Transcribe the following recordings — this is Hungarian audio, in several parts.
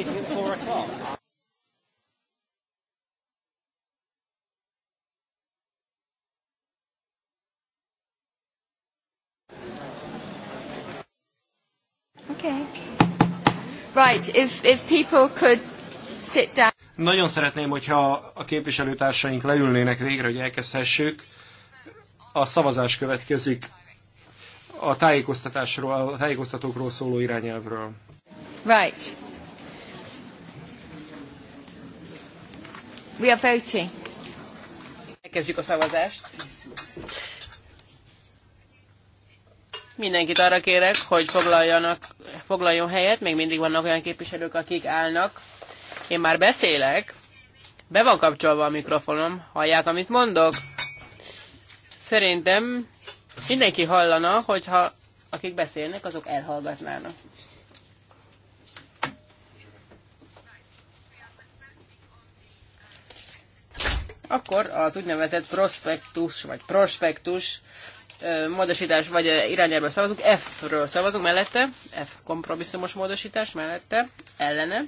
meeting at four o'clock. Right, if, if people could sit down. Nagyon szeretném, hogyha a képviselőtársaink leülnének végre, hogy elkezdhessük. A szavazás következik a tájékoztatásról, a tájékoztatókról szóló irányelvről. Right. We are voting. Elkezdjük a szavazást. Mindenkit arra kérek, hogy foglaljanak, foglaljon helyet. Még mindig vannak olyan képviselők, akik állnak. Én már beszélek. Be van kapcsolva a mikrofonom. Hallják, amit mondok? Szerintem mindenki hallana, hogyha akik beszélnek, azok elhallgatnának. akkor az úgynevezett prospektus, vagy prospektus módosítás, vagy irányába szavazunk, F-ről szavazunk mellette, F kompromisszumos módosítás mellette, ellene,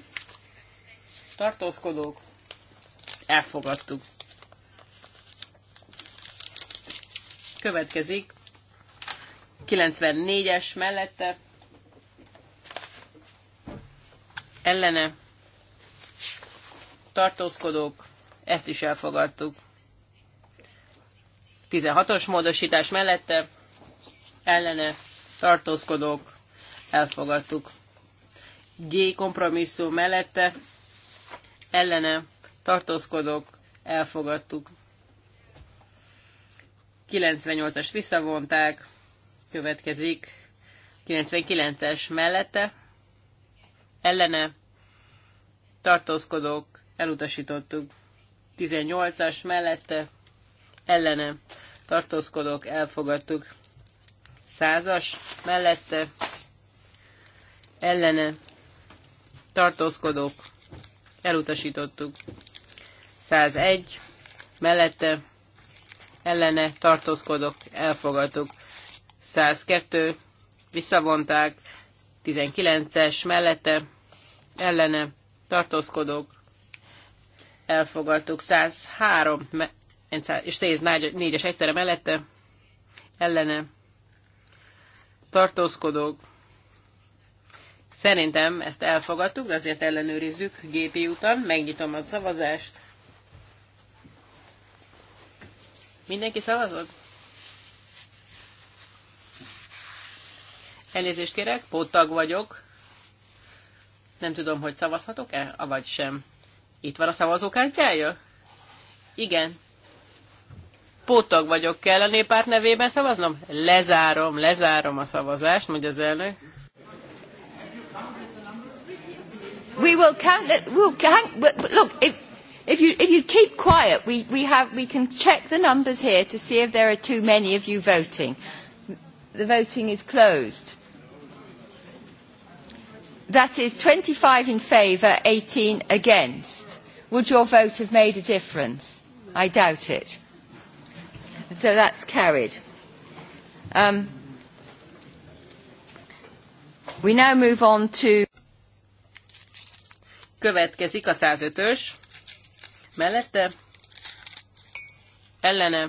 tartózkodók, elfogadtuk. Következik 94-es mellette, ellene, tartózkodók, ezt is elfogadtuk. 16-os módosítás mellette ellene tartózkodók elfogadtuk. G kompromisszum mellette ellene tartózkodók elfogadtuk. 98-as visszavonták, következik 99-es mellette, ellene tartózkodók elutasítottuk. 18-as mellette ellene tartózkodok, elfogadtuk. 100-as mellette ellene tartózkodok, elutasítottuk. 101 mellette ellene tartózkodok, elfogadtuk. 102 visszavonták, 19-es mellette ellene tartózkodok, elfogadtuk 103 és 104-es egyszerre mellette ellene tartózkodók. Szerintem ezt elfogadtuk, de azért ellenőrizzük gépi után Megnyitom a szavazást. Mindenki szavazott? Elnézést kérek, pottag vagyok. Nem tudom, hogy szavazhatok-e, avagy sem. Itt van a szavazókártyája? Igen. Pótag vagyok, kell a néppárt nevében szavaznom? Lezárom, lezárom a szavazást, mondja az elnök. We will count the, we'll count, look, if, if you, if you keep quiet, we, we, have, we can check the numbers here to see if there are too many of you voting. The voting is closed. That is 25 in favour, 18 against. Would your vote have made a difference? I doubt it. So that's carried. Um, we now move on to... Következik a 105-ös. Mellette ellene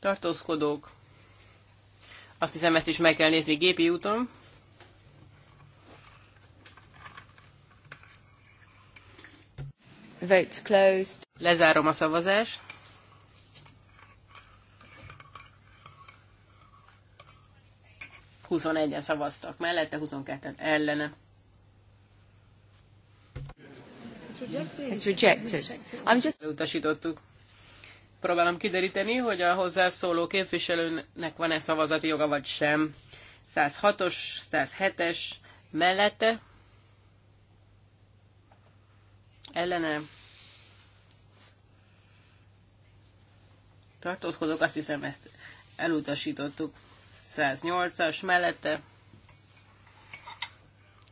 tartózkodók. Azt hiszem, ezt is meg kell nézni gépi úton. Votes closed. Lezárom a szavazást. Huszonegyen szavaztak mellette, 22-en ellene. It's rejected. It's rejected. I'm just... Utasítottuk. Próbálom kideríteni, hogy a hozzászóló képviselőnek van-e szavazati joga, vagy sem. 106-os, 107-es mellette, ellene tartózkodok, azt hiszem ezt elutasítottuk. 108-as mellette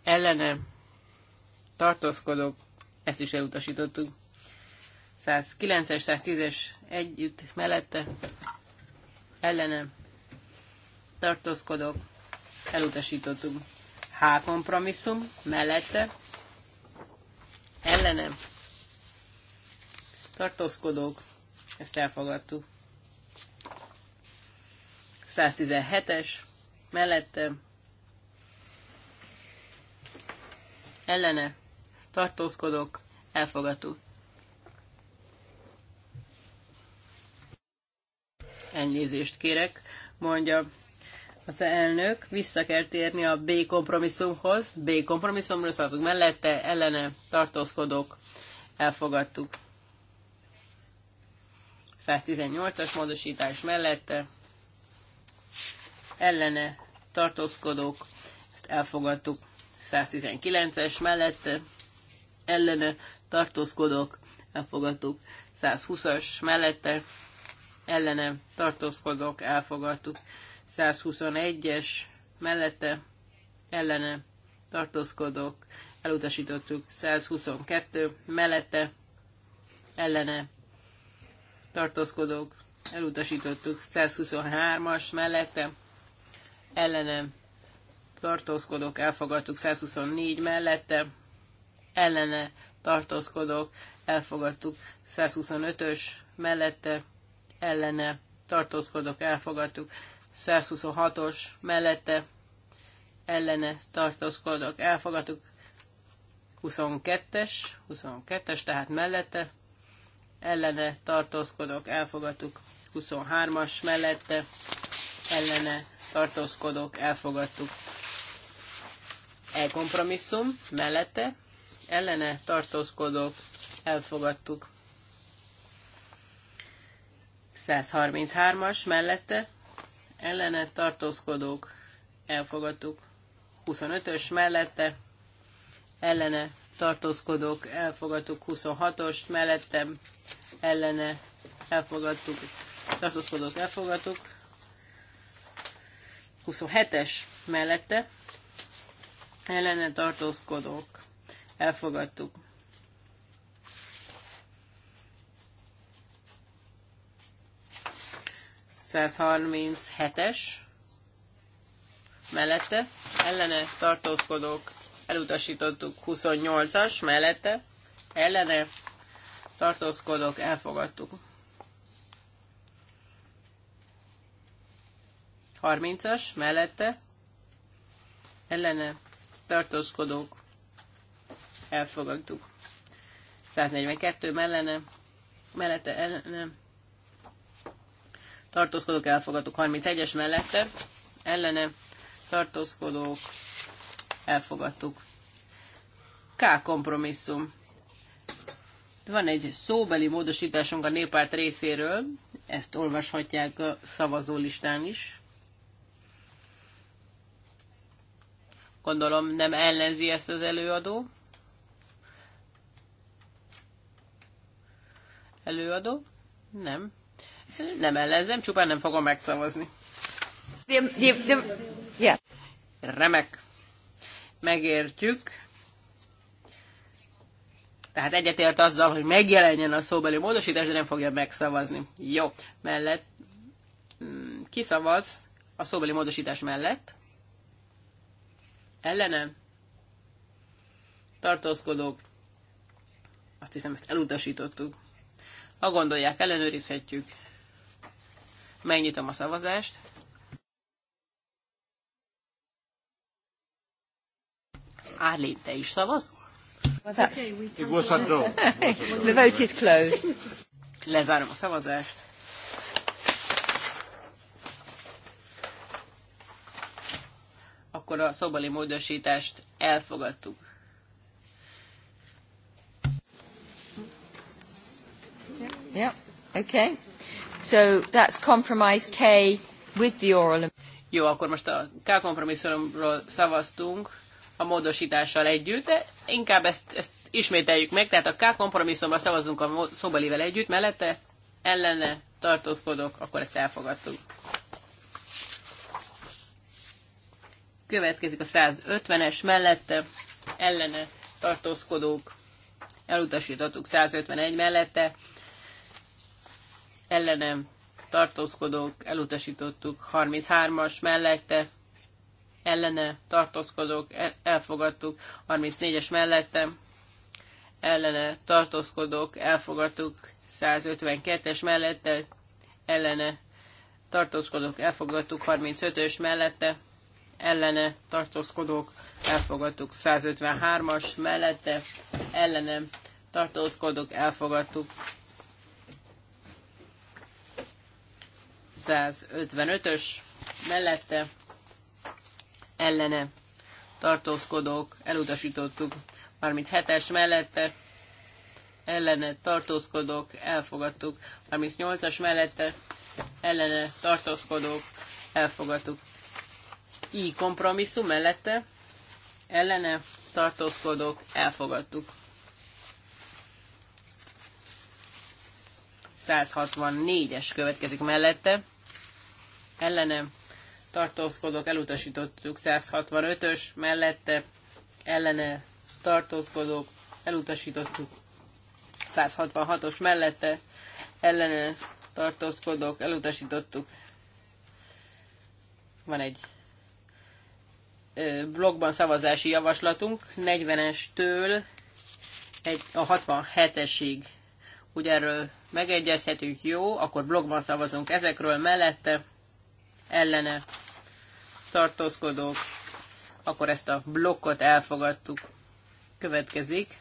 ellene tartózkodok, ezt is elutasítottuk. 109-es, 110-es együtt mellette ellene tartózkodok, elutasítottuk. H kompromisszum mellette ellenem tartózkodók, ezt elfogadtuk. 117-es, mellette, ellene, tartózkodók, elfogadtuk. Elnézést kérek, mondja az elnök, vissza kell térni a B kompromisszumhoz. B kompromisszumra szavazunk mellette, ellene tartózkodók, elfogadtuk. 118-as módosítás mellette, ellene tartózkodók, ezt elfogadtuk. 119-es mellette, ellene tartózkodók, elfogadtuk. 120-as mellette, ellene tartózkodók, elfogadtuk. 121-es mellette ellene tartózkodók elutasítottuk 122 mellette ellene tartózkodók elutasítottuk 123-as mellette ellene tartózkodók elfogadtuk 124 mellette ellene tartózkodók elfogadtuk 125-ös mellette ellene tartózkodók elfogadtuk 126-os mellette ellene tartózkodok. Elfogadtuk 22-es, 22-es, tehát mellette ellene tartózkodok. Elfogadtuk 23-as mellette ellene tartózkodok. Elfogadtuk elkompromisszum mellette ellene tartózkodok. Elfogadtuk 133-as mellette ellene tartózkodók elfogadtuk. 25-ös mellette ellene tartózkodók elfogadtuk. 26-os mellette ellene elfogadtuk. Tartózkodók elfogadtuk. 27-es mellette ellene tartózkodók elfogadtuk. 137-es mellette, ellene tartózkodók elutasítottuk 28-as mellette, ellene tartózkodók elfogadtuk. 30-as mellette, ellene tartózkodók elfogadtuk. 142 mellene, mellette ellene tartózkodók elfogadtuk. 31-es mellette ellene tartózkodók elfogadtuk. K kompromisszum. Van egy szóbeli módosításunk a népárt részéről, ezt olvashatják a szavazólistán is. Gondolom nem ellenzi ezt az előadó. Előadó? Nem. Nem ellenzem, csupán nem fogom megszavazni. Yeah. Remek. Megértjük. Tehát egyetért azzal, hogy megjelenjen a szóbeli módosítás, de nem fogja megszavazni. Jó. Mellett mm, kiszavaz a szóbeli módosítás mellett. Ellenem. Tartózkodók. Azt hiszem, ezt elutasítottuk. Ha gondolják, ellenőrizhetjük. Megnyitom a szavazást. Árlén, te is szavazol? It The vote is closed. Lezárom a szavazást. Akkor a szobali módosítást elfogadtuk. Yeah, okay. So that's compromise K with the oral. Jó, akkor most a K kompromisszumról szavaztunk a módosítással együtt, de inkább ezt, ezt ismételjük meg, tehát a K kompromisszumra szavazunk a szobalivel együtt, mellette ellene tartózkodok, akkor ezt elfogadtuk. Következik a 150-es mellette, ellene tartózkodók, elutasítottuk 151 mellette, ellenem tartózkodók elutasítottuk, 33-as mellette ellene tartózkodók elfogadtuk, 34-es mellette ellene tartózkodók elfogadtuk, 152-es mellette ellene tartózkodók elfogadtuk, 35-ös mellette ellene tartózkodók elfogadtuk, 153-as mellette ellenem tartózkodók elfogadtuk, 155 ös mellette ellene tartózkodók, elutasítottuk 37-es mellette, ellene tartózkodók, elfogadtuk 38-as mellette, ellene tartózkodók, elfogadtuk. I kompromisszum mellette, ellene tartózkodók, elfogadtuk. 164-es következik mellette, ellene tartózkodok, elutasítottuk 165-ös mellette ellene tartózkodok, elutasítottuk 166-os mellette ellene tartózkodok, elutasítottuk. Van egy blogban szavazási javaslatunk 40-estől egy, a 67-esig. Ugye erről megegyezhetünk, jó, akkor blogban szavazunk ezekről mellette ellene tartózkodók, akkor ezt a blokkot elfogadtuk. Következik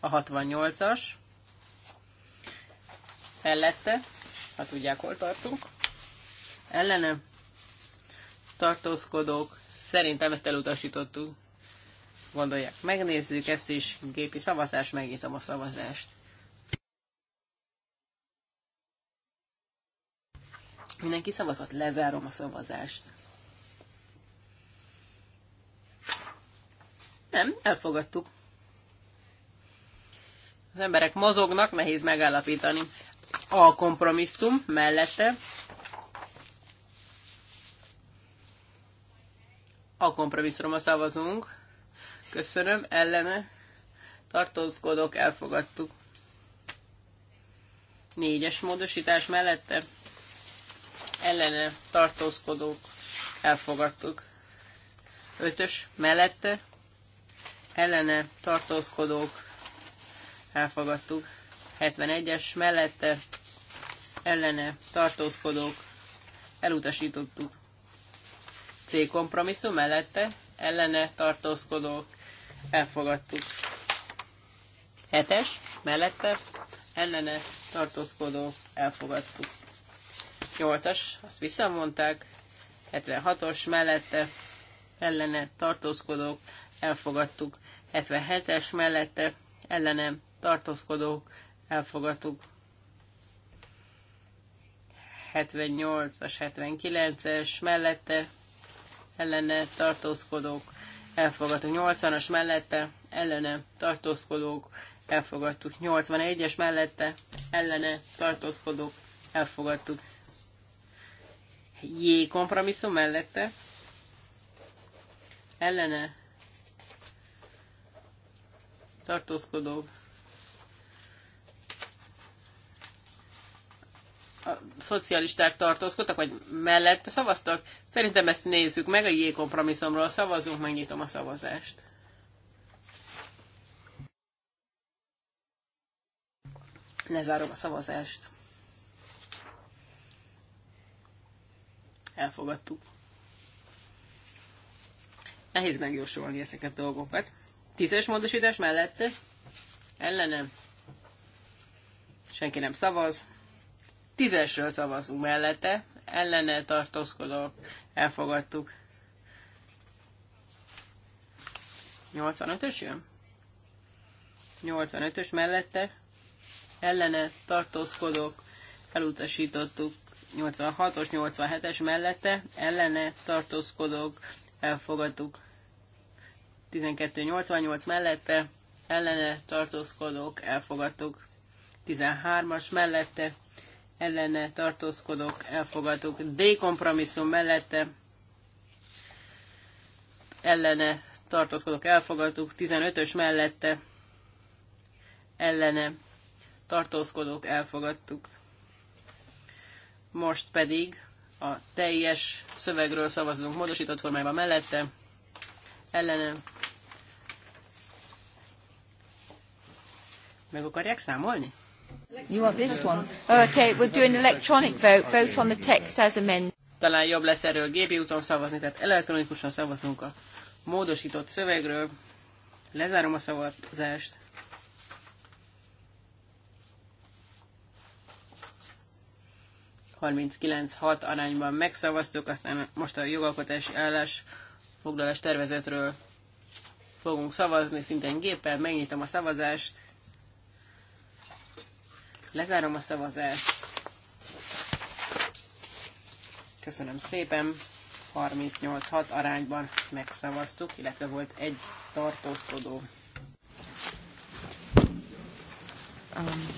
a 68-as Ellette, ha tudják, hol tartunk, ellene tartózkodók, szerintem ezt elutasítottuk. Gondolják, megnézzük ezt is, gépi szavazás, megnyitom a szavazást. Mindenki szavazott? Lezárom a szavazást. Nem, elfogadtuk. Az emberek mozognak, nehéz megállapítani. A kompromisszum mellette. A kompromisszumra szavazunk. Köszönöm, ellene. Tartózkodok, elfogadtuk. Négyes módosítás mellette ellene tartózkodók elfogadtuk. Ötös mellette ellene tartózkodók elfogadtuk. 71-es mellette ellene tartózkodók elutasítottuk. C kompromisszum mellette ellene tartózkodók elfogadtuk. 7-es mellette ellene tartózkodók elfogadtuk. 78-as, azt visszamondták, 76-os mellette ellene tartózkodók, elfogadtuk. 77-es mellette ellene tartózkodók, elfogadtuk. 78-as, 79-es mellette ellene tartózkodók, elfogadtuk. 80-as mellette ellene tartózkodók, elfogadtuk. 81-es mellette ellene tartózkodók, elfogadtuk. Jé kompromisszum mellette ellene tartózkodó. A szocialisták tartózkodtak, vagy mellette szavaztak? Szerintem ezt nézzük meg, a J kompromisszumról szavazunk, megnyitom a szavazást. Lezárom a szavazást. Elfogadtuk. Nehéz megjósolni ezeket a dolgokat. Tízes módosítás mellette? Ellenem. Senki nem szavaz. Tízesről szavazunk mellette. Ellene tartózkodok. Elfogadtuk. 85-ös jön? 85-ös mellette ellene tartózkodok, elutasítottuk. 86-os, 87-es mellette ellene tartózkodók elfogadtuk. 12-88 mellette ellene tartózkodók elfogadtuk. 13-as mellette ellene tartózkodók elfogadtuk. D kompromisszum mellette ellene tartózkodók elfogadtuk. 15-ös mellette ellene tartózkodók elfogadtuk. Most pedig a teljes szövegről szavazunk módosított formájában mellette, ellene. Meg akarják számolni? You want this one? Oh, okay, we're doing electronic vote. Vote on the text as amended. Talán jobb lesz erről gépi úton szavazni, tehát elektronikusan szavazunk a módosított szövegről. Lezárom a szavazást. 39-6 arányban megszavaztuk, aztán most a jogalkotási foglalás tervezetről fogunk szavazni, szintén géppel, megnyitom a szavazást, lezárom a szavazást. Köszönöm szépen, 38-6 arányban megszavaztuk, illetve volt egy tartózkodó. Um.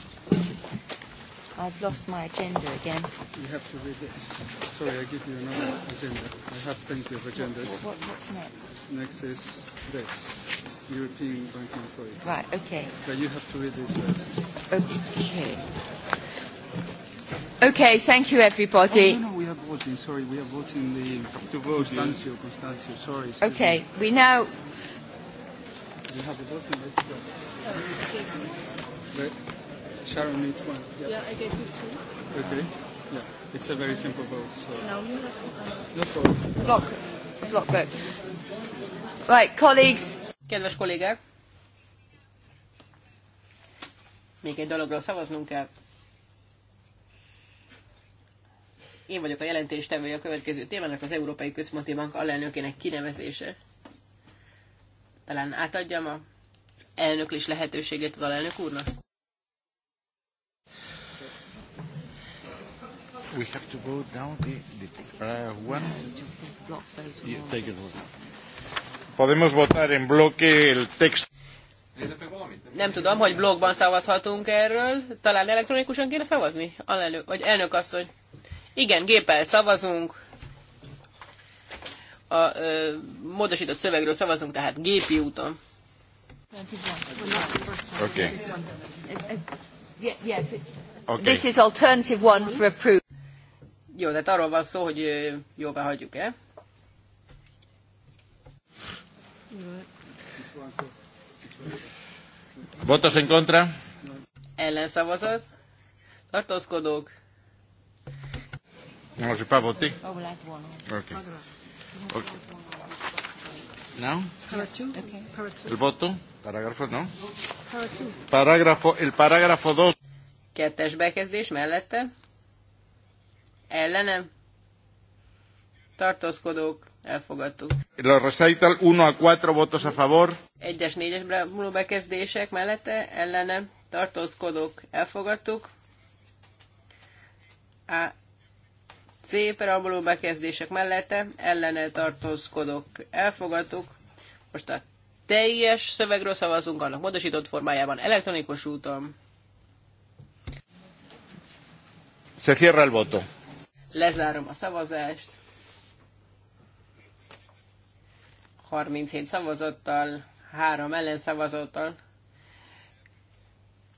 I've lost my agenda again. You have to read this. Sorry, I give you another agenda. I have plenty of agendas. What, what's next? Next is this, European Banking Authority. Right, okay. But you have to read this first. Okay. Okay, thank you everybody. Oh, no, no, we are voting, sorry, we are voting the... To vote, Constancio, Constancio, sorry. Okay, me. we now... We have a voting list. Sharon needs one. Yeah, yeah I gave you two. Okay. Yeah, it's a very simple vote. So. No, you have No problem. Block, block Right, colleagues. Kedves kollégák. Még egy dologról szavaznunk kell. Én vagyok a jelentéstevője a következő témának, az Európai Központi Bank alelnökének kinevezése. Talán átadjam a elnöklés lehetőségét az alelnök úrnak? we have to go down the, the uh, one. block Podemos votar en bloque el texto. Nem tudom, hogy blogban szavazhatunk erről. Talán elektronikusan kéne szavazni? Alelő, vagy elnök azt hogy Igen, géppel szavazunk. A ö, módosított szövegről szavazunk, tehát gépi úton. Okay. Okay. Yes. Okay. This is alternative one for approval. Jó, tehát arról van szó, hogy jóvá hagyjuk-e. Votos en contra. Ellenszavazat. Tartózkodók. Non, j'ai pas voté. Oké. like Now? Okay. El voto. Parágrafo, no? Parágrafo, el parágrafo 2. Kettes bekezdés mellette ellene tartózkodók elfogadtuk. A recital 1 a 4 votos a favor. Egyes, négyes múló bekezdések mellette ellene tartózkodók elfogadtuk. A C perabuló bekezdések mellette ellene tartózkodók elfogadtuk. Most a teljes szövegről szavazunk annak módosított formájában elektronikus úton. Se cierra el voto. Lezárom a szavazást. 37 szavazattal, 3 ellenszavazattal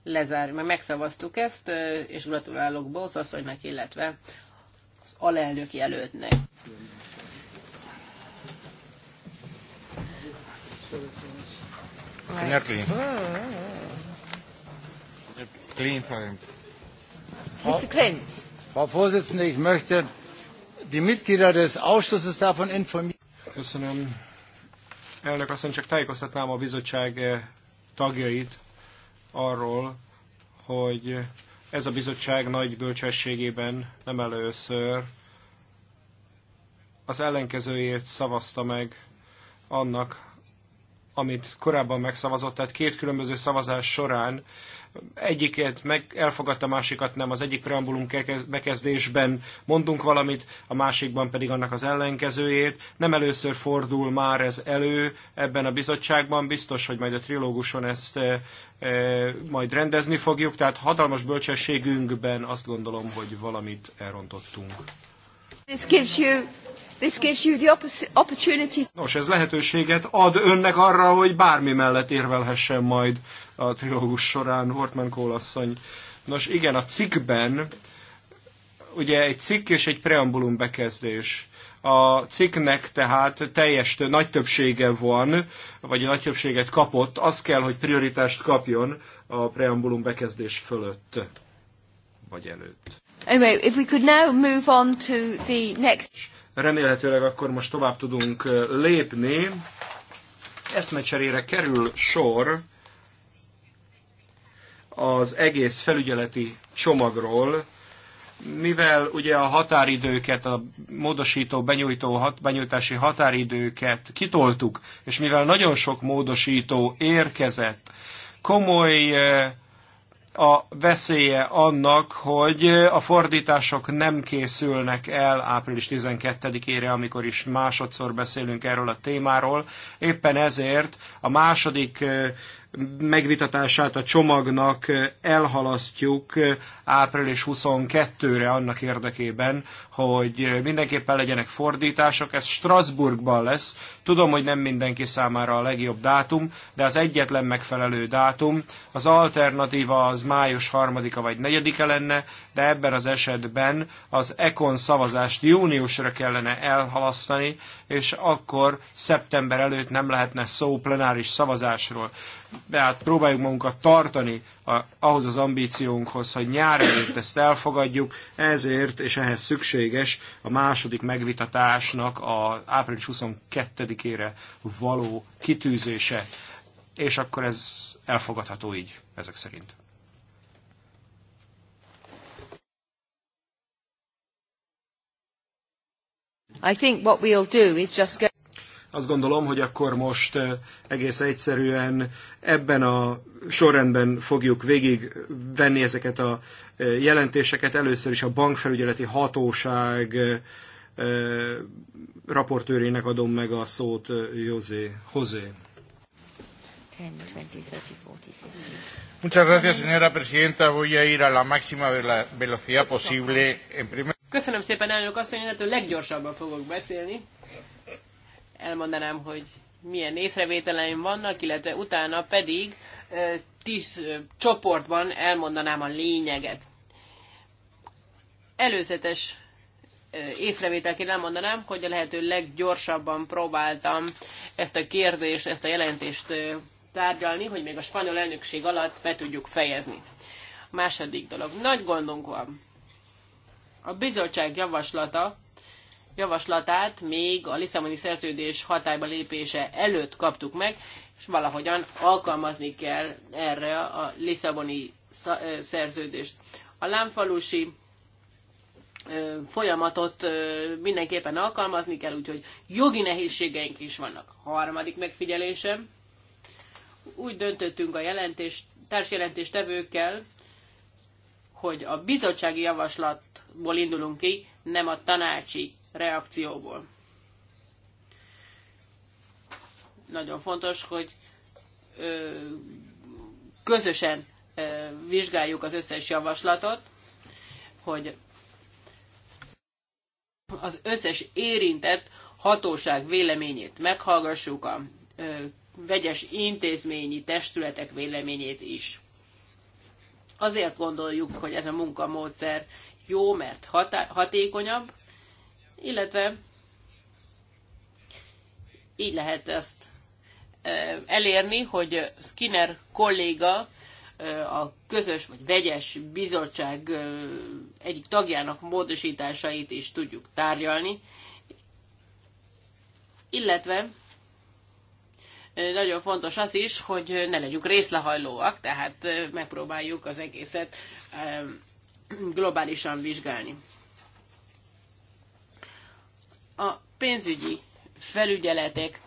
lezár, mert megszavaztuk ezt, és gratulálok Bósz asszonynak, illetve az alelnök jelöltnek. Clean, clean. Clean time. Mr. Clint. Frau Vorsitzende, ich möchte die Mitglieder des Ausschusses davon informieren. Köszönöm. Elnök asszony, csak tájékoztatnám a bizottság eh, tagjait arról, hogy ez a bizottság nagy bölcsességében nem először az ellenkezőjét szavazta meg annak, amit korábban megszavazott, tehát két különböző szavazás során egyiket meg elfogadta, másikat nem. Az egyik preambulum bekezdésben mondunk valamit, a másikban pedig annak az ellenkezőjét. Nem először fordul már ez elő ebben a bizottságban, biztos, hogy majd a trilóguson ezt e, e majd rendezni fogjuk, tehát hatalmas bölcsességünkben azt gondolom, hogy valamit elrontottunk. This gives you This gives you the opportunity. Nos, ez lehetőséget ad önnek arra, hogy bármi mellett érvelhessen majd a trilógus során Hortman Kólasszony. Nos, igen, a cikkben ugye egy cikk és egy preambulum bekezdés. A cikknek tehát teljes nagy többsége van, vagy a nagy többséget kapott, az kell, hogy prioritást kapjon a preambulum bekezdés fölött, vagy előtt. Anyway, if we could now move on to the next... Remélhetőleg akkor most tovább tudunk lépni. Eszmecserére kerül sor az egész felügyeleti csomagról, mivel ugye a határidőket, a módosító benyújtó, hat, benyújtási határidőket kitoltuk, és mivel nagyon sok módosító érkezett, komoly a veszélye annak, hogy a fordítások nem készülnek el április 12-ére, amikor is másodszor beszélünk erről a témáról. Éppen ezért a második megvitatását a csomagnak elhalasztjuk április 22-re annak érdekében, hogy mindenképpen legyenek fordítások. Ez Strasbourgban lesz. Tudom, hogy nem mindenki számára a legjobb dátum, de az egyetlen megfelelő dátum. Az alternatíva az május 3-a vagy 4-e lenne, de ebben az esetben az ECON szavazást júniusra kellene elhalasztani, és akkor szeptember előtt nem lehetne szó plenáris szavazásról de hát próbáljuk magunkat tartani a, ahhoz az ambíciónkhoz, hogy nyár előtt ezt elfogadjuk, ezért és ehhez szükséges a második megvitatásnak a április 22-ére való kitűzése, és akkor ez elfogadható így, ezek szerint. I think what we'll do is just go azt gondolom, hogy akkor most eh, egész egyszerűen ebben a sorrendben fogjuk végigvenni ezeket a eh, jelentéseket. Először is a bankfelügyeleti hatóság eh, raportőrének adom meg a szót José. José. Muchas gracias, señora presidenta. Voy a ir a la máxima velocidad posible. En primer... Köszönöm szépen, elnök asszony, a leggyorsabban fogok beszélni elmondanám, hogy milyen észrevételeim vannak, illetve utána pedig tíz csoportban elmondanám a lényeget. Előzetes észrevételként elmondanám, hogy a lehető leggyorsabban próbáltam ezt a kérdést, ezt a jelentést tárgyalni, hogy még a spanyol elnökség alatt be tudjuk fejezni. Második dolog. Nagy gondunk van. A bizottság javaslata javaslatát még a Lisszaboni szerződés hatályba lépése előtt kaptuk meg, és valahogyan alkalmazni kell erre a Lisszaboni szerződést. A lámfalusi folyamatot mindenképpen alkalmazni kell, úgyhogy jogi nehézségeink is vannak. Harmadik megfigyelésem. Úgy döntöttünk a jelentés, társjelentéstevőkkel, hogy a bizottsági javaslatból indulunk ki, nem a tanácsi reakcióból. Nagyon fontos, hogy ö, közösen ö, vizsgáljuk az összes javaslatot, hogy az összes érintett hatóság véleményét meghallgassuk, a ö, vegyes intézményi testületek véleményét is. Azért gondoljuk, hogy ez a munkamódszer jó, mert hatá- hatékonyabb, illetve így lehet ezt elérni, hogy Skinner kolléga a közös vagy vegyes bizottság egyik tagjának módosításait is tudjuk tárgyalni, illetve nagyon fontos az is, hogy ne legyünk részlehajlóak, tehát megpróbáljuk az egészet globálisan vizsgálni. A pénzügyi felügyeletek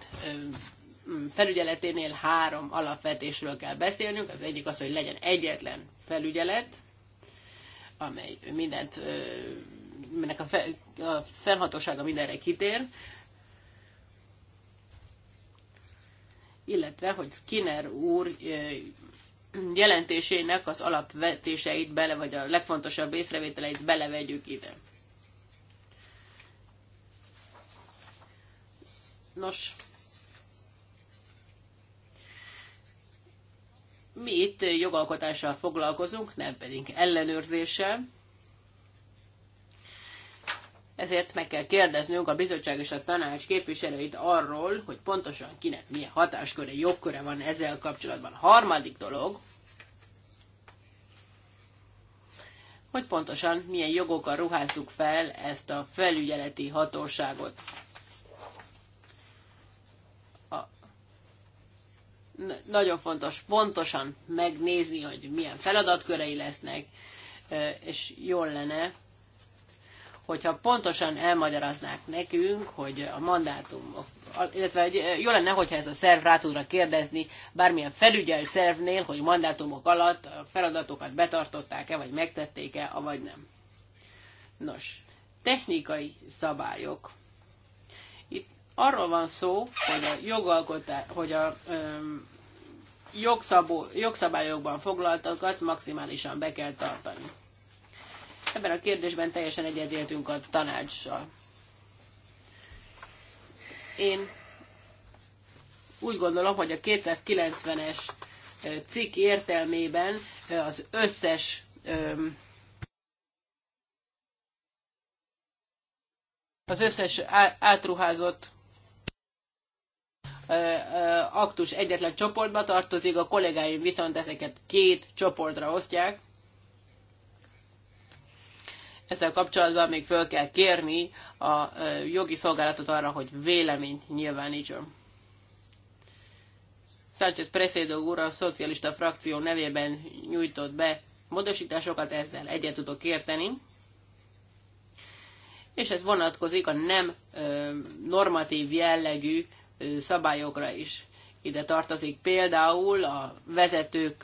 felügyeleténél három alapvetésről kell beszélnünk. Az egyik az, hogy legyen egyetlen felügyelet, amely mindent, a, fe, a fennhatósága mindenre kitér, illetve, hogy Skinner úr jelentésének az alapvetéseit bele, vagy a legfontosabb észrevételeit belevegyük ide. Nos, mi itt jogalkotással foglalkozunk, nem pedig ellenőrzéssel. Ezért meg kell kérdeznünk a bizottság és a tanács képviselőit arról, hogy pontosan kinek milyen hatásköre, jogköre van ezzel kapcsolatban. A harmadik dolog, hogy pontosan milyen jogokkal ruházzuk fel ezt a felügyeleti hatóságot. nagyon fontos pontosan megnézni, hogy milyen feladatkörei lesznek, és jól lenne, hogyha pontosan elmagyaráznák nekünk, hogy a mandátumok, illetve hogy jó lenne, hogyha ez a szerv rá tudna kérdezni bármilyen felügyel szervnél, hogy mandátumok alatt a feladatokat betartották-e, vagy megtették-e, vagy nem. Nos, technikai szabályok. Itt Arról van szó, hogy a jogalkotás, hogy a öm, jogszabó, jogszabályokban foglaltakat maximálisan be kell tartani. Ebben a kérdésben teljesen egyetértünk a tanácssal. Én úgy gondolom, hogy a 290-es cikk értelmében az összes az összes átruházott aktus egyetlen csoportba tartozik, a kollégáim viszont ezeket két csoportra osztják. Ezzel kapcsolatban még föl kell kérni a jogi szolgálatot arra, hogy véleményt nyilvánítson. Sánchez Presedo úr a szocialista frakció nevében nyújtott be módosításokat, ezzel egyet tudok érteni. És ez vonatkozik a nem ö, normatív jellegű szabályokra is. Ide tartozik például a vezetők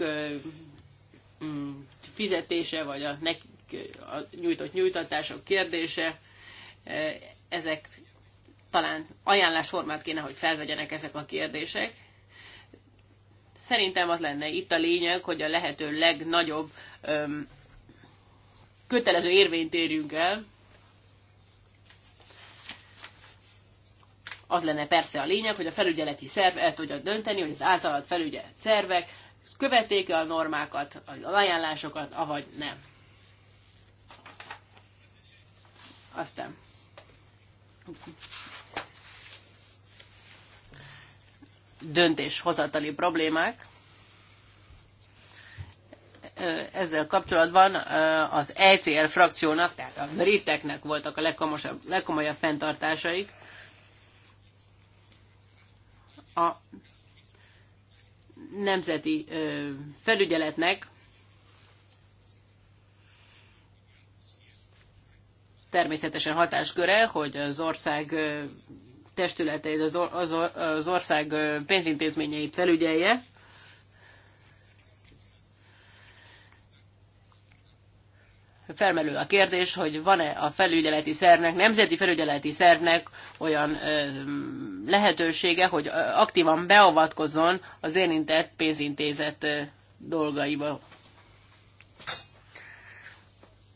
mm, fizetése, vagy a, a nyújtott nyújtatások kérdése. Ezek talán ajánlásformát kéne, hogy felvegyenek ezek a kérdések. Szerintem az lenne itt a lényeg, hogy a lehető legnagyobb öm, kötelező érvényt érjünk el, Az lenne persze a lényeg, hogy a felügyeleti szerv el tudja dönteni, hogy az általad felügyelt szervek követték -e a normákat, az ajánlásokat, avagy nem. Aztán. Döntéshozatali problémák ezzel kapcsolatban az ECR frakciónak, tehát a briteknek voltak a legkomolyabb, legkomolyabb fenntartásaik a nemzeti felügyeletnek természetesen hatásköre, hogy az ország testületeit, az, or, az, az ország pénzintézményeit felügyelje. felmerül a kérdés, hogy van-e a felügyeleti szervnek, nemzeti felügyeleti szervnek olyan ö, lehetősége, hogy aktívan beavatkozzon az érintett pénzintézet ö, dolgaiba.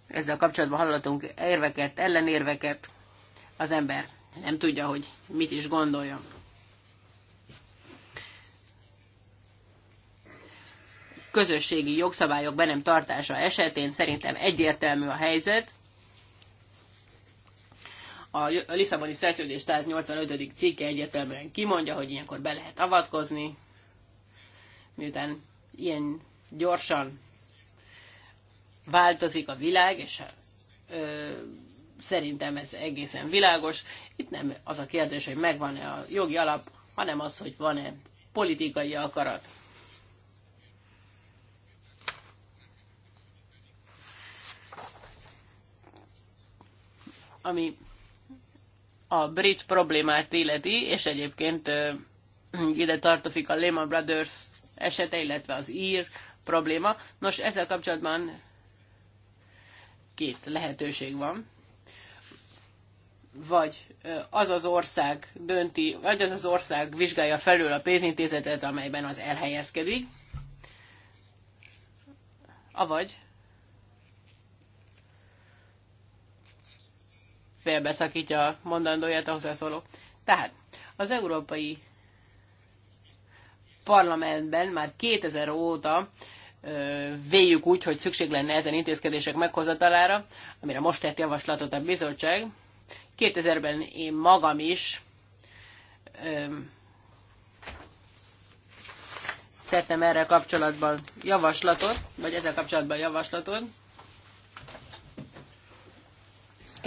Ezzel kapcsolatban hallottunk érveket, ellenérveket. Az ember nem tudja, hogy mit is gondoljon. közösségi jogszabályok be nem tartása esetén szerintem egyértelmű a helyzet. A Lisszaboni Szerződés 185. cikke egyértelműen kimondja, hogy ilyenkor be lehet avatkozni, miután ilyen gyorsan változik a világ, és ö, szerintem ez egészen világos. Itt nem az a kérdés, hogy megvan-e a jogi alap, hanem az, hogy van-e politikai akarat. ami a brit problémát illeti, és egyébként ide tartozik a Lehman Brothers esete, illetve az ír probléma. Nos, ezzel kapcsolatban két lehetőség van. Vagy az az ország dönti, vagy az az ország vizsgálja felül a pénzintézetet, amelyben az elhelyezkedik, avagy félbeszakítja a mondandóját a hozzászóló. Tehát az Európai Parlamentben már 2000 óta véljük úgy, hogy szükség lenne ezen intézkedések meghozatalára, amire most tett javaslatot a bizottság. 2000-ben én magam is tettem erre kapcsolatban javaslatot, vagy ezzel kapcsolatban javaslatot.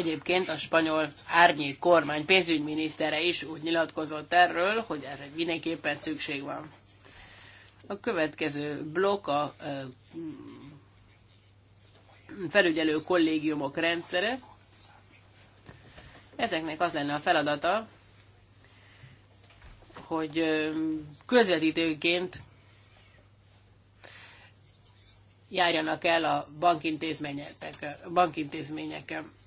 Egyébként a spanyol árnyék kormány pénzügyminisztere is úgy nyilatkozott erről, hogy erre mindenképpen szükség van. A következő blokk a felügyelő kollégiumok rendszere. Ezeknek az lenne a feladata, hogy közvetítőként járjanak el a bankintézményeken. bankintézményeken.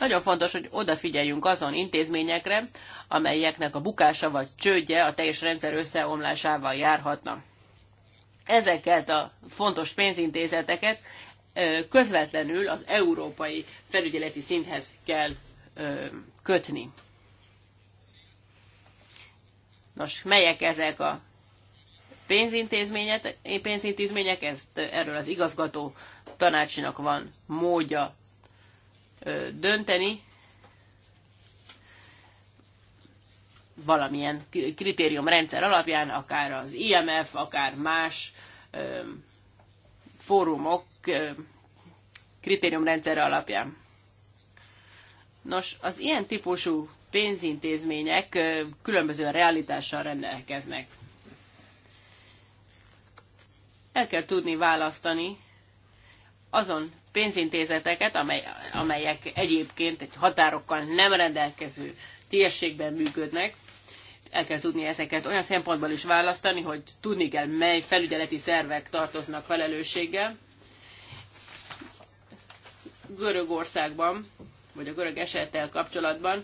Nagyon fontos, hogy odafigyeljünk azon intézményekre, amelyeknek a bukása vagy csődje a teljes rendszer összeomlásával járhatna. Ezeket a fontos pénzintézeteket közvetlenül az európai felügyeleti szinthez kell kötni. Nos, melyek ezek a pénzintézmények, pénzintézmények ezt erről az igazgató tanácsnak van módja dönteni, valamilyen kritériumrendszer alapján, akár az IMF, akár más ö, fórumok ö, kritériumrendszere alapján. Nos, az ilyen típusú pénzintézmények ö, különböző realitással rendelkeznek. El kell tudni választani azon pénzintézeteket, amely, amelyek egyébként egy határokkal nem rendelkező térségben működnek, el kell tudni ezeket olyan szempontból is választani, hogy tudni kell, mely felügyeleti szervek tartoznak felelősséggel. Görögországban, vagy a görög esettel kapcsolatban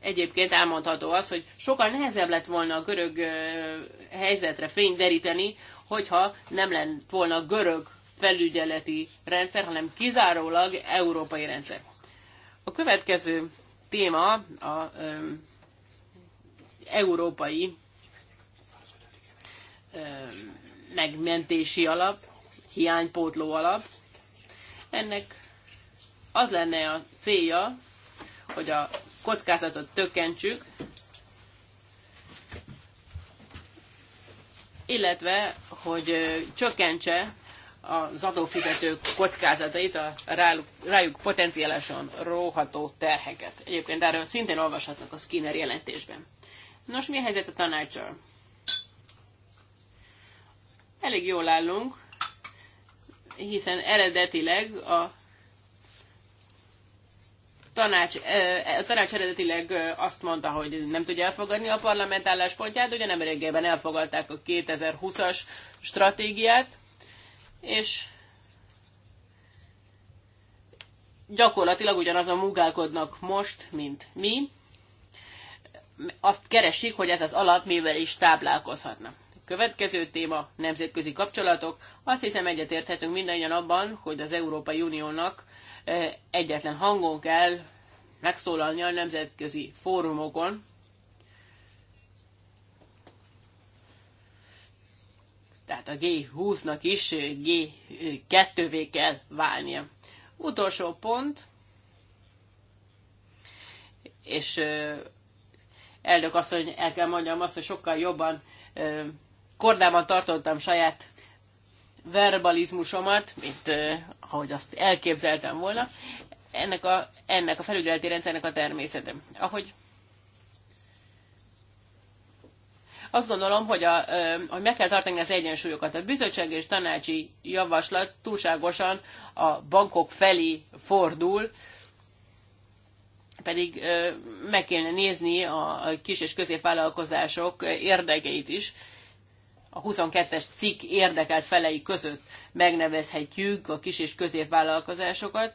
egyébként elmondható az, hogy sokkal nehezebb lett volna a görög helyzetre fényderíteni, hogyha nem lett volna görög felügyeleti rendszer, hanem kizárólag európai rendszer. A következő téma a ö, európai ö, megmentési alap, hiánypótló alap. Ennek az lenne a célja, hogy a kockázatot tökkentsük, illetve, hogy csökkentse az adófizetők kockázatait, a rájuk, rájuk potenciálisan róható terheket. Egyébként erről szintén olvashatnak a Skinner jelentésben. Nos, mi a helyzet a tanácsal? Elég jól állunk, hiszen eredetileg a tanács, e, e, a tanács eredetileg e, azt mondta, hogy nem tudja elfogadni a parlament álláspontját, ugye nem elfogadták a 2020-as stratégiát, és gyakorlatilag a munkálkodnak most, mint mi. Azt keresik, hogy ez az alap mivel is táplálkozhatna. Következő téma, nemzetközi kapcsolatok. Azt hiszem egyetérthetünk mindannyian abban, hogy az Európai Uniónak eh, egyetlen hangon kell megszólalni a nemzetközi fórumokon, tehát a G20-nak is G2-vé kell válnia. Utolsó pont, és elnök asszony, el kell mondjam azt, hogy sokkal jobban kordában tartottam saját verbalizmusomat, mint ahogy azt elképzeltem volna, ennek a, ennek a felügyeleti rendszernek a természete. Ahogy Azt gondolom, hogy, a, hogy meg kell tartani az egyensúlyokat. A bizottság és tanácsi javaslat túlságosan a bankok felé fordul, pedig meg kellene nézni a kis és középvállalkozások érdekeit is. A 22-es cikk érdekelt felei között megnevezhetjük a kis és középvállalkozásokat,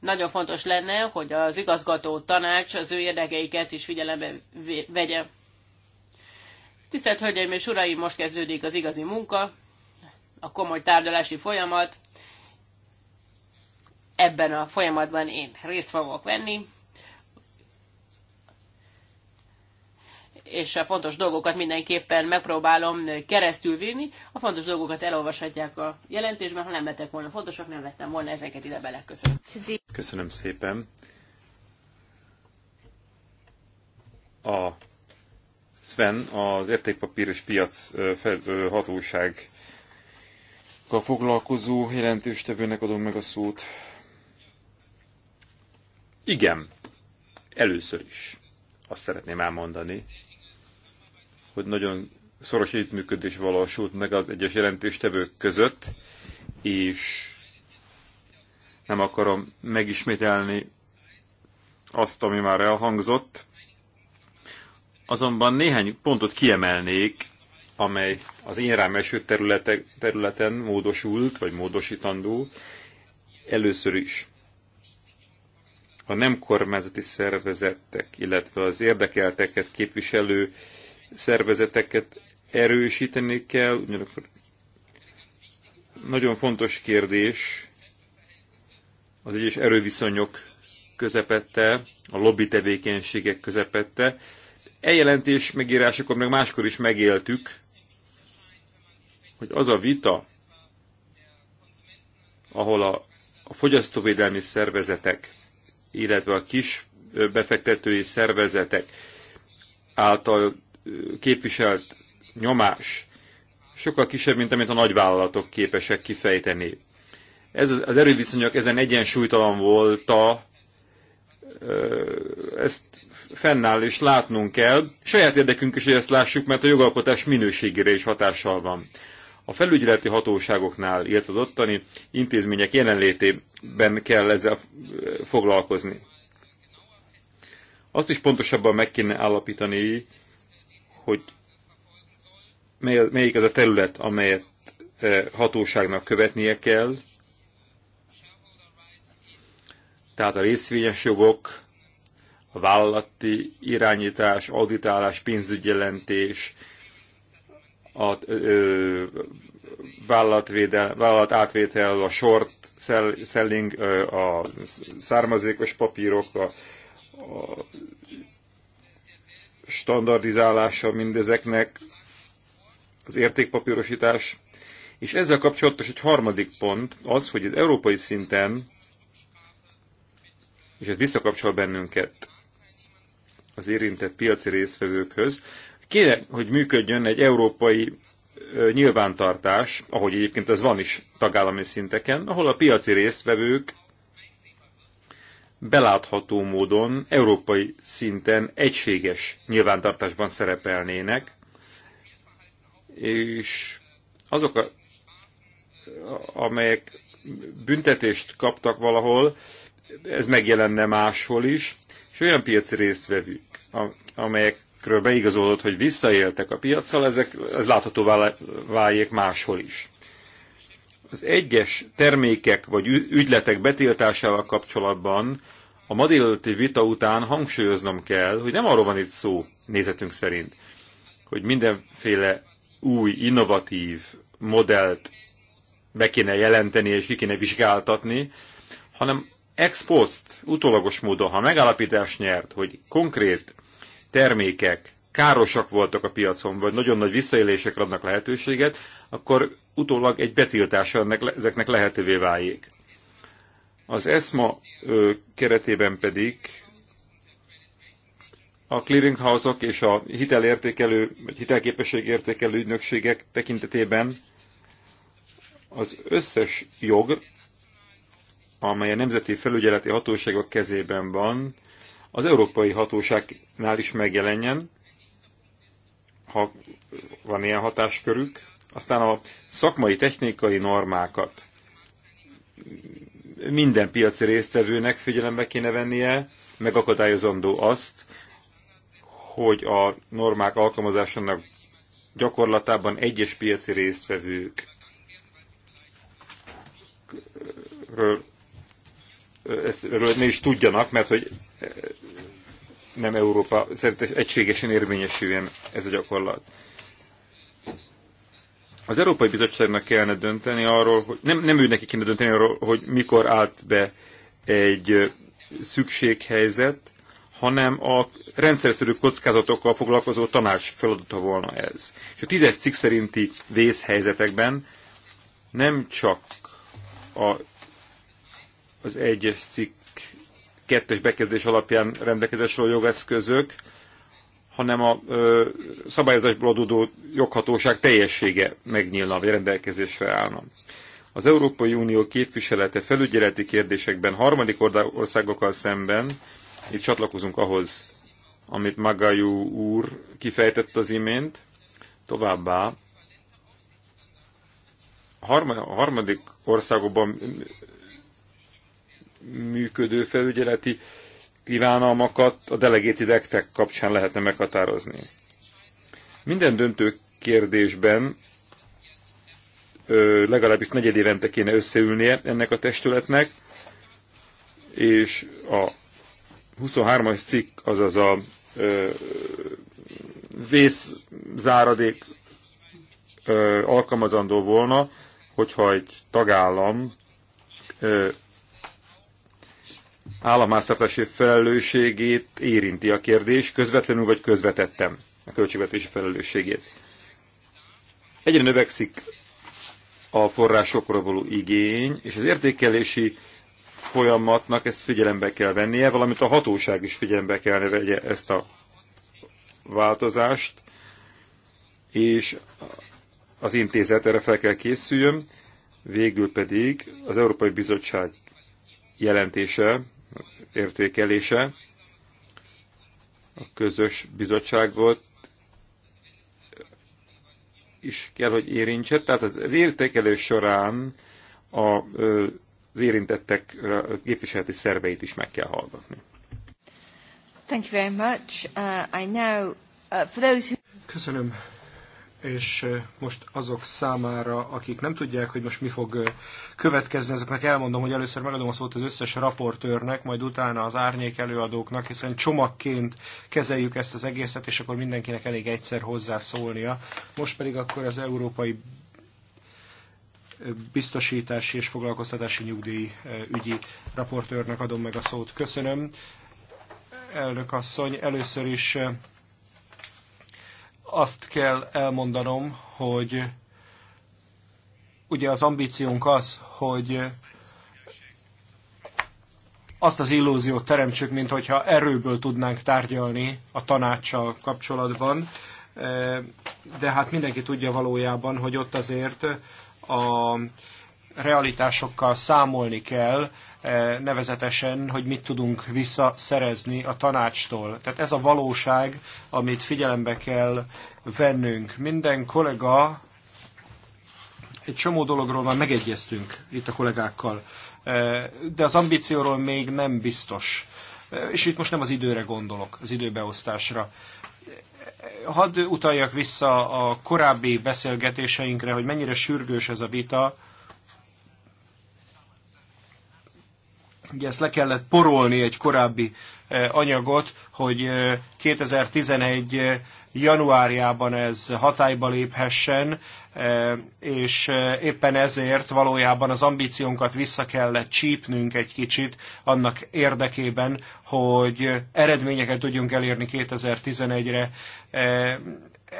nagyon fontos lenne, hogy az igazgató tanács az ő érdekeiket is figyelembe vegye. Tisztelt Hölgyeim és Uraim, most kezdődik az igazi munka, a komoly tárgyalási folyamat. Ebben a folyamatban én részt fogok venni, és a fontos dolgokat mindenképpen megpróbálom keresztül vinni. A fontos dolgokat elolvashatják a jelentésben, ha nem lettek volna fontosak, nem vettem volna ezeket ide bele. Köszönöm. Köszönöm szépen. A Sven, az értékpapír és piac hatóság a foglalkozó jelentéstevőnek adom meg a szót. Igen, először is azt szeretném elmondani, hogy nagyon szoros együttműködés valósult meg az egyes jelentéstevők között, és nem akarom megismételni azt, ami már elhangzott. Azonban néhány pontot kiemelnék, amely az én rám eső területe, területen módosult, vagy módosítandó. Először is a nem kormányzati szervezetek, illetve az érdekelteket képviselő szervezeteket erősíteni kell, ugyanakkor nagyon fontos kérdés az egyes erőviszonyok közepette, a lobby tevékenységek közepette. Eljelentés megírásakor meg máskor is megéltük, hogy az a vita, ahol a, a fogyasztóvédelmi szervezetek, illetve a kis befektetői szervezetek által képviselt nyomás sokkal kisebb, mint amit a nagyvállalatok képesek kifejteni. Ez az, az erőviszonyok ezen egyensúlytalan volt a ezt fennáll és látnunk kell. Saját érdekünk is, hogy ezt lássuk, mert a jogalkotás minőségére is hatással van. A felügyeleti hatóságoknál, illetve az ottani intézmények jelenlétében kell ezzel foglalkozni. Azt is pontosabban meg kéne állapítani, hogy mely, melyik az a terület, amelyet eh, hatóságnak követnie kell, tehát a részvényes jogok, a vállalati irányítás, auditálás, pénzügyjelentés, a ö, vállalatvédel, vállalat átvétel, a short selling, a származékos papírok, a, a standardizálása mindezeknek, az értékpapírosítás. És ezzel kapcsolatos egy harmadik pont az, hogy az európai szinten, és ez visszakapcsol bennünket az érintett piaci résztvevőkhöz, kéne, hogy működjön egy európai nyilvántartás, ahogy egyébként ez van is tagállami szinteken, ahol a piaci résztvevők belátható módon európai szinten egységes nyilvántartásban szerepelnének, és azok, a, amelyek büntetést kaptak valahol, ez megjelenne máshol is, és olyan piaci résztvevők, amelyekről beigazolódott, hogy visszaéltek a piacsal, ezek, ez látható váljék máshol is az egyes termékek vagy ügyletek betiltásával kapcsolatban a ma délelőtti vita után hangsúlyoznom kell, hogy nem arról van itt szó, nézetünk szerint, hogy mindenféle új, innovatív modellt be kéne jelenteni és ki kéne vizsgáltatni, hanem ex post, utólagos módon, ha megállapítás nyert, hogy konkrét termékek károsak voltak a piacon, vagy nagyon nagy visszaélésekre adnak lehetőséget, akkor utólag egy betiltása ennek, ezeknek lehetővé váljék. Az ESMA ö, keretében pedig a clearinghouse-ok és a hitelértékelő, vagy hitelképességértékelő ügynökségek tekintetében az összes jog, amely a nemzeti felügyeleti hatóságok kezében van, az európai hatóságnál is megjelenjen, ha van ilyen hatáskörük. Aztán a szakmai, technikai normákat minden piaci résztvevőnek figyelembe kéne vennie, megakadályozandó azt, hogy a normák alkalmazásának gyakorlatában egyes piaci résztvevők ről, ezt, ne is tudjanak, mert hogy nem Európa szerint egységesen érvényesüljön ez a gyakorlat. Az Európai Bizottságnak kellene dönteni arról, hogy nem, nem ő neki kéne dönteni arról, hogy mikor állt be egy szükséghelyzet, hanem a rendszerszerű kockázatokkal foglalkozó tanács feladata volna ez. És a tízes cikk szerinti vészhelyzetekben nem csak a, az egyes cikk kettes bekezdés alapján rendelkezésről jogeszközök, hanem a ö, szabályozásból adódó joghatóság teljessége megnyílna, vagy rendelkezésre állna. Az Európai Unió képviselete felügyeleti kérdésekben harmadik országokkal szemben, itt csatlakozunk ahhoz, amit Magajú úr kifejtett az imént, továbbá a harmadik országokban működő felügyeleti kívánalmakat a delegéti dektek kapcsán lehetne meghatározni. Minden döntő kérdésben legalábbis negyedévente kéne összeülnie ennek a testületnek, és a 23-as cikk, azaz a ö, vészzáradék ö, alkalmazandó volna, hogyha egy tagállam ö, államháztartási felelősségét érinti a kérdés, közvetlenül vagy közvetettem a költségvetési felelősségét. Egyre növekszik a forrásokra való igény, és az értékelési folyamatnak ezt figyelembe kell vennie, valamint a hatóság is figyelembe kell vegye ezt a változást, és az intézet erre fel kell készüljön, végül pedig az Európai Bizottság jelentése az értékelése. A közös bizottságot is kell, hogy érintse. Tehát az értékelés során a, az érintettek képviseleti szerveit is meg kell hallgatni. Thank you very much. Uh, I know, uh, for those who... Köszönöm és most azok számára, akik nem tudják, hogy most mi fog következni, ezeknek, elmondom, hogy először megadom a szót az összes raportőrnek, majd utána az árnyék előadóknak, hiszen csomagként kezeljük ezt az egészet, és akkor mindenkinek elég egyszer hozzászólnia. Most pedig akkor az Európai Biztosítási és Foglalkoztatási Nyugdíj ügyi raportőrnek adom meg a szót. Köszönöm, elnök asszony. Először is azt kell elmondanom, hogy ugye az ambíciónk az, hogy azt az illúziót teremtsük, mint hogyha erőből tudnánk tárgyalni a tanácssal kapcsolatban, de hát mindenki tudja valójában, hogy ott azért a realitásokkal számolni kell, Eh, nevezetesen, hogy mit tudunk visszaszerezni a tanácstól. Tehát ez a valóság, amit figyelembe kell vennünk. Minden kollega, egy csomó dologról már megegyeztünk itt a kollégákkal, eh, de az ambícióról még nem biztos. Eh, és itt most nem az időre gondolok, az időbeosztásra hadd utaljak vissza a korábbi beszélgetéseinkre, hogy mennyire sürgős ez a vita, Ugye ezt le kellett porolni egy korábbi eh, anyagot, hogy 2011 eh, eh, januárjában ez hatályba léphessen, és éppen ezért valójában az ambíciónkat vissza kellett csípnünk egy kicsit annak érdekében, hogy eredményeket tudjunk elérni 2011-re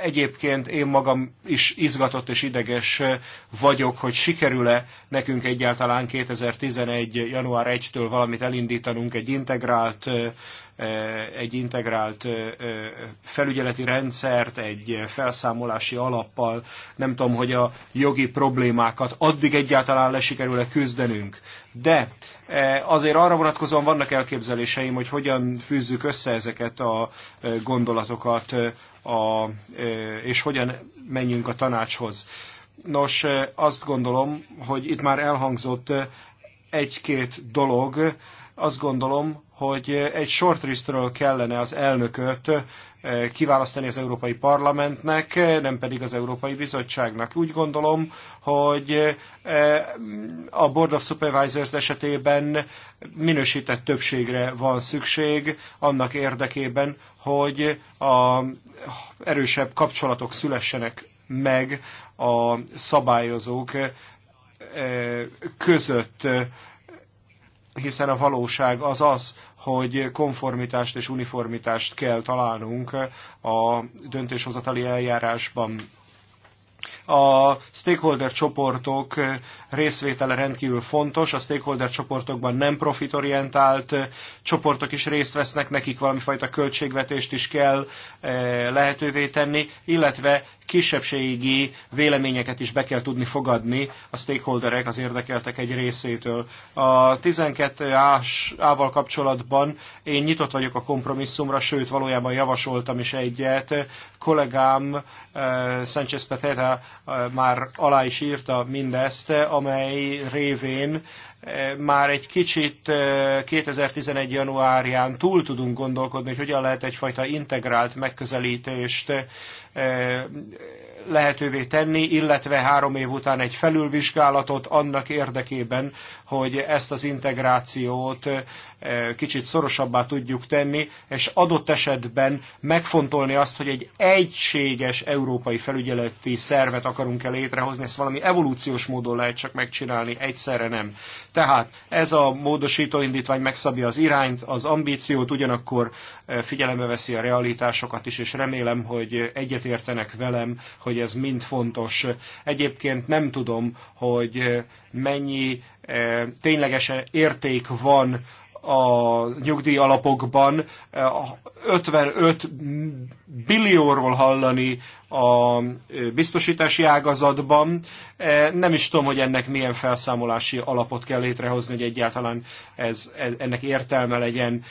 egyébként én magam is izgatott és ideges eh, vagyok, hogy sikerül-e nekünk egyáltalán 2011. január 1-től valamit elindítanunk, egy integrált, eh, eh, egy integrált felügyeleti rendszert, egy felszámolási alappal, nem tudom, hogy a jogi problémákat addig egyáltalán lesikerül-e küzdenünk. De azért arra vonatkozóan vannak elképzeléseim, hogy hogyan fűzzük össze ezeket a gondolatokat a, és hogyan menjünk a tanácshoz. Nos, azt gondolom, hogy itt már elhangzott egy-két dolog, azt gondolom, hogy egy shortlistről kellene az elnököt eh, kiválasztani az Európai Parlamentnek, nem pedig az Európai Bizottságnak. Úgy gondolom, hogy eh, a Board of Supervisors esetében minősített többségre van szükség annak érdekében, hogy a erősebb kapcsolatok szülessenek meg a szabályozók eh, között hiszen a valóság az az, hogy konformitást és uniformitást kell találnunk a döntéshozatali eljárásban. A stakeholder csoportok részvétele rendkívül fontos, a stakeholder csoportokban nem profitorientált csoportok is részt vesznek, nekik valamifajta költségvetést is kell eh, lehetővé tenni, illetve kisebbségi véleményeket is be kell tudni fogadni a stakeholderek, az érdekeltek egy részétől. A 12A-val kapcsolatban én nyitott vagyok a kompromisszumra, sőt valójában javasoltam is egyet. Kollégám eh, Sánchez Peteta már alá is írta mindezt, amely révén már egy kicsit 2011. Eh, januárján túl tudunk gondolkodni, hogy hogyan lehet egyfajta integrált megközelítést eh, lehetővé tenni, illetve három év után egy felülvizsgálatot annak érdekében, hogy ezt az integrációt eh, kicsit szorosabbá tudjuk tenni, és adott esetben megfontolni azt, hogy egy egységes európai felügyeleti szervet akarunk-e létrehozni, ezt valami evolúciós módon lehet csak megcsinálni, egyszerre nem. Tehát ez a módosító indítvány megszabja az irányt, az ambíciót, ugyanakkor e, figyelembe veszi a realitásokat is, és remélem, hogy egyetértenek velem, hogy ez mind fontos. Egyébként nem tudom, hogy e, mennyi e, tényleges érték van a nyugdíj alapokban 55 eh, billióról hallani a eh, biztosítási ágazatban. Eh, nem is tudom, hogy ennek milyen felszámolási alapot kell létrehozni, hogy egyáltalán ez, e, ennek értelme legyen.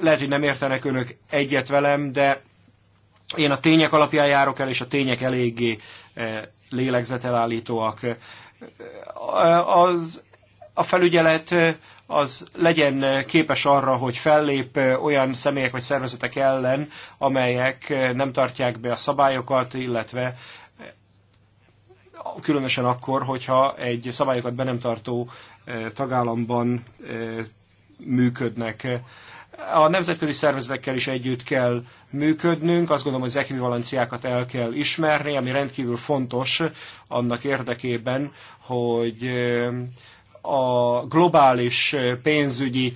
Lehet, hogy nem értenek önök egyet velem, de én a tények alapján járok el, és a tények eléggé lélegzetelállítóak. Az, a felügyelet az legyen képes arra, hogy fellép olyan személyek vagy szervezetek ellen, amelyek nem tartják be a szabályokat, illetve különösen akkor, hogyha egy szabályokat be nem tartó tagállamban működnek. A nemzetközi szervezetekkel is együtt kell működnünk, azt gondolom, hogy az ekvivalenciákat el kell ismerni, ami rendkívül fontos annak érdekében, hogy a globális pénzügyi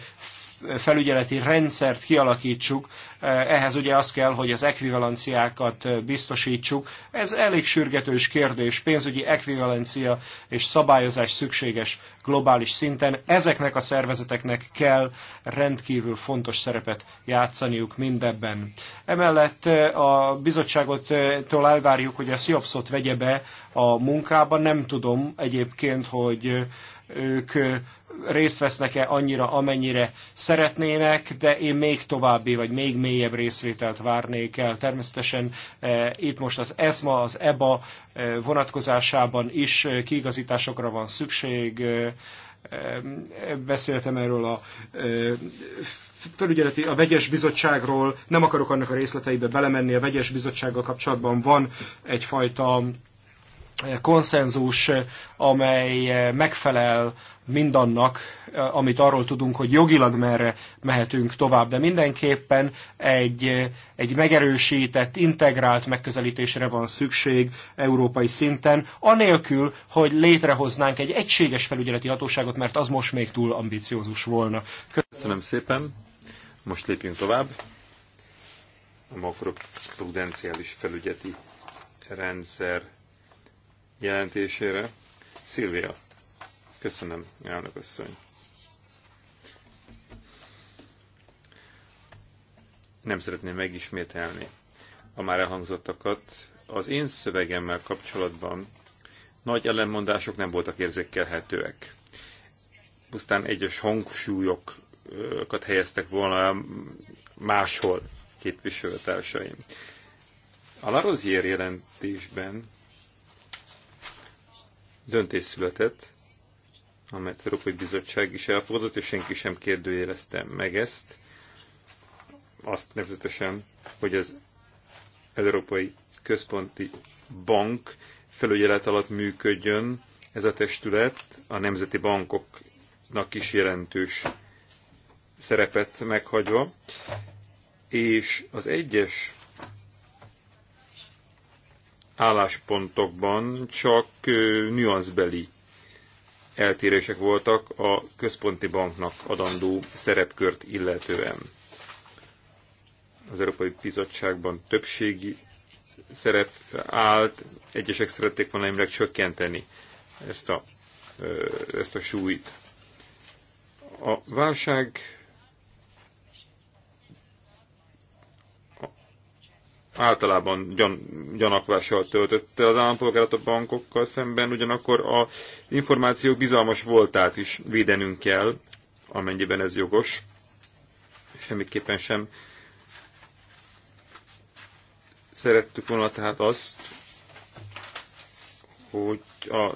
felügyeleti rendszert kialakítsuk, ehhez ugye az kell, hogy az ekvivalenciákat biztosítsuk. Ez elég sürgetős kérdés, pénzügyi ekvivalencia és szabályozás szükséges globális szinten. Ezeknek a szervezeteknek kell rendkívül fontos szerepet játszaniuk mindebben. Emellett a bizottságottól elvárjuk, hogy a SZIOPSZot vegye be a munkába. Nem tudom egyébként, hogy ők részt vesznek-e annyira, amennyire szeretnének, de én még további, vagy még mélyebb részvételt várnék el. Természetesen eh, itt most az ESMA, az EBA eh, vonatkozásában is eh, kiigazításokra van szükség. Eh, eh, beszéltem erről a eh, felügyeleti, a vegyes bizottságról, nem akarok annak a részleteibe belemenni, a vegyes bizottsággal kapcsolatban van egyfajta konszenzus, amely megfelel mindannak, amit arról tudunk, hogy jogilag merre mehetünk tovább, de mindenképpen egy, egy megerősített, integrált megközelítésre van szükség európai szinten, anélkül, hogy létrehoznánk egy egységes felügyeleti hatóságot, mert az most még túl ambiciózus volna. Köszönöm, Köszönöm szépen, most lépjünk tovább. A makroprudenciális felügyeti rendszer jelentésére. Szilvia, köszönöm, elnök asszony. Nem szeretném megismételni a már elhangzottakat. Az én szövegemmel kapcsolatban nagy ellenmondások nem voltak érzékelhetőek. Pusztán egyes hangsúlyokat helyeztek volna máshol képviselőtársaim. A Larozier jelentésben döntés született, amelyet az Európai Bizottság is elfogadott, és senki sem kérdőjelezte meg ezt. Azt nevezetesen, hogy az, az Európai Központi Bank felügyelet alatt működjön ez a testület, a nemzeti bankoknak is jelentős szerepet meghagyva, és az egyes álláspontokban csak nüanszbeli eltérések voltak a központi banknak adandó szerepkört illetően. Az Európai Bizottságban többségi szerep állt, egyesek szerették volna emlék csökkenteni ezt a, ezt a súlyt. A válság általában gyan, gyanakvással töltötte az állampolgárat a bankokkal szemben, ugyanakkor a információk bizalmas voltát is védenünk kell, amennyiben ez jogos. Semmiképpen sem szerettük volna tehát azt, hogy a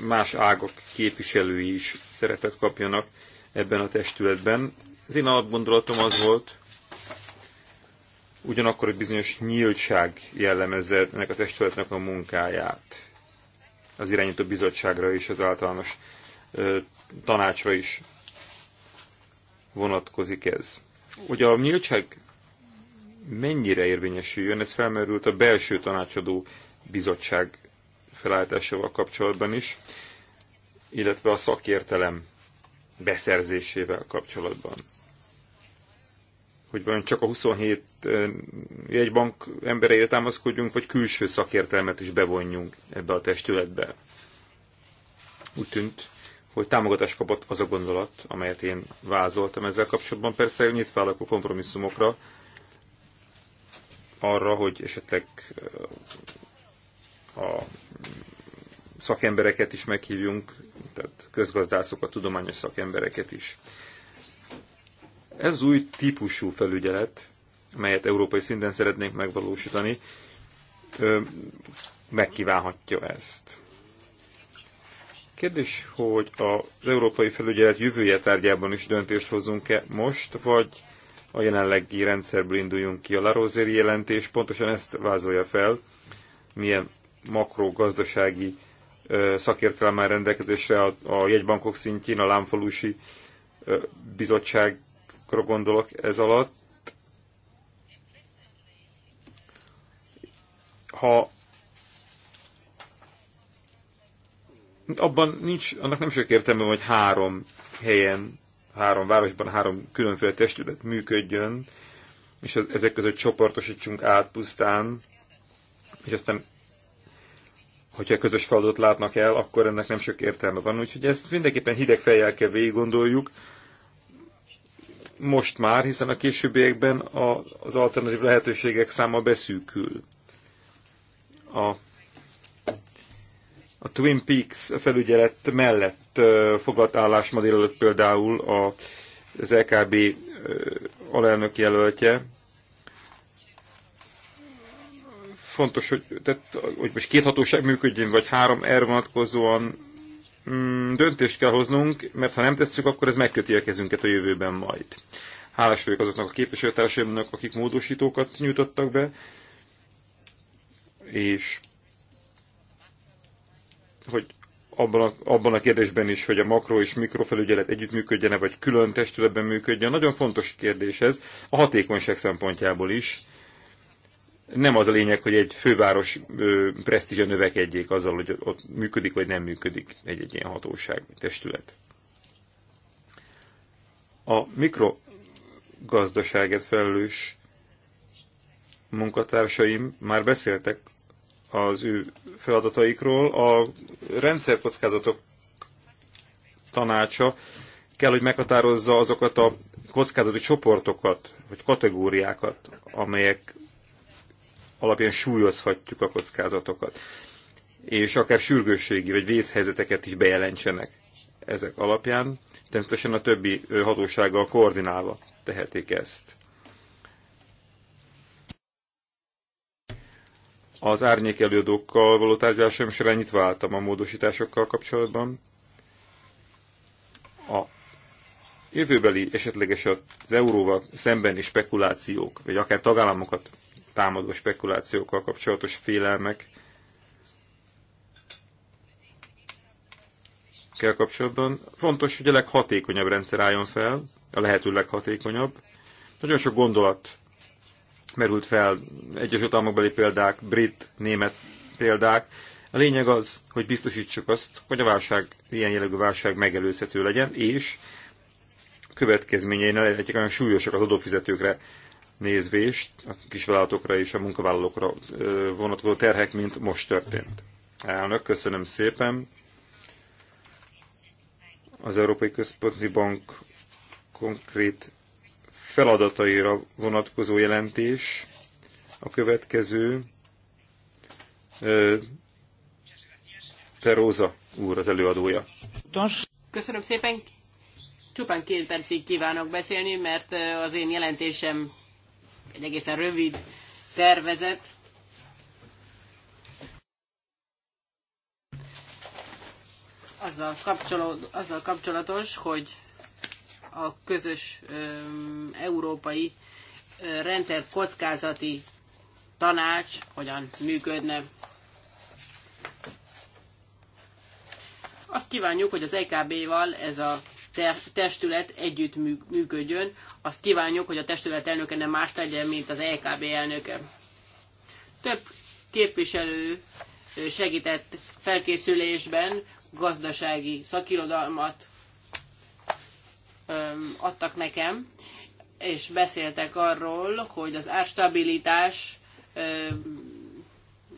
más ágak képviselői is szerepet kapjanak ebben a testületben. Az én alapgondolatom az volt, ugyanakkor egy bizonyos nyíltság jellemezze ennek a testületnek a munkáját. Az irányító bizottságra is, az általános ö, tanácsra is vonatkozik ez. Ugye a nyíltság mennyire érvényesüljön, ez felmerült a belső tanácsadó bizottság felállításával kapcsolatban is, illetve a szakértelem beszerzésével kapcsolatban hogy vajon csak a 27 jegybank embereire támaszkodjunk, vagy külső szakértelmet is bevonjunk ebbe a testületbe. Úgy tűnt, hogy támogatást kapott az a gondolat, amelyet én vázoltam ezzel kapcsolatban. Persze nyitva állok a kompromisszumokra, arra, hogy esetleg a szakembereket is meghívjunk, tehát közgazdászokat, tudományos szakembereket is. Ez az új típusú felügyelet, melyet európai szinten szeretnénk megvalósítani, megkívánhatja ezt. Kérdés, hogy az európai felügyelet jövője tárgyában is döntést hozunk-e most, vagy a jelenlegi rendszerből induljunk ki. A Larozéri jelentés pontosan ezt vázolja fel, milyen makrogazdasági szakértelemmel rendelkezésre a, a jegybankok szintjén, a Lámfalusi bizottság országokra gondolok ez alatt. Ha abban nincs, annak nem sok értelme, hogy három helyen, három városban három különféle testület működjön, és ezek között csoportosítsunk át pusztán, és aztán hogyha közös feladatot látnak el, akkor ennek nem sok értelme van. Úgyhogy ezt mindenképpen hideg fejjel kell végig gondoljuk, most már, hiszen a későbbiekben a, az alternatív lehetőségek száma beszűkül. A, a Twin Peaks felügyelet mellett foglalt állás ma délelőtt például a, az LKB alelnök jelöltje, fontos, hogy, tehát, hogy most két hatóság működjön, vagy három erre vonatkozóan Mm, döntést kell hoznunk, mert ha nem tesszük, akkor ez megköti a kezünket a jövőben majd. Hálás vagyok azoknak a képviselőtársaimnak, akik módosítókat nyújtottak be, és hogy abban a, abban a kérdésben is, hogy a makro és mikrofelügyelet együttműködjene, vagy külön testületben működjön. Nagyon fontos kérdés ez, a hatékonyság szempontjából is nem az a lényeg, hogy egy főváros presztízse növekedjék azzal, hogy ott működik vagy nem működik egy, egy ilyen hatóság, testület. A mikrogazdaságet felelős munkatársaim már beszéltek az ő feladataikról. A rendszerkockázatok tanácsa kell, hogy meghatározza azokat a kockázati csoportokat, vagy kategóriákat, amelyek alapján súlyozhatjuk a kockázatokat. És akár sürgősségi vagy vészhelyzeteket is bejelentsenek ezek alapján, természetesen a többi hatósággal koordinálva tehetik ezt. Az árnyék előadókkal való tárgyalásom során nyitva álltam a módosításokkal kapcsolatban. A jövőbeli esetleges az euróval szembeni spekulációk, vagy akár tagállamokat támadó spekulációkkal kapcsolatos félelmek kell kapcsolatban. Fontos, hogy a leghatékonyabb rendszer álljon fel, a lehető leghatékonyabb. Nagyon sok gondolat merült fel, Egyesült Államokbeli példák, brit, német példák. A lényeg az, hogy biztosítsuk azt, hogy a válság, ilyen jellegű válság megelőzhető legyen, és következményei ne legyenek olyan súlyosak az adófizetőkre nézvést a kisvállalatokra és a munkavállalókra vonatkozó terhek, mint most történt. Elnök, köszönöm szépen. Az Európai Központi Bank konkrét feladataira vonatkozó jelentés a következő. Teróza úr az előadója. Köszönöm szépen. Csupán két percig kívánok beszélni, mert az én jelentésem egy egészen rövid tervezet. Azzal, kapcsolód, azzal kapcsolatos, hogy a közös ö, európai ö, rendszer kockázati tanács hogyan működne. Azt kívánjuk, hogy az EKB-val ez a testület együtt működjön azt kívánjuk, hogy a testület elnöke nem más legyen, mint az EKB elnöke. Több képviselő segített felkészülésben gazdasági szakirodalmat adtak nekem, és beszéltek arról, hogy az árstabilitás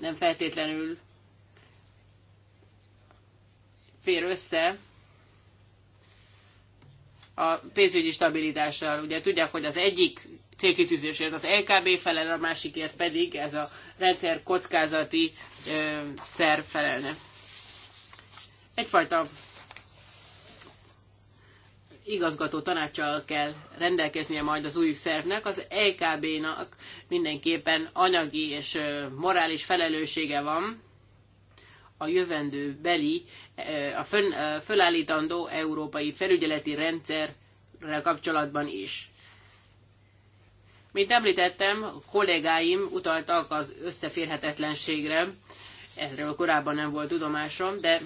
nem feltétlenül fér össze a pénzügyi stabilitással. Ugye tudják, hogy az egyik célkitűzésért az LKB felel, a másikért pedig ez a rendszer kockázati ö, szerv felelne. Egyfajta igazgató tanácsal kell rendelkeznie majd az új szervnek, az LKB-nak mindenképpen anyagi és morális felelőssége van, a jövendő beli, eh, a, eh, fölállítandó európai felügyeleti rendszerrel kapcsolatban is. Mint említettem, a kollégáim utaltak az összeférhetetlenségre, erről korábban nem volt tudomásom, de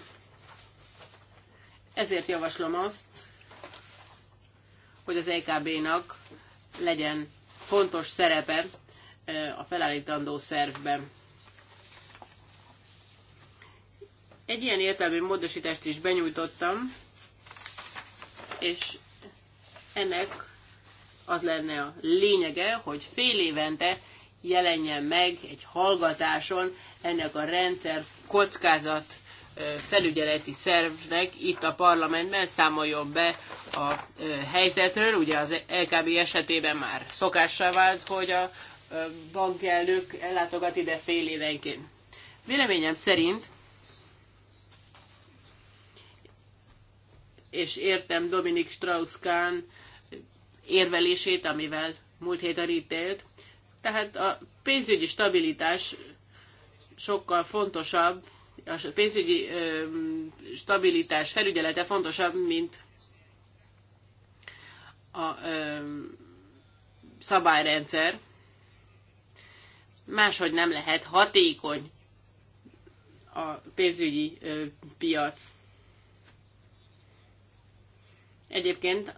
ezért javaslom azt, hogy az EKB-nak legyen fontos szerepe eh, a felállítandó szervben. Egy ilyen értelmű módosítást is benyújtottam, és ennek az lenne a lényege, hogy fél évente jelenjen meg egy hallgatáson ennek a rendszer kockázat felügyeleti szervnek itt a parlamentben számoljon be a helyzetről. Ugye az LKB esetében már szokássá vált, hogy a bankelnök ellátogat ide fél évenként. Véleményem szerint és értem Dominik Strauss-Kahn érvelését, amivel múlt héten ítélt. Tehát a pénzügyi stabilitás sokkal fontosabb, a pénzügyi ö, stabilitás felügyelete fontosabb, mint a ö, szabályrendszer. Máshogy nem lehet hatékony a pénzügyi ö, piac. Egyébként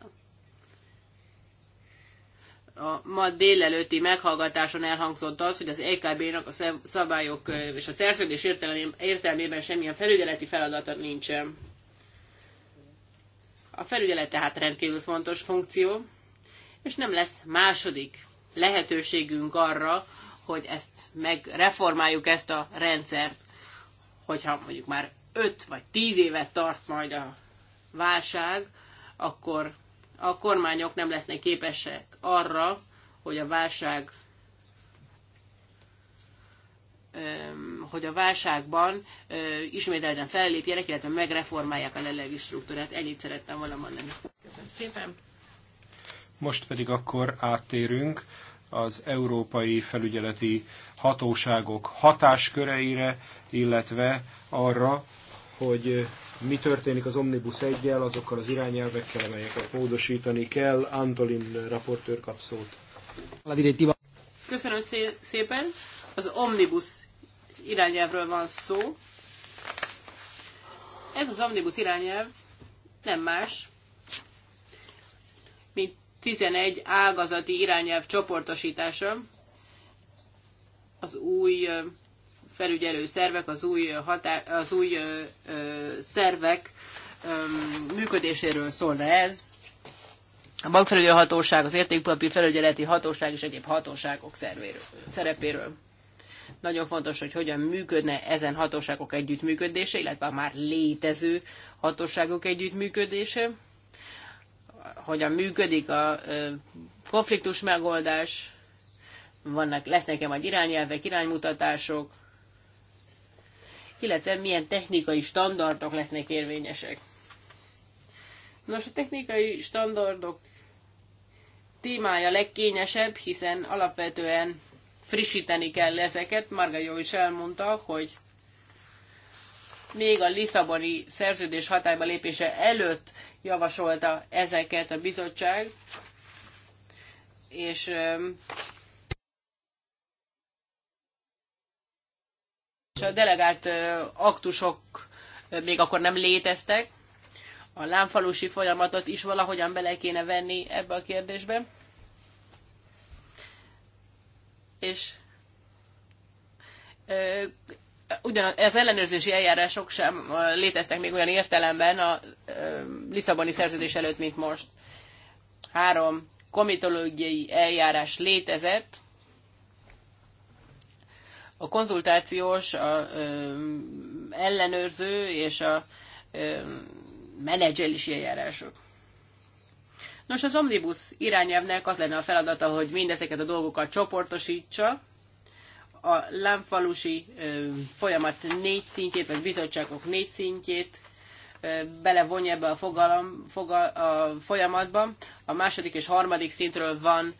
a ma délelőtti meghallgatáson elhangzott az, hogy az EKB-nak a szabályok és a szerződés értelmében semmilyen felügyeleti feladata nincsen. A felügyelet tehát rendkívül fontos funkció, és nem lesz második lehetőségünk arra, hogy ezt megreformáljuk ezt a rendszert, hogyha mondjuk már 5 vagy 10 évet tart majd a válság, akkor a kormányok nem lesznek képesek arra, hogy a válság hogy a válságban ismételten fellépjenek, illetve megreformálják a lelegi struktúrát. Ennyit szerettem volna mondani. Köszönöm szépen. Most pedig akkor áttérünk az európai felügyeleti hatóságok hatásköreire, illetve arra, hogy mi történik az Omnibus 1 azokkal az irányelvekkel, amelyeket módosítani kell. Antolin raportőr kap szót. Köszönöm szépen. Az Omnibus irányelvről van szó. Ez az Omnibus irányelv nem más, mint 11 ágazati irányelv csoportosítása az új felügyelő szervek, az új, hatá- az új ö, ö, szervek ö, működéséről szólna ez. A bankfelügyelő hatóság, az értékpapír felügyeleti hatóság és egyéb hatóságok szervéről, szerepéről. Nagyon fontos, hogy hogyan működne ezen hatóságok együttműködése, illetve a már létező hatóságok együttműködése. Hogyan működik a ö, konfliktus megoldás, vannak, lesznek-e majd irányelvek, iránymutatások, illetve milyen technikai standardok lesznek érvényesek. Nos, a technikai standardok témája legkényesebb, hiszen alapvetően frissíteni kell ezeket. Marga jó is elmondta, hogy még a Lisszaboni szerződés hatályba lépése előtt javasolta ezeket a bizottság, és és a delegált aktusok még akkor nem léteztek. A lámfalusi folyamatot is valahogyan bele kéne venni ebbe a kérdésbe. És ugyan az ellenőrzési eljárások sem léteztek még olyan értelemben a Lisszaboni szerződés előtt, mint most. Három komitológiai eljárás létezett, a konzultációs, a ö, ellenőrző és a menedzselési eljárások. Nos, az Omnibus irányelvnek az lenne a feladata, hogy mindezeket a dolgokat csoportosítsa, a lámfalusi folyamat négy szintjét, vagy bizottságok négy szintjét belevonja ebbe a, fogalom, fogal, a folyamatba. A második és harmadik szintről van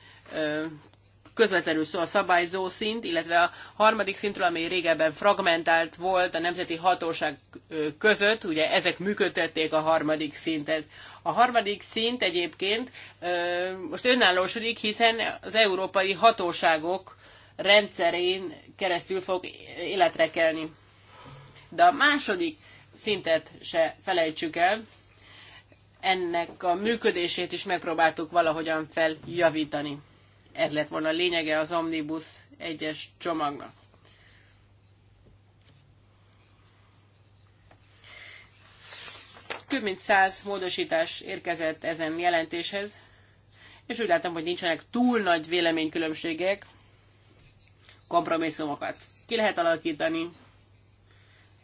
közvetlenül szó a szabályzó szint, illetve a harmadik szintről, ami régebben fragmentált volt a nemzeti hatóság között, ugye ezek működtették a harmadik szintet. A harmadik szint egyébként most önállósodik, hiszen az európai hatóságok rendszerén keresztül fog életre kelni. De a második szintet se felejtsük el, ennek a működését is megpróbáltuk valahogyan feljavítani ez lett volna a lényege az Omnibus egyes csomagnak. Több mint száz módosítás érkezett ezen jelentéshez, és úgy látom, hogy nincsenek túl nagy véleménykülönbségek, kompromisszumokat ki lehet alakítani,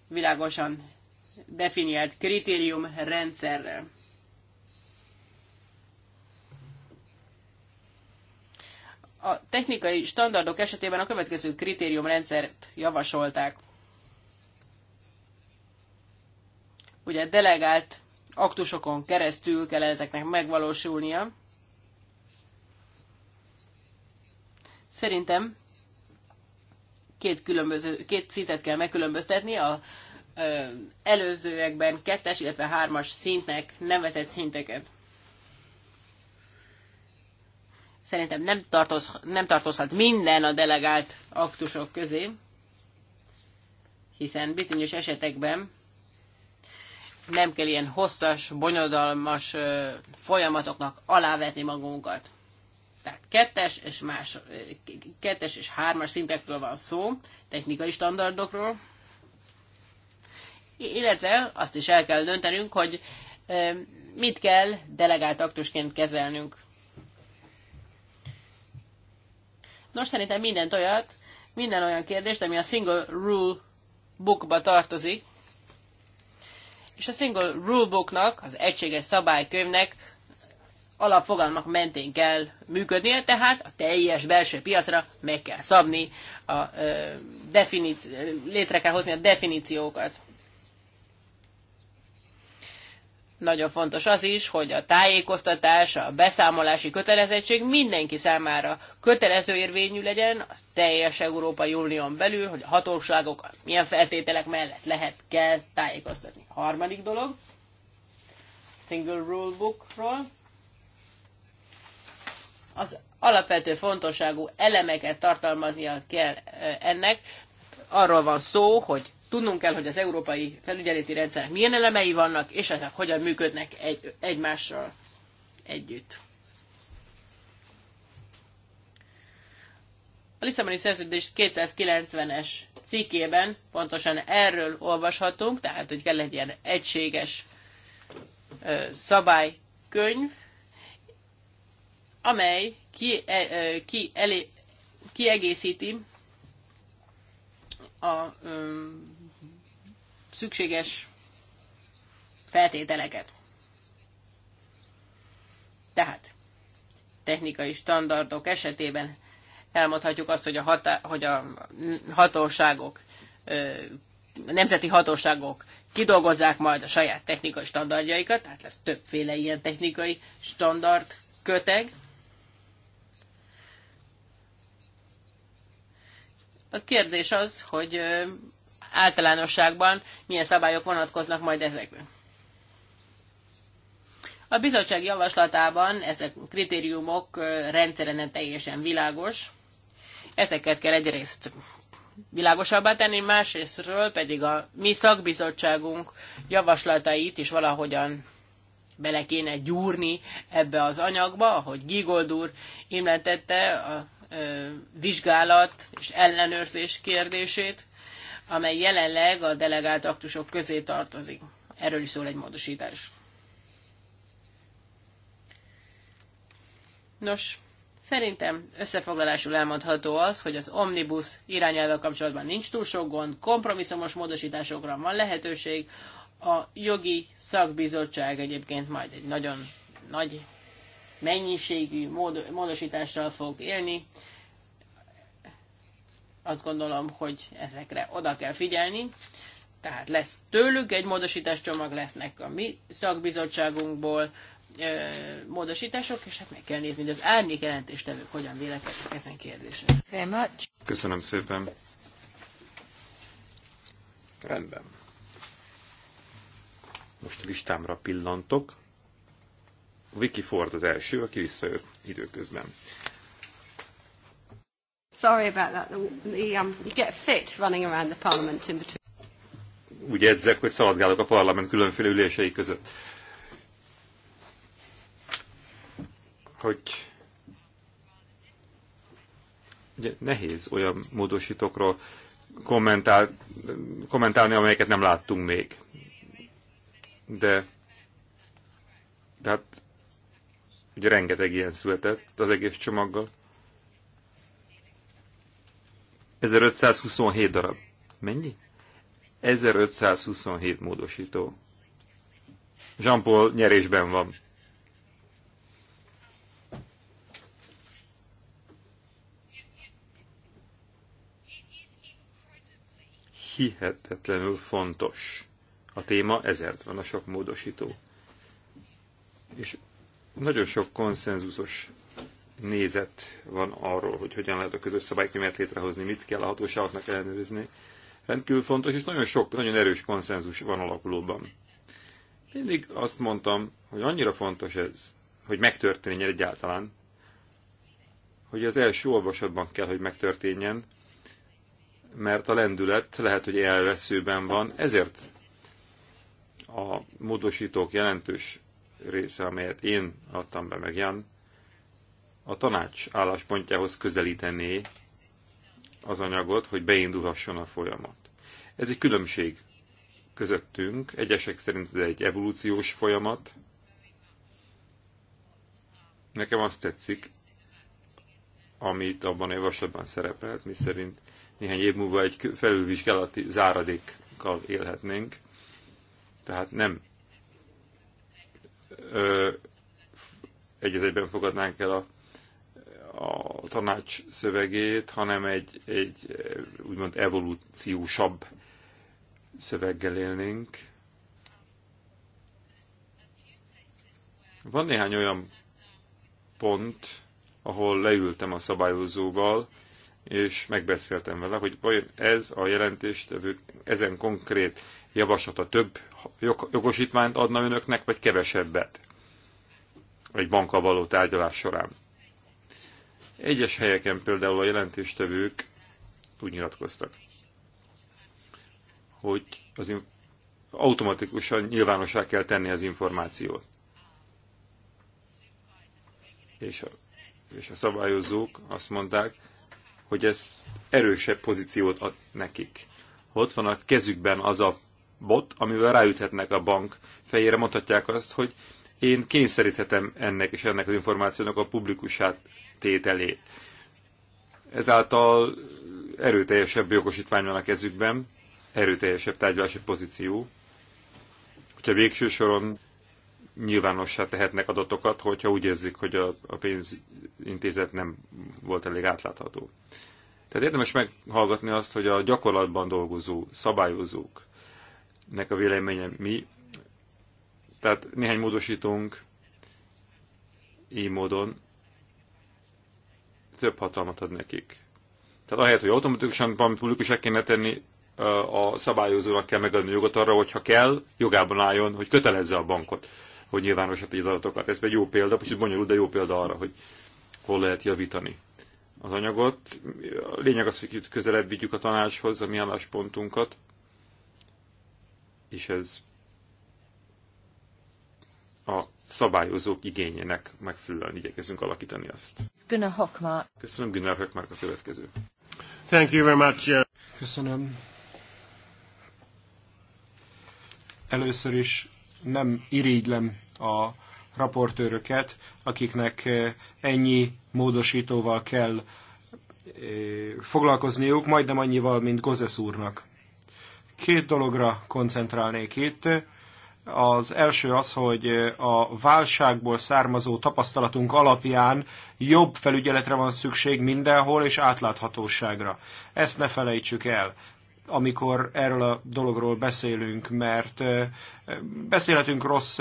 világosan definiált kritérium rendszerrel. a technikai standardok esetében a következő kritériumrendszert javasolták. Ugye delegált aktusokon keresztül kell ezeknek megvalósulnia. Szerintem két, különböző, két szintet kell megkülönböztetni, a előzőekben kettes, illetve hármas szintnek nevezett szinteket. Szerintem nem, tartoz, nem tartozhat minden a delegált aktusok közé, hiszen bizonyos esetekben nem kell ilyen hosszas, bonyodalmas folyamatoknak alávetni magunkat. Tehát kettes és, más, kettes és hármas szintekről van szó, technikai standardokról, illetve azt is el kell döntenünk, hogy mit kell delegált aktusként kezelnünk. Nos, szerintem mindent olyat, minden olyan kérdést, ami a Single Rule Bookba tartozik, és a Single Rule Booknak, az egységes szabálykönyvnek alapfogalmak mentén kell működnie, tehát a teljes belső piacra meg kell szabni, a, ö, létre kell hozni a definíciókat. Nagyon fontos az is, hogy a tájékoztatás, a beszámolási kötelezettség mindenki számára kötelező érvényű legyen a teljes Európai Unión belül, hogy a hatóságok milyen feltételek mellett lehet, kell tájékoztatni. Harmadik dolog, Single Rule Bookról, az alapvető fontosságú elemeket tartalmaznia kell eh, ennek. Arról van szó, hogy Tudnunk kell, hogy az európai felügyeleti rendszerek milyen elemei vannak, és ezek hogyan működnek egy, egymással együtt. A Lisszaboni szerződés 290-es cikkében pontosan erről olvashatunk, tehát hogy kell egy ilyen egységes szabálykönyv, amely ki, e, ki, elé, kiegészíti a szükséges feltételeket. Tehát technikai standardok esetében elmondhatjuk azt, hogy a, hatá, hogy a hatóságok, a nemzeti hatóságok kidolgozzák majd a saját technikai standardjaikat, tehát lesz többféle ilyen technikai standard köteg. A kérdés az, hogy általánosságban milyen szabályok vonatkoznak majd ezekre. A bizottság javaslatában ezek kritériumok rendszeren nem teljesen világos. Ezeket kell egyrészt világosabbá tenni, másrésztről pedig a mi szakbizottságunk javaslatait is valahogyan bele kéne gyúrni ebbe az anyagba, ahogy Gigold úr a vizsgálat és ellenőrzés kérdését amely jelenleg a delegált aktusok közé tartozik. Erről is szól egy módosítás. Nos, szerintem összefoglalásul elmondható az, hogy az omnibus irányelvvel kapcsolatban nincs túl sok gond, kompromisszumos módosításokra van lehetőség, a jogi szakbizottság egyébként majd egy nagyon nagy mennyiségű módosítással fog élni, azt gondolom, hogy ezekre oda kell figyelni. Tehát lesz tőlük egy csomag, lesznek a mi szakbizottságunkból ö, módosítások, és hát meg kell nézni, hogy az árnyék jelentéstevők hogyan vélekednek ezen kérdésen. Köszönöm szépen. Rendben. Most a listámra pillantok. Vicky Ford az első, aki visszajött időközben. Sorry about that. The, the, um, you get fit running around the parliament in between. Úgy edzek, hogy szaladgálok a parlament különféle ülései között. Hogy ugye nehéz olyan módosítókról kommentál, kommentálni, amelyeket nem láttunk még. De, de hát ugye rengeteg ilyen született az egész csomaggal. 1527 darab. Mennyi? 1527 módosító. Jean-Paul nyerésben van. Hihetetlenül fontos. A téma ezért van a sok módosító. És nagyon sok konszenzusos nézet van arról, hogy hogyan lehet a közös szabálykönyvet létrehozni, mit kell a hatóságoknak ellenőrizni. Rendkívül fontos, és nagyon sok, nagyon erős konszenzus van alakulóban. Mindig azt mondtam, hogy annyira fontos ez, hogy megtörténjen egyáltalán, hogy az első olvasatban kell, hogy megtörténjen, mert a lendület lehet, hogy elveszőben van, ezért a módosítók jelentős része, amelyet én adtam be meg Jan, a tanács álláspontjához közelítené az anyagot, hogy beindulhasson a folyamat. Ez egy különbség közöttünk, egyesek szerint ez egy evolúciós folyamat. Nekem azt tetszik, amit abban a javaslatban szerepelt, mi szerint néhány év múlva egy felülvizsgálati záradékkal élhetnénk. Tehát nem ö, egy egyben fogadnánk el a a tanács szövegét, hanem egy, egy úgymond evolúciósabb szöveggel élnénk. Van néhány olyan pont, ahol leültem a szabályozóval, és megbeszéltem vele, hogy vajon ez a jelentést, ezen konkrét javaslata több jogosítványt adna önöknek, vagy kevesebbet egy bankkal való tárgyalás során. Egyes helyeken például a jelentéstevők úgy nyilatkoztak, hogy az automatikusan nyilvánossá kell tenni az információt. És a, és a szabályozók azt mondták, hogy ez erősebb pozíciót ad nekik. Ott van a kezükben az a bot, amivel ráüthetnek a bank fejére, mondhatják azt, hogy én kényszeríthetem ennek és ennek az információnak a publikusát tételét. Ezáltal erőteljesebb jogosítvány van a kezükben, erőteljesebb tárgyalási pozíció, hogyha végső soron nyilvánossá tehetnek adatokat, hogyha úgy érzik, hogy a, a pénzintézet nem volt elég átlátható. Tehát érdemes meghallgatni azt, hogy a gyakorlatban dolgozó szabályozók nek a véleménye mi, tehát néhány módosítunk így módon több hatalmat ad nekik. Tehát ahelyett, hogy automatikusan valamit publikusra kéne tenni, a szabályozónak kell megadni a jogot arra, hogyha kell, jogában álljon, hogy kötelezze a bankot, hogy nyilvánosítja az adatokat. Ez egy jó példa, kicsit bonyolult, de jó példa arra, hogy hol lehet javítani az anyagot. A lényeg az, hogy közelebb vigyük a tanácshoz a mi álláspontunkat, és ez a szabályozók igényének megfelelően igyekezünk alakítani azt. Gunnar Hockmar. Köszönöm, Gunnar Hockmar a következő. Thank you very much. Uh, Köszönöm. Először is nem irigylem a raportőröket, akiknek uh, ennyi módosítóval kell uh, foglalkozniuk, majdnem annyival, mint Gozesz úrnak. Két dologra koncentrálnék itt. Az első az, hogy a válságból származó tapasztalatunk alapján jobb felügyeletre van szükség mindenhol és átláthatóságra. Ezt ne felejtsük el amikor erről a dologról beszélünk, mert beszélhetünk rossz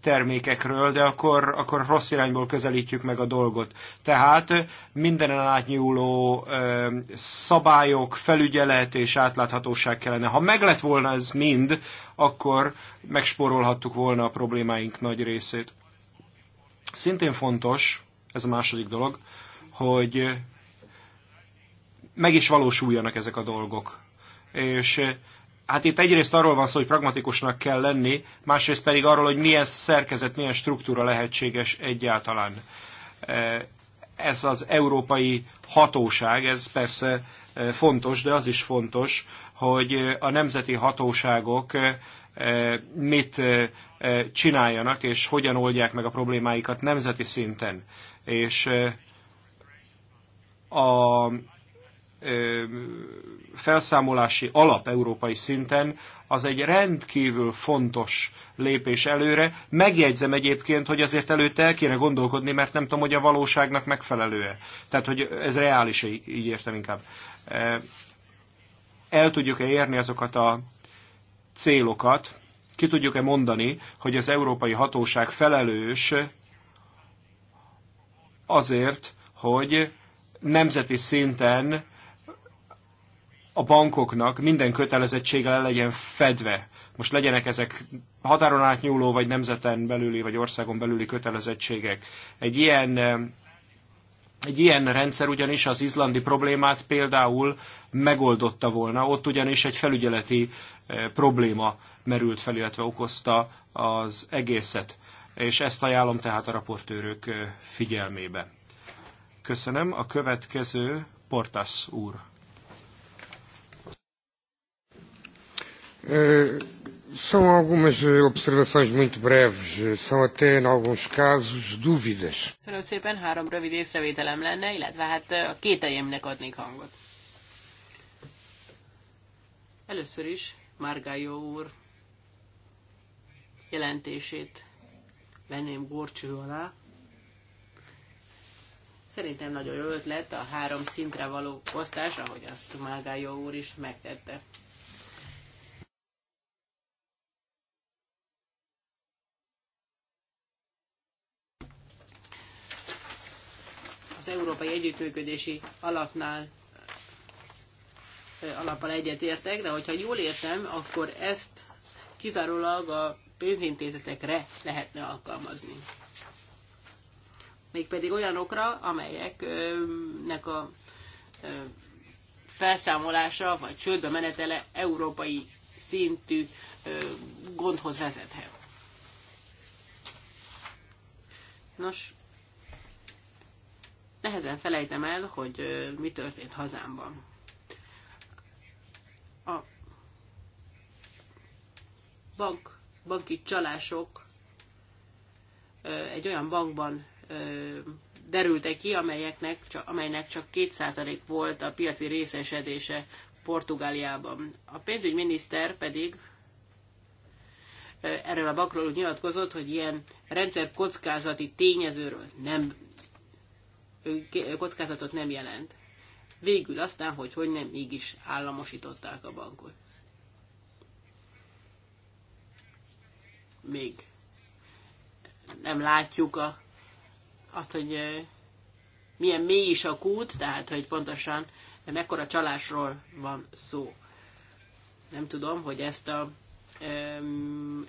termékekről, de akkor, akkor rossz irányból közelítjük meg a dolgot. Tehát mindenen átnyúló szabályok, felügyelet és átláthatóság kellene. Ha meg lett volna ez mind, akkor megspórolhattuk volna a problémáink nagy részét. Szintén fontos, ez a második dolog, hogy meg is valósuljanak ezek a dolgok. És eh, hát itt egyrészt arról van szó, hogy pragmatikusnak kell lenni, másrészt pedig arról, hogy milyen szerkezet, milyen struktúra lehetséges egyáltalán. Eh, ez az európai hatóság, ez persze eh, fontos, de az is fontos, hogy a nemzeti hatóságok mit csináljanak, és hogyan oldják meg a problémáikat nemzeti szinten. És a felszámolási alap európai szinten, az egy rendkívül fontos lépés előre. Megjegyzem egyébként, hogy azért előtte el kéne gondolkodni, mert nem tudom, hogy a valóságnak megfelelő-e. Tehát, hogy ez reális, így értem inkább. El tudjuk-e érni azokat a célokat, ki tudjuk-e mondani, hogy az európai hatóság felelős azért, hogy nemzeti szinten a bankoknak minden kötelezettsége le legyen fedve. Most legyenek ezek határon átnyúló, vagy nemzeten belüli, vagy országon belüli kötelezettségek. Egy ilyen, eh, egy ilyen rendszer ugyanis az izlandi problémát például megoldotta volna. Ott ugyanis egy felügyeleti eh, probléma merült fel, illetve okozta az egészet. És ezt ajánlom tehát a raportőrök eh, figyelmébe. Köszönöm. A következő Portas úr. Eh, são algumas eh, observações muito breves, eh, são até, em alguns casos, dúvidas. Köszönöm szépen, három rövid észrevételem lenne, illetve hát a kételjemnek adnék hangot. Először is Márgájó úr jelentését venném gorcső alá. Szerintem nagyon jó ötlet a három szintre való osztás, ahogy azt Márgájó úr is megtette. Európai Együttműködési Alapnál eh, alappal egyetértek, de hogyha jól értem, akkor ezt kizárólag a pénzintézetekre lehetne alkalmazni. Mégpedig olyanokra, amelyeknek eh, a eh, felszámolása vagy csődbe menetele európai szintű gondhoz vezethet. Nos, nehezen felejtem el, hogy mi történt hazámban. A bank, banki csalások egy olyan bankban derültek ki, amelyeknek, amelynek csak 2% volt a piaci részesedése Portugáliában. A pénzügyminiszter pedig erről a bankról nyilatkozott, hogy ilyen rendszer kockázati tényezőről nem kockázatot nem jelent. Végül aztán, hogy hogy nem, mégis államosították a bankot. Még nem látjuk a, azt, hogy milyen mély is a kút, tehát hogy pontosan mekkora csalásról van szó. Nem tudom, hogy ezt a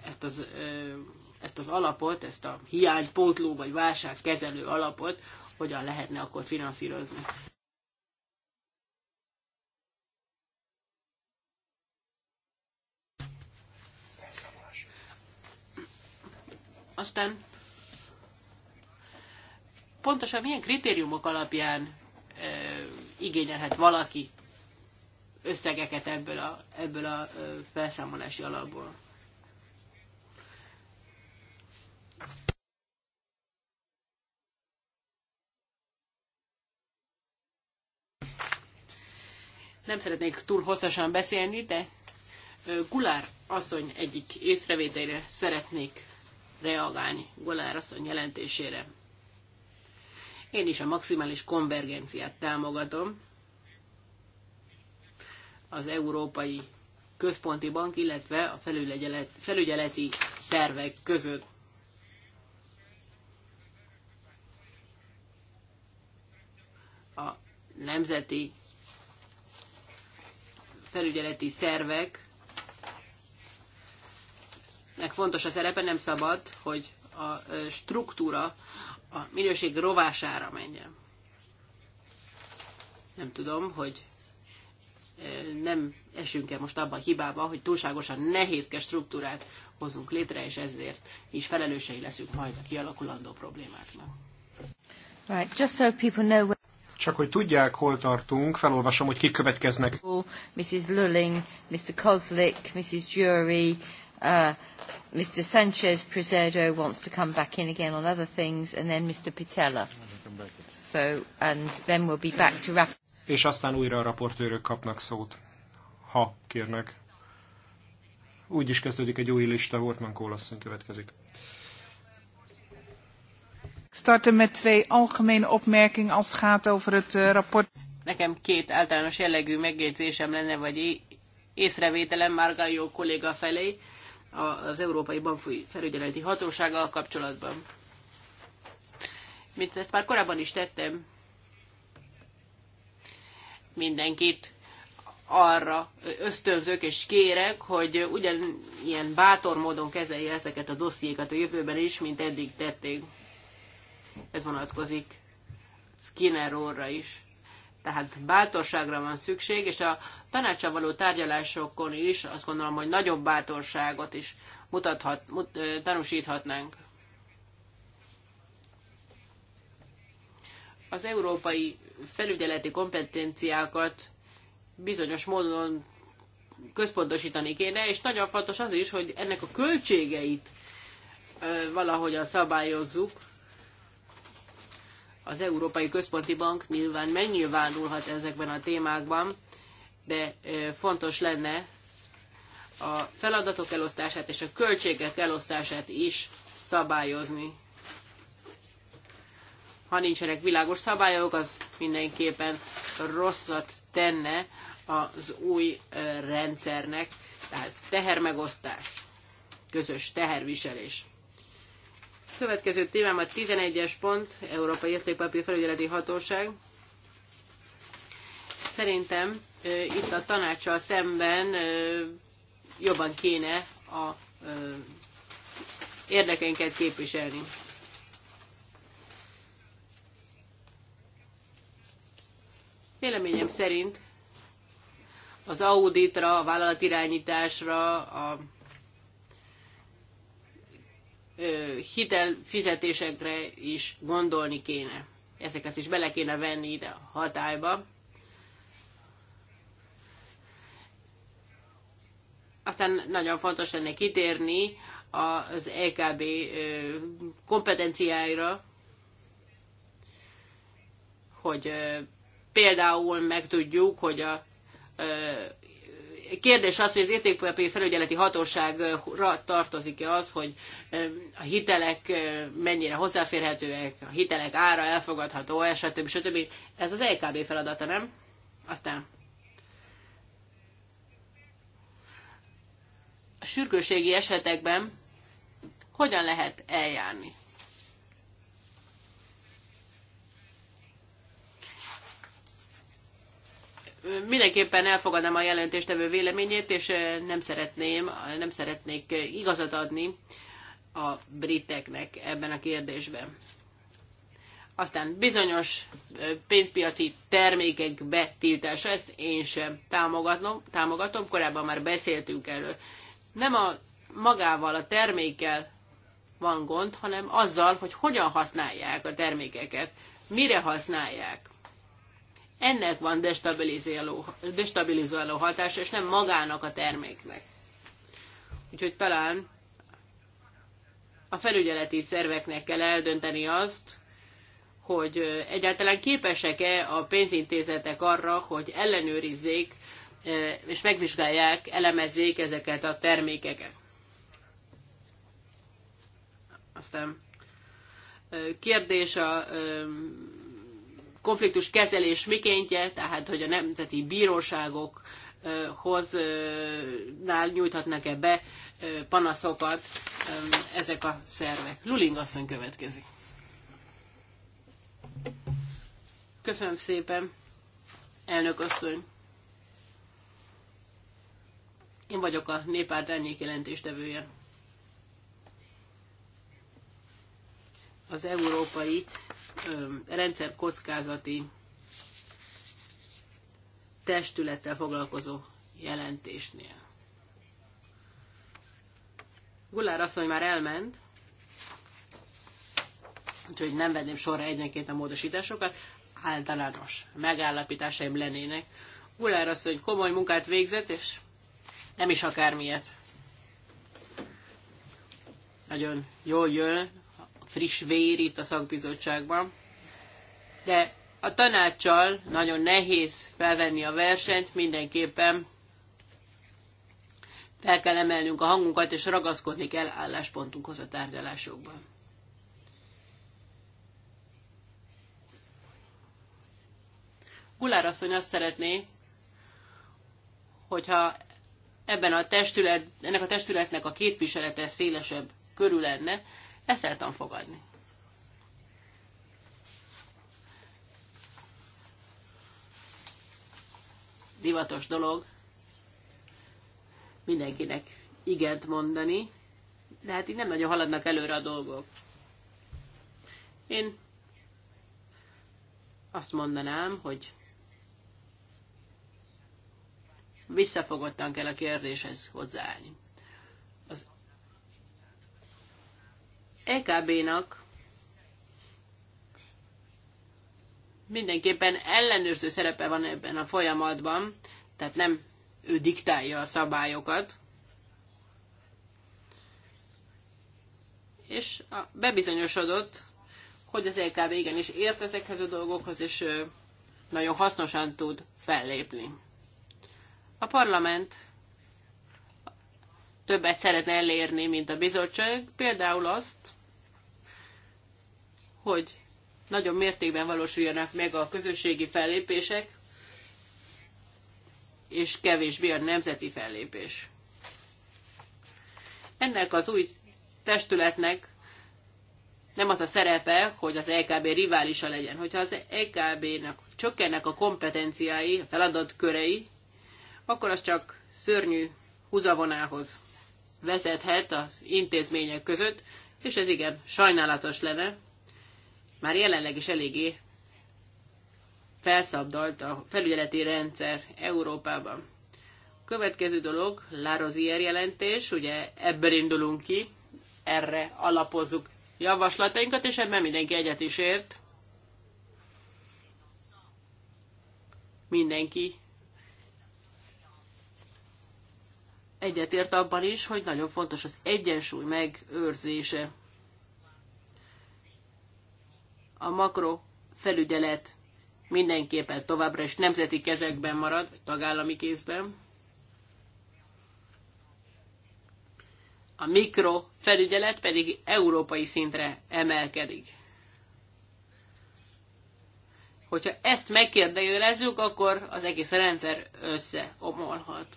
ezt az ezt az alapot, ezt a hiánypótló vagy válságkezelő alapot hogyan lehetne akkor finanszírozni. Aztán pontosan milyen kritériumok alapján e, igényelhet valaki összegeket ebből a, ebből a felszámolási alapból. Nem szeretnék túl hosszasan beszélni, de Gulár asszony egyik észrevételére szeretnék reagálni, Gulár asszony jelentésére. Én is a maximális konvergenciát támogatom. Az Európai Központi Bank, illetve a felügyeleti szervek között. A nemzeti felügyeleti szervek nek fontos a szerepe, nem szabad, hogy a struktúra a minőség rovására menjen. Nem tudom, hogy nem esünk-e most abba a hibába, hogy túlságosan nehézkes struktúrát hozunk létre, és ezért is felelősei leszünk majd a kialakulandó problémáknak. Right, just so people know csak hogy tudják, hol tartunk, felolvasom, hogy kik következnek. Mrs. Lulling, Mr. Koslik, Mrs. Jury, uh, Mr. Sanchez Prezedo wants to come back in again on other things, and then Mr. Pitella. So, and then we'll be back to wrap. És aztán újra a raportőrök kapnak szót, ha kérnek. Úgy is kezdődik egy új lista, Hortman Kólasszony következik. Starten met twee algemene opmerkingen als het gaat over het eh, rapport. Nekem két általános jellegű megjegyzésem lenne, vagy észrevételem Márga jó kolléga felé az Európai Bankfúj Felügyeleti Hatósággal kapcsolatban. Mint ezt már korábban is tettem, mindenkit arra ösztönzök és kérek, hogy ugyanilyen bátor módon kezelje ezeket a dossziékat a jövőben is, mint eddig tették ez vonatkozik Skinner óra is. Tehát bátorságra van szükség, és a tanácsa való tárgyalásokon is azt gondolom, hogy nagyobb bátorságot is mutathat, mut, tanúsíthatnánk. Az európai felügyeleti kompetenciákat bizonyos módon központosítani kéne, és nagyon fontos az is, hogy ennek a költségeit valahogy szabályozzuk, az Európai Központi Bank nyilván megnyilvánulhat ezekben a témákban, de fontos lenne a feladatok elosztását és a költségek elosztását is szabályozni. Ha nincsenek világos szabályok, az mindenképpen rosszat tenne az új rendszernek, tehát tehermegosztás, közös teherviselés. Következő témám a 11-es pont, Európai Értékpapír Felügyeleti Hatóság. Szerintem itt a tanácsal szemben jobban kéne a érdekeinket képviselni. Véleményem szerint az auditra, a vállalatirányításra, a hitel fizetésekre is gondolni kéne. Ezeket is bele kéne venni ide a hatályba. Aztán nagyon fontos lenne kitérni az EKB kompetenciáira, hogy például megtudjuk, hogy a kérdés az, hogy az értékpapír felügyeleti hatóságra tartozik-e az, hogy eh, a hitelek eh, mennyire hozzáférhetőek, a hitelek ára elfogadható, stb. stb. Ez az LKB e feladata, nem? Aztán a sürgőségi esetekben hogyan lehet eljárni? mindenképpen elfogadnám a jelentéstevő véleményét, és eh, nem szeretném, nem szeretnék eh, igazat adni a briteknek ebben a kérdésben. Aztán bizonyos eh, pénzpiaci termékek betiltása, ezt én sem támogatom, támogatom korábban már beszéltünk erről. Nem a magával, a termékkel van gond, hanem azzal, hogy hogyan használják a termékeket, mire használják ennek van destabilizáló, destabilizáló hatása, és nem magának a terméknek. Úgyhogy talán a felügyeleti szerveknek kell eldönteni azt, hogy egyáltalán képesek-e a pénzintézetek arra, hogy ellenőrizzék és megvizsgálják, elemezzék ezeket a termékeket. Aztán kérdés a konfliktus kezelés mikéntje, tehát hogy a nemzeti bíróságokhoz nál nyújthatnak-e be panaszokat ezek a szervek. Luling asszony következik. Köszönöm szépen, elnök asszony. Én vagyok a néppárt árnyék jelentéstevője. Az európai rendszer kockázati testülettel foglalkozó jelentésnél. Gulár asszony már elment, úgyhogy nem venném sorra egyenként a módosításokat, általános megállapításaim lennének. Gulár asszony komoly munkát végzett, és nem is akármilyet. Nagyon jól jön friss vér itt a szakbizottságban. De a tanácssal nagyon nehéz felvenni a versenyt, mindenképpen fel kell emelnünk a hangunkat, és ragaszkodni kell álláspontunkhoz a tárgyalásokban. Gulár asszony azt szeretné, hogyha ebben a testület, ennek a testületnek a képviselete szélesebb körül lenne, ezt el tudom fogadni. Divatos dolog mindenkinek igent mondani, de hát így nem nagyon haladnak előre a dolgok. Én azt mondanám, hogy visszafogottan kell a kérdéshez hozzáállni. EKB-nak mindenképpen ellenőrző szerepe van ebben a folyamatban, tehát nem ő diktálja a szabályokat, és bebizonyosodott, hogy az LKB e igenis ért ezekhez a dolgokhoz, és nagyon hasznosan tud fellépni. A parlament többet szeretne elérni, mint a bizottság, például azt, hogy nagyobb mértékben valósuljanak meg a közösségi fellépések, és kevésbé a nemzeti fellépés. Ennek az új testületnek nem az a szerepe, hogy az EKB riválisa legyen. Hogyha az EKB-nek csökkennek a kompetenciái, a feladatkörei, akkor az csak szörnyű húzavonához vezethet az intézmények között, és ez igen sajnálatos lenne, már jelenleg is eléggé felszabdalt a felügyeleti rendszer Európában. Következő dolog, Larozier jelentés, ugye ebből indulunk ki, erre alapozzuk javaslatainkat, és ebben mindenki egyet is ért. Mindenki egyetért abban is, hogy nagyon fontos az egyensúly megőrzése a makro felügyelet mindenképpen továbbra is nemzeti kezekben marad, tagállami kézben. A mikro felügyelet pedig európai szintre emelkedik. Hogyha ezt megkérdőjelezzük, akkor az egész rendszer összeomolhat.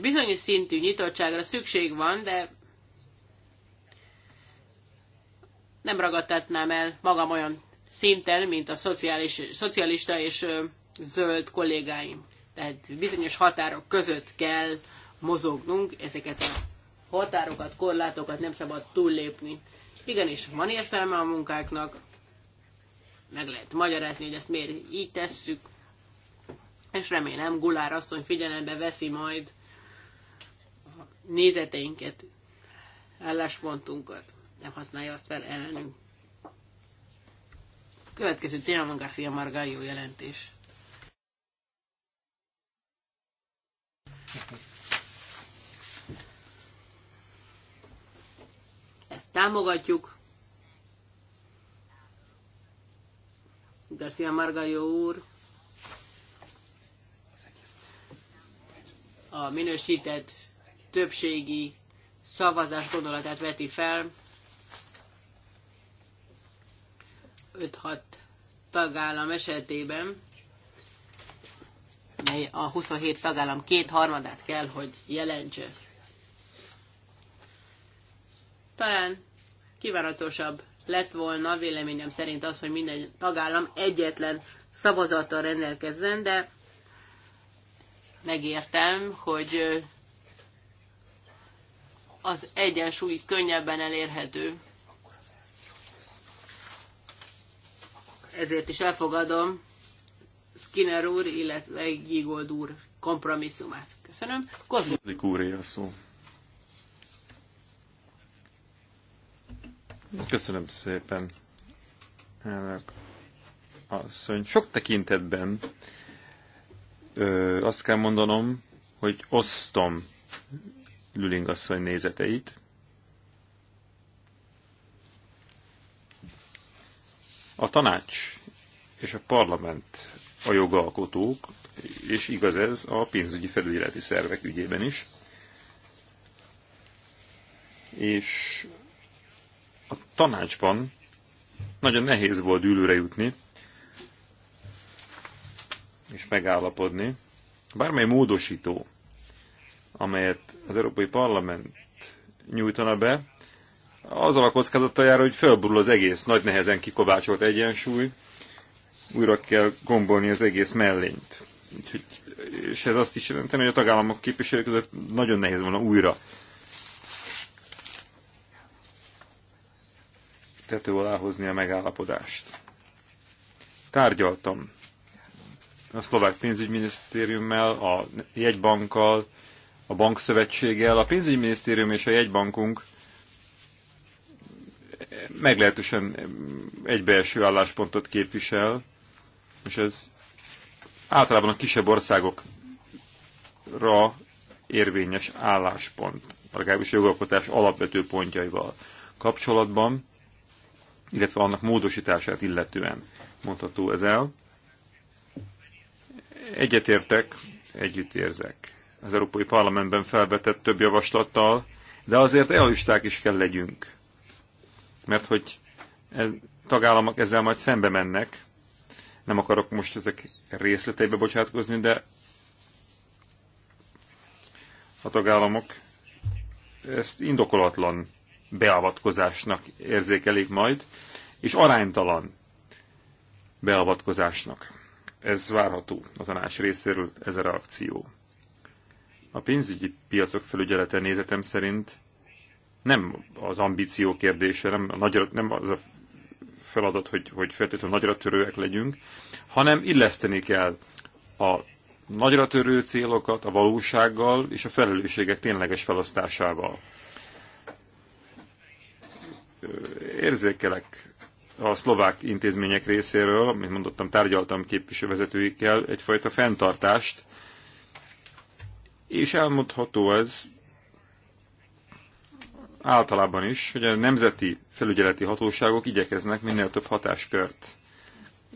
bizonyos szintű nyitottságra szükség van, de nem ragadtatnám el magam olyan szinten, mint a szociális, szocialista és zöld kollégáim. Tehát bizonyos határok között kell mozognunk, ezeket a határokat, korlátokat nem szabad túllépni. Igenis, van értelme a munkáknak, meg lehet magyarázni, hogy ezt miért így tesszük, és remélem Gulár asszony figyelembe veszi majd a nézeteinket, álláspontunkat nem használja azt fel ellenünk. Következő téma García Margallo jelentés. Ezt támogatjuk. García Margallo úr a minősített többségi szavazás gondolatát veti fel, 5-6 tagállam esetében, mely a 27 tagállam kétharmadát kell, hogy jelentse. Talán kivaratosabb lett volna véleményem szerint az, hogy minden tagállam egyetlen szavazattal rendelkezzen, de megértem, hogy az egyensúly könnyebben elérhető. ezért is elfogadom Skinner úr, illetve Gigold úr kompromisszumát. Köszönöm. Kozmik úr a szó. Köszönöm szépen. asszony, sok tekintetben ö, azt kell mondanom, hogy osztom Lüling asszony nézeteit. A tanács és a parlament a jogalkotók, és igaz ez a pénzügyi felügyeleti szervek ügyében is. És a tanácsban nagyon nehéz volt ülőre jutni, és megállapodni. Bármely módosító, amelyet az Európai Parlament nyújtana be, azzal a kockázattal jár, hogy fölburul az egész nagy nehezen kikovácsolt egyensúly, újra kell gombolni az egész mellényt. Úgyhogy, és ez azt is jelenteni, hogy a tagállamok képviselők között nagyon nehéz volna újra tető alá hozni a megállapodást. Tárgyaltam a szlovák pénzügyminisztériummal, a jegybankkal, a bankszövetséggel. A pénzügyminisztérium és a jegybankunk meglehetősen egybeeső álláspontot képvisel, és ez általában a kisebb országokra érvényes álláspont, legalábbis jogalkotás alapvető pontjaival kapcsolatban, illetve annak módosítását illetően mondható ez el. Egyetértek, együtt érzek az Európai Parlamentben felvetett több javaslattal, de azért elisták is kell legyünk mert hogy ez, tagállamok ezzel majd szembe mennek. Nem akarok most ezek részleteibe bocsátkozni, de a tagállamok ezt indokolatlan beavatkozásnak érzékelik majd, és aránytalan beavatkozásnak. Ez várható a tanács részéről, ez a reakció. A pénzügyi piacok felügyelete nézetem szerint nem az ambíció kérdése, nem, a nagyra, nem az a feladat, hogy, hogy feltétlenül nagyra törőek legyünk, hanem illeszteni kell a nagyra törő célokat a valósággal és a felelősségek tényleges felasztásával. Érzékelek a szlovák intézmények részéről, mint mondottam, tárgyaltam képviselővezetőikkel egyfajta fenntartást, és elmondható ez, általában is, hogy a nemzeti felügyeleti hatóságok igyekeznek minél több hatáskört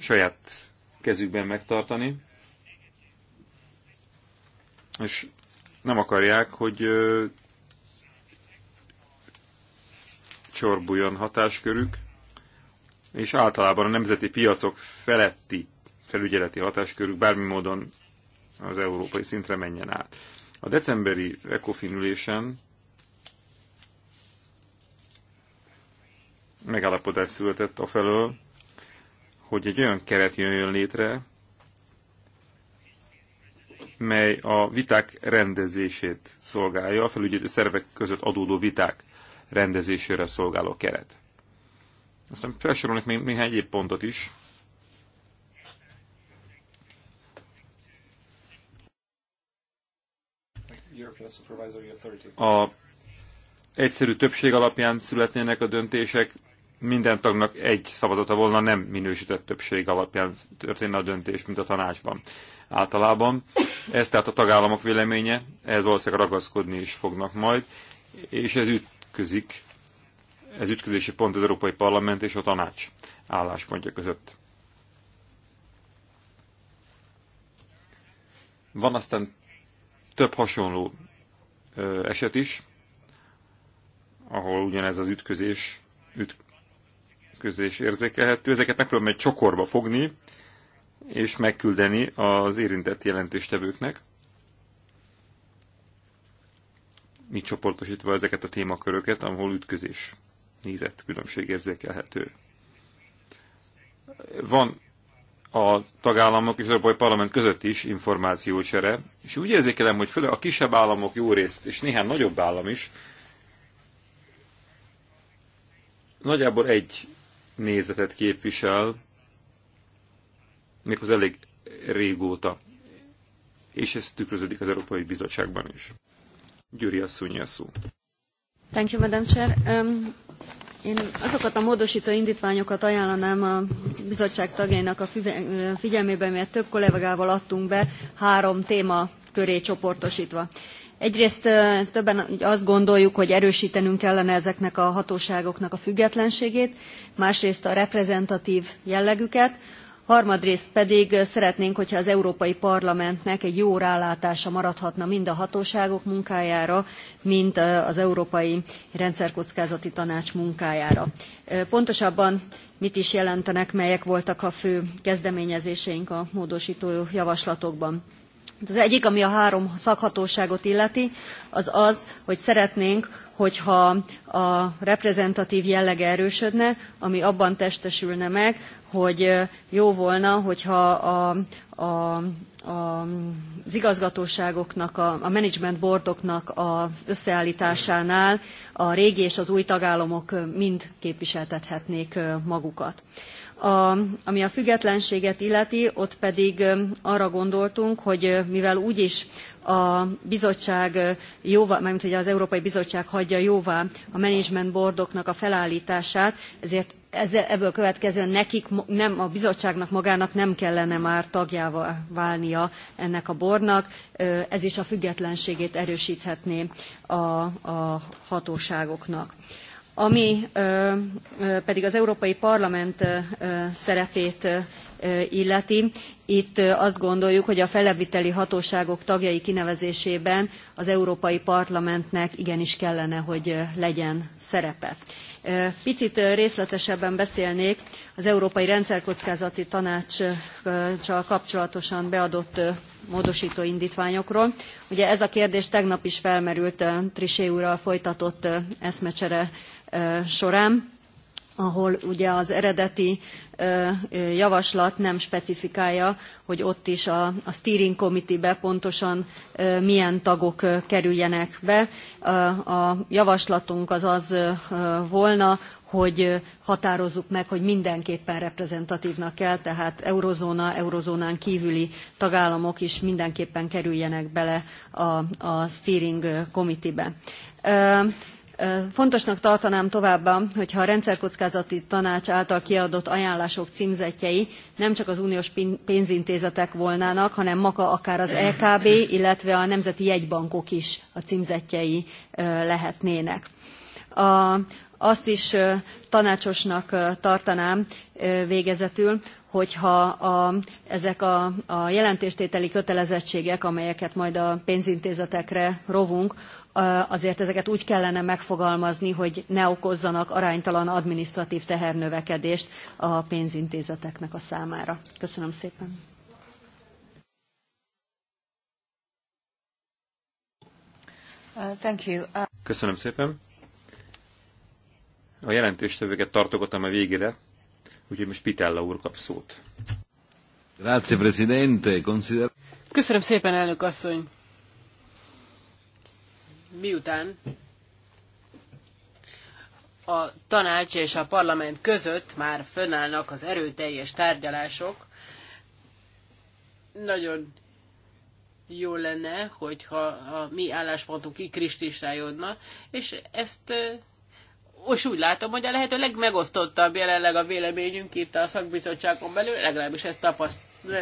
saját kezükben megtartani, és nem akarják, hogy csorbuljon hatáskörük, és általában a nemzeti piacok feletti felügyeleti hatáskörük bármi módon az európai szintre menjen át. A decemberi ECOFIN ülésen megállapodás született a felől, hogy egy olyan keret jön létre, mely a viták rendezését szolgálja, a felügyelő szervek között adódó viták rendezésére szolgáló keret. Aztán felsorolnak még néhány egyéb pontot is. A egyszerű többség alapján születnének a döntések, minden tagnak egy szavazata volna nem minősített többség alapján történne a döntés, mint a tanácsban általában. Ez tehát a tagállamok véleménye, ehhez valószínűleg ragaszkodni is fognak majd, és ez ütközik, ez ütközési pont az Európai Parlament és a tanács álláspontja között. Van aztán több hasonló eset is, ahol ugyanez az ütközés üt, is érzékelhető. Ezeket megpróbálom egy csokorba fogni, és megküldeni az érintett jelentéstevőknek, mi csoportosítva ezeket a témaköröket, ahol ütközés nézett különbség érzékelhető. Van a tagállamok és az Európai Parlament között is információcsere, és úgy érzékelem, hogy főleg a kisebb államok jó részt, és néhány nagyobb állam is, nagyjából egy nézetet képvisel, még az elég régóta, és ez tükröződik az Európai Bizottságban is. Gyuri asszony szó. Thank you, Madam Chair. Um, én azokat a módosító indítványokat ajánlanám a bizottság tagjainak a figyelmében, mert több kollégával adtunk be három téma köré csoportosítva. Egyrészt többen azt gondoljuk, hogy erősítenünk kellene ezeknek a hatóságoknak a függetlenségét, másrészt a reprezentatív jellegüket, harmadrészt pedig szeretnénk, hogyha az Európai Parlamentnek egy jó rálátása maradhatna mind a hatóságok munkájára, mind az Európai Rendszerkockázati Tanács munkájára. Pontosabban mit is jelentenek, melyek voltak a fő kezdeményezéseink a módosító javaslatokban. Az egyik, ami a három szakhatóságot illeti, az az, hogy szeretnénk, hogyha a reprezentatív jellege erősödne, ami abban testesülne meg, hogy jó volna, hogyha a, a az igazgatóságoknak, a, a management boardoknak a összeállításánál a régi és az új tagállamok mind képviseltethetnék magukat. A, ami a függetlenséget illeti, ott pedig arra gondoltunk, hogy mivel úgyis a bizottság jóvá, mármint hogy az Európai Bizottság hagyja jóvá a management boardoknak a felállítását, ezért ebből következően nekik, nem, a bizottságnak magának nem kellene már tagjává válnia ennek a bornak, ez is a függetlenségét erősíthetné a, a hatóságoknak ami pedig az Európai Parlament szerepét illeti. Itt azt gondoljuk, hogy a feleviteli hatóságok tagjai kinevezésében az Európai Parlamentnek igenis kellene, hogy legyen szerepe. Picit részletesebben beszélnék az Európai Rendszerkockázati Tanácssal kapcsolatosan beadott módosító indítványokról. Ugye ez a kérdés tegnap is felmerült Trisé úrral folytatott eszmecsere során, ahol ugye az eredeti javaslat nem specifikálja, hogy ott is a, a steering committee-be pontosan milyen tagok kerüljenek be. A javaslatunk az az volna, hogy határozzuk meg, hogy mindenképpen reprezentatívnak kell, tehát eurozóna, eurozónán kívüli tagállamok is mindenképpen kerüljenek bele a, a steering committee-be. Fontosnak tartanám továbbá, hogyha a rendszerkockázati tanács által kiadott ajánlások cmzettjei nem csak az uniós pénzintézetek volnának, hanem maga akár az EKB, illetve a nemzeti jegybankok is a cmzettjei lehetnének. azt is tanácsosnak tartanám végezetül, hogyha a, ezek a, a jelentéstételi kötelezettségek, amelyeket majd a pénzintézetekre rovunk, azért ezeket úgy kellene megfogalmazni, hogy ne okozzanak aránytalan adminisztratív tehernövekedést a pénzintézeteknek a számára. Köszönöm szépen. Uh, uh, Köszönöm szépen. A jelentéstevőket tartogatom a végére, úgyhogy most Pitella úr kap szót. Grazie, Presidente. Consider... Köszönöm szépen, elnök asszony miután a tanács és a parlament között már fönnállnak az erőteljes tárgyalások, nagyon jó lenne, hogyha a mi álláspontunk kikristályodna, és ezt most úgy látom, hogy a lehető legmegosztottabb jelenleg a véleményünk itt a szakbizottságon belül, legalábbis ezt, tapaszt,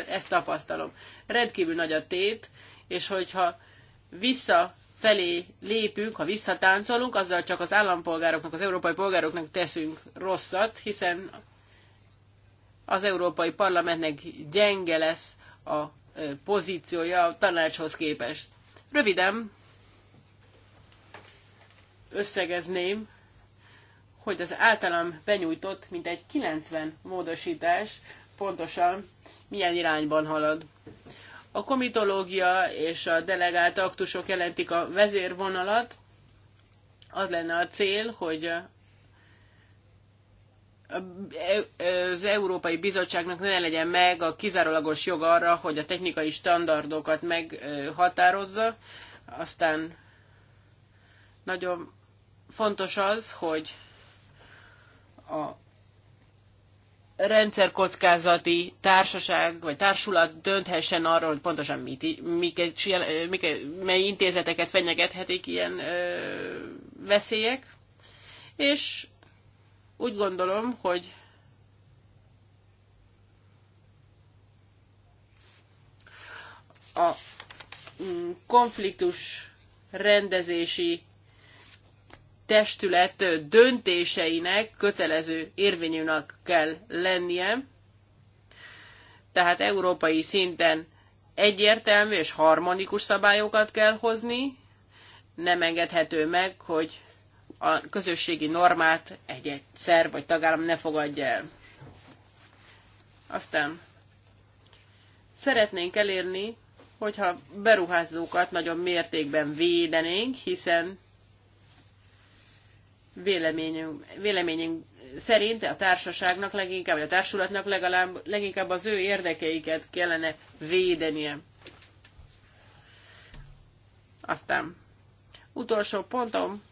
ezt tapasztalom. Rendkívül nagy a tét, és hogyha vissza felé lépünk, ha visszatáncolunk, azzal csak az állampolgároknak, az európai polgároknak teszünk rosszat, hiszen az Európai Parlamentnek gyenge lesz a pozíciója a tanácshoz képest. Röviden összegezném, hogy az általam benyújtott mint egy 90 módosítás pontosan milyen irányban halad. A komitológia és a delegált aktusok jelentik a vezérvonalat. Az lenne a cél, hogy az Európai Bizottságnak ne legyen meg a kizárólagos jog arra, hogy a technikai standardokat meghatározza. Aztán nagyon fontos az, hogy a rendszerkockázati társaság vagy társulat dönthessen arról, hogy pontosan mit, miket, miket, mely intézeteket fenyegethetik ilyen ö, veszélyek. És úgy gondolom, hogy a mm, konfliktus rendezési testület döntéseinek kötelező érvényűnek kell lennie, tehát európai szinten egyértelmű és harmonikus szabályokat kell hozni, nem engedhető meg, hogy a közösségi normát egy-egy szerv vagy tagállam ne fogadja el. Aztán szeretnénk elérni, hogyha beruházókat nagyobb mértékben védenénk, hiszen Véleményünk, véleményünk szerint a társaságnak leginkább, vagy a társulatnak legalább leginkább az ő érdekeiket kellene védenie. Aztán utolsó pontom,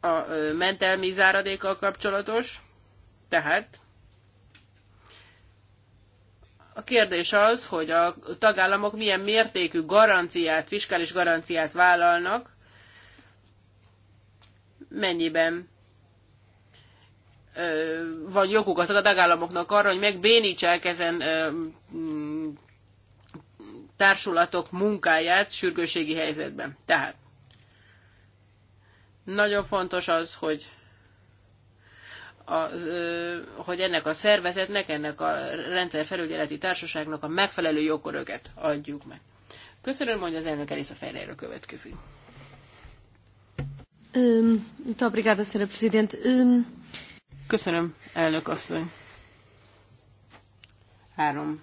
a mentelmi záradékkal kapcsolatos, tehát a kérdés az, hogy a tagállamok milyen mértékű garanciát, fiskális garanciát vállalnak, mennyiben van joguk a tagállamoknak arra, hogy megbénítsák ezen társulatok munkáját sürgőségi helyzetben. Tehát nagyon fontos az, hogy az, hogy ennek a szervezetnek, ennek a rendszerfelügyeleti társaságnak a megfelelő jogköröket adjuk meg. Köszönöm, hogy az elnök Elisa Ferreira következik. Köszönöm, elnök asszony. Három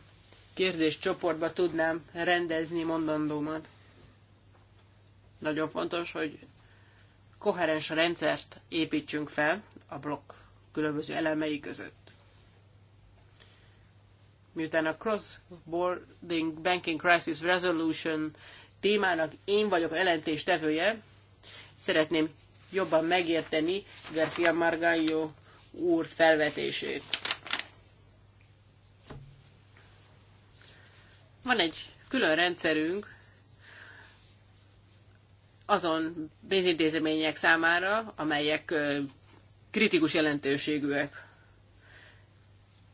kérdés csoportba tudnám rendezni mondandómat. Nagyon fontos, hogy koherens rendszert építsünk fel a blokk különböző elemei között. Miután a Cross-Boarding Banking Crisis Resolution témának én vagyok a jelentéstevője, szeretném jobban megérteni García Margallo úr felvetését. Van egy külön rendszerünk azon pénzintézmények számára, amelyek kritikus jelentőségűek.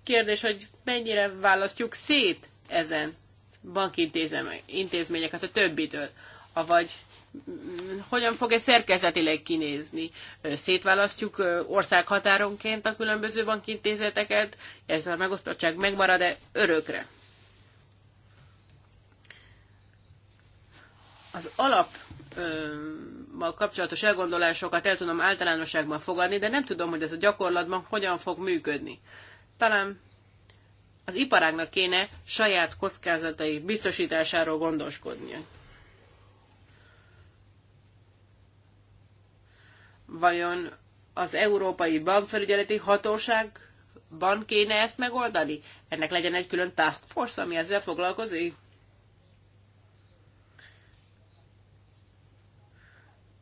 Kérdés, hogy mennyire választjuk szét ezen bankintézményeket intézményeket a többitől, avagy hogyan fog ez szerkezetileg kinézni. Szétválasztjuk országhatáronként a különböző bankintézeteket, ez a megosztottság megmarad-e örökre? Az alap kapcsolatos elgondolásokat el tudom általánosságban fogadni, de nem tudom, hogy ez a gyakorlatban hogyan fog működni. Talán az iparágnak kéne saját kockázatai biztosításáról gondoskodnia. Vajon az Európai Bankfelügyeleti Hatóságban kéne ezt megoldani? Ennek legyen egy külön task force, ami ezzel foglalkozik?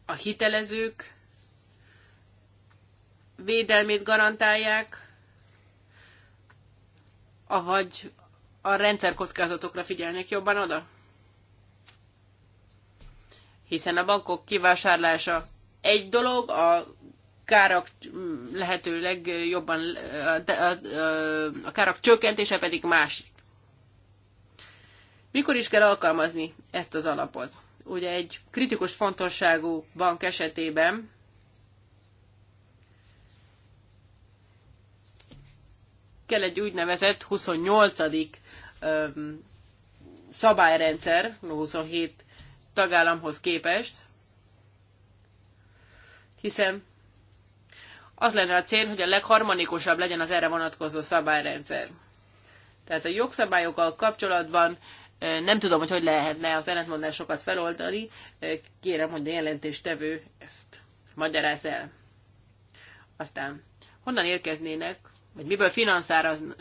a hitelezők védelmét garantálják, avagy a rendszerkockázatokra figyelnek jobban oda? Hiszen a bankok kivásárlása egy dolog, a kárak lehetőleg jobban, a, a, a kárak csökkentése pedig másik. Mikor is kell alkalmazni ezt az alapot? ugye egy kritikus fontosságú bank esetében kell egy úgynevezett 28. szabályrendszer, 27 tagállamhoz képest, hiszen az lenne a cél, hogy a legharmonikusabb legyen az erre vonatkozó szabályrendszer. Tehát a jogszabályokkal kapcsolatban nem tudom, hogy hogy lehetne az ellentmondásokat feloldani. Kérem, hogy a jelentéstevő ezt magyaráz el. Aztán honnan érkeznének, vagy miből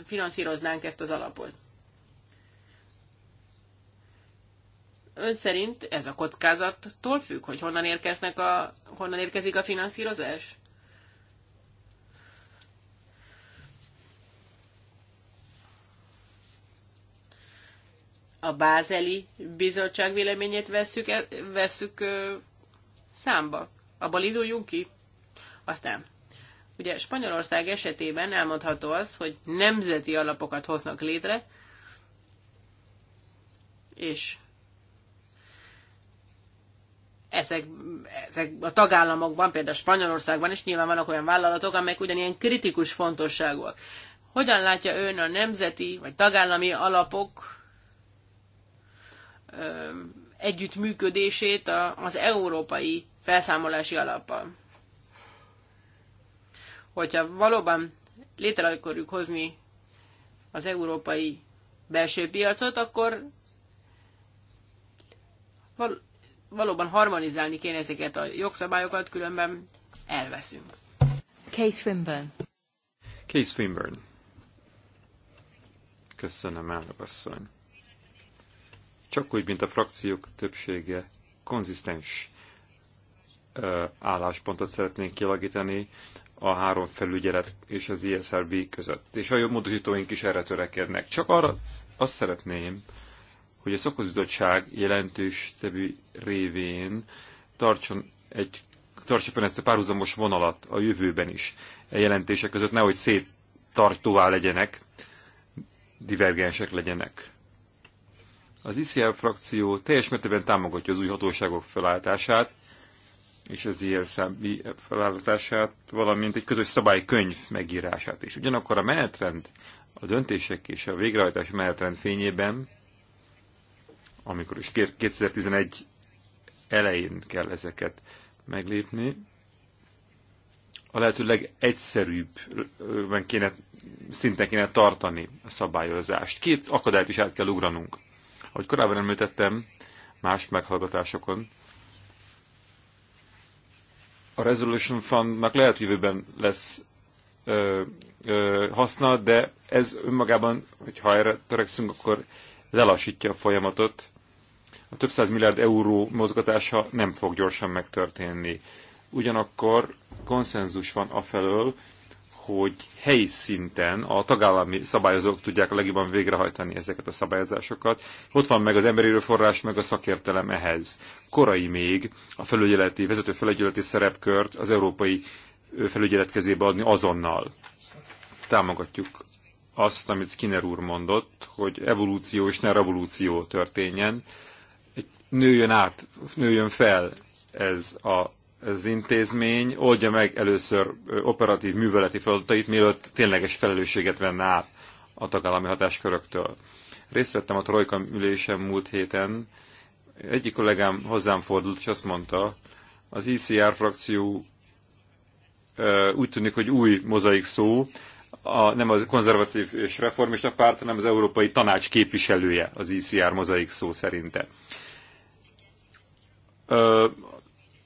finanszíroznánk ezt az alapot? Ön szerint ez a kockázattól függ, hogy honnan, érkeznek a, honnan érkezik a finanszírozás? a Bázeli Bizottság véleményét vesszük, vesszük számba. Abban induljunk ki? Aztán, ugye Spanyolország esetében elmondható az, hogy nemzeti alapokat hoznak létre, és ezek, ezek a tagállamokban, például Spanyolországban is nyilván vannak olyan vállalatok, amelyek ugyanilyen kritikus fontosságúak. Hogyan látja ön a nemzeti vagy tagállami alapok együttműködését az európai felszámolási alappal. Hogyha valóban létre akarjuk hozni az európai belső piacot, akkor val- valóban harmonizálni kéne ezeket a jogszabályokat, különben elveszünk. Case Swinburne. Case Swinburne. Köszönöm, elnök asszony csak úgy, mint a frakciók többsége konzisztens álláspontot szeretnénk kilagítani a három felügyelet és az ISRB között. És a jobb módosítóink is erre törekednek. Csak arra azt szeretném, hogy a szakbizottság jelentős tevű révén tartson egy, tartsa fel ezt a párhuzamos vonalat a jövőben is. A e jelentések között nehogy széttartóvá legyenek, divergensek legyenek. Az ICL frakció teljes mértékben támogatja az új hatóságok felállítását, és az ilyen számbi felállítását, valamint egy közös szabálykönyv megírását is. Ugyanakkor a menetrend, a döntések és a végrehajtás menetrend fényében, amikor is 2011 elején kell ezeket meglépni, a lehető legegyszerűbben kéne, szinten kéne tartani a szabályozást. Két akadályt is át kell ugranunk. Ahogy korábban említettem, más meghallgatásokon, a Resolution Fundnak lehet jövőben lesz ö, ö, haszna, de ez önmagában, hogyha erre törekszünk, akkor lelassítja a folyamatot. A több száz milliárd euró mozgatása nem fog gyorsan megtörténni. Ugyanakkor konszenzus van afelől, hogy helyi szinten a tagállami szabályozók tudják a legjobban végrehajtani ezeket a szabályozásokat. Ott van meg az emberi erőforrás, meg a szakértelem ehhez. Korai még a felügyeleti, vezető felügyeleti szerepkört az európai felügyelet kezébe adni azonnal. Támogatjuk azt, amit Skinner úr mondott, hogy evolúció és ne revolúció történjen. Nőjön át, nőjön fel ez a az intézmény oldja meg először operatív műveleti feladatait, mielőtt tényleges felelősséget venne át a tagállami hatásköröktől. Részt vettem a Trojka ülésen múlt héten. Egyik kollégám hozzám fordult, és azt mondta, az ICR frakció úgy tűnik, hogy új mozaik szó, a, nem a konzervatív és reformista párt, hanem az Európai Tanács képviselője az ICR mozaik szó szerinte.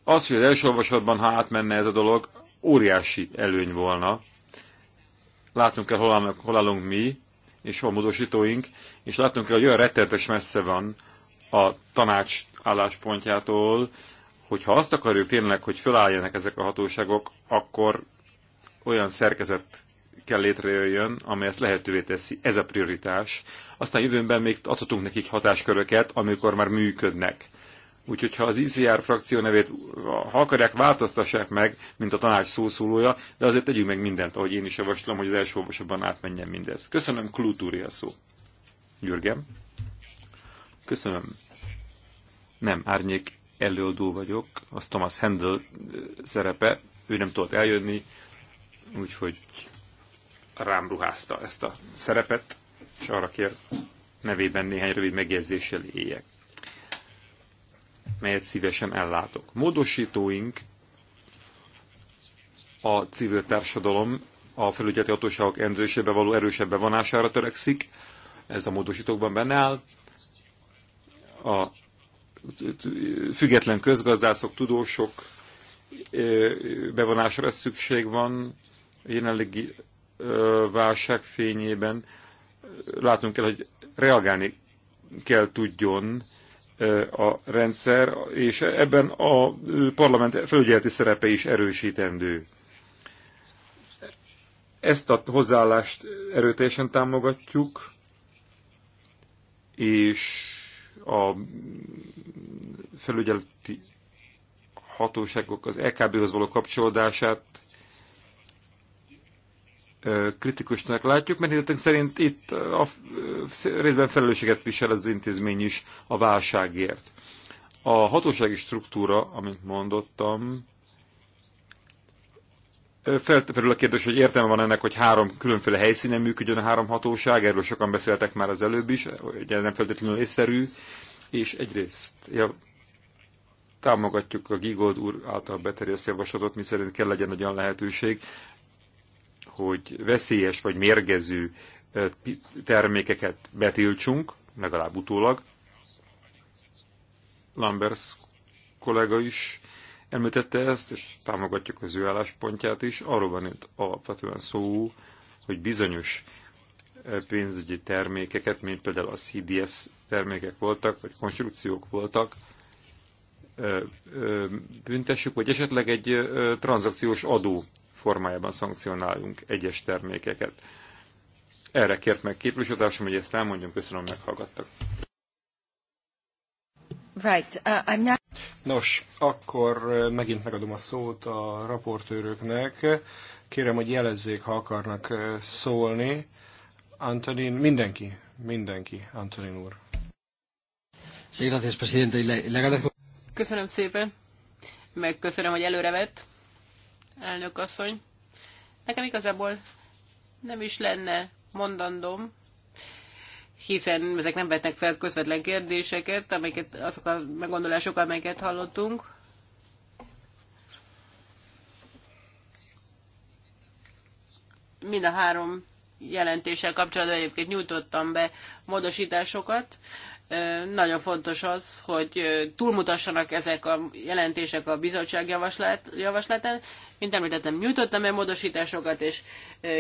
Az, hogy az első olvasatban, ha átmenne ez a dolog, óriási előny volna. Látunk el, hol állunk, hol állunk mi, és hol módosítóink, és látunk el, hogy olyan rettenetes messze van a tanács álláspontjától, hogy ha azt akarjuk tényleg, hogy fölálljanak ezek a hatóságok, akkor olyan szerkezet kell létrejöjjön, amely ezt lehetővé teszi. Ez a prioritás. Aztán jövőben még adhatunk nekik hatásköröket, amikor már működnek Úgyhogy ha az ICR frakció nevét, ha akarják, változtassák meg, mint a tanács szószólója, de azért tegyük meg mindent, ahogy én is javaslom, hogy az első olvasatban átmenjen mindez. Köszönöm, Klutúri a szó. Györgem. Köszönöm. Nem, árnyék előadó vagyok, az Thomas Handel szerepe, ő nem tudott eljönni, úgyhogy rám ruházta ezt a szerepet, és arra kér nevében néhány rövid megjegyzéssel éljek melyet szívesen ellátok. Módosítóink a civil társadalom a felügyeleti hatóságok rendőrségbe való erősebb bevonására törekszik, ez a módosítókban benne áll. A független közgazdászok, tudósok bevonásra szükség van jelenlegi válság fényében. Látunk kell, hogy reagálni kell tudjon a rendszer, és ebben a parlament felügyeleti szerepe is erősítendő. Ezt a hozzáállást erőteljesen támogatjuk, és a felügyeleti hatóságok az EKB-hoz való kapcsolódását kritikusnak látjuk, mert hittetünk szerint itt a részben felelősséget visel az intézmény is a válságért. A hatósági struktúra, amit mondottam, felterül a kérdés, hogy értelme van ennek, hogy három különféle helyszínen működjön a három hatóság, erről sokan beszéltek már az előbb is, ugye nem feltétlenül észszerű, és egyrészt ja, támogatjuk a Gigold úr által beterjesztett javaslatot, miszerint kell legyen egy olyan lehetőség, hogy veszélyes vagy mérgező termékeket betiltsunk, legalább utólag. Lambers kollega is említette ezt, és támogatjuk az ő álláspontját is. Arról van itt alapvetően szó, hogy bizonyos pénzügyi termékeket, mint például a CDS termékek voltak, vagy konstrukciók voltak, büntessük, vagy esetleg egy tranzakciós adó formájában szankcionáljunk egyes termékeket. Erre kért meg képviselőtársam, hogy ezt elmondjam, köszönöm, meghallgattak. Right. Uh, I'm not... Nos, akkor uh, megint megadom a szót a raportőröknek. Kérem, hogy jelezzék, ha akarnak uh, szólni. Antonin, mindenki, mindenki, Antonin úr. Köszönöm szépen. Megköszönöm, hogy előrevett elnök asszony. Nekem igazából nem is lenne mondandóm, hiszen ezek nem vetnek fel közvetlen kérdéseket, amiket, azok a meggondolások, amelyeket hallottunk. Mind a három jelentéssel kapcsolatban egyébként nyújtottam be módosításokat. Nagyon fontos az, hogy túlmutassanak ezek a jelentések a bizottság javaslatán, mint említettem, nyújtottam el módosításokat, és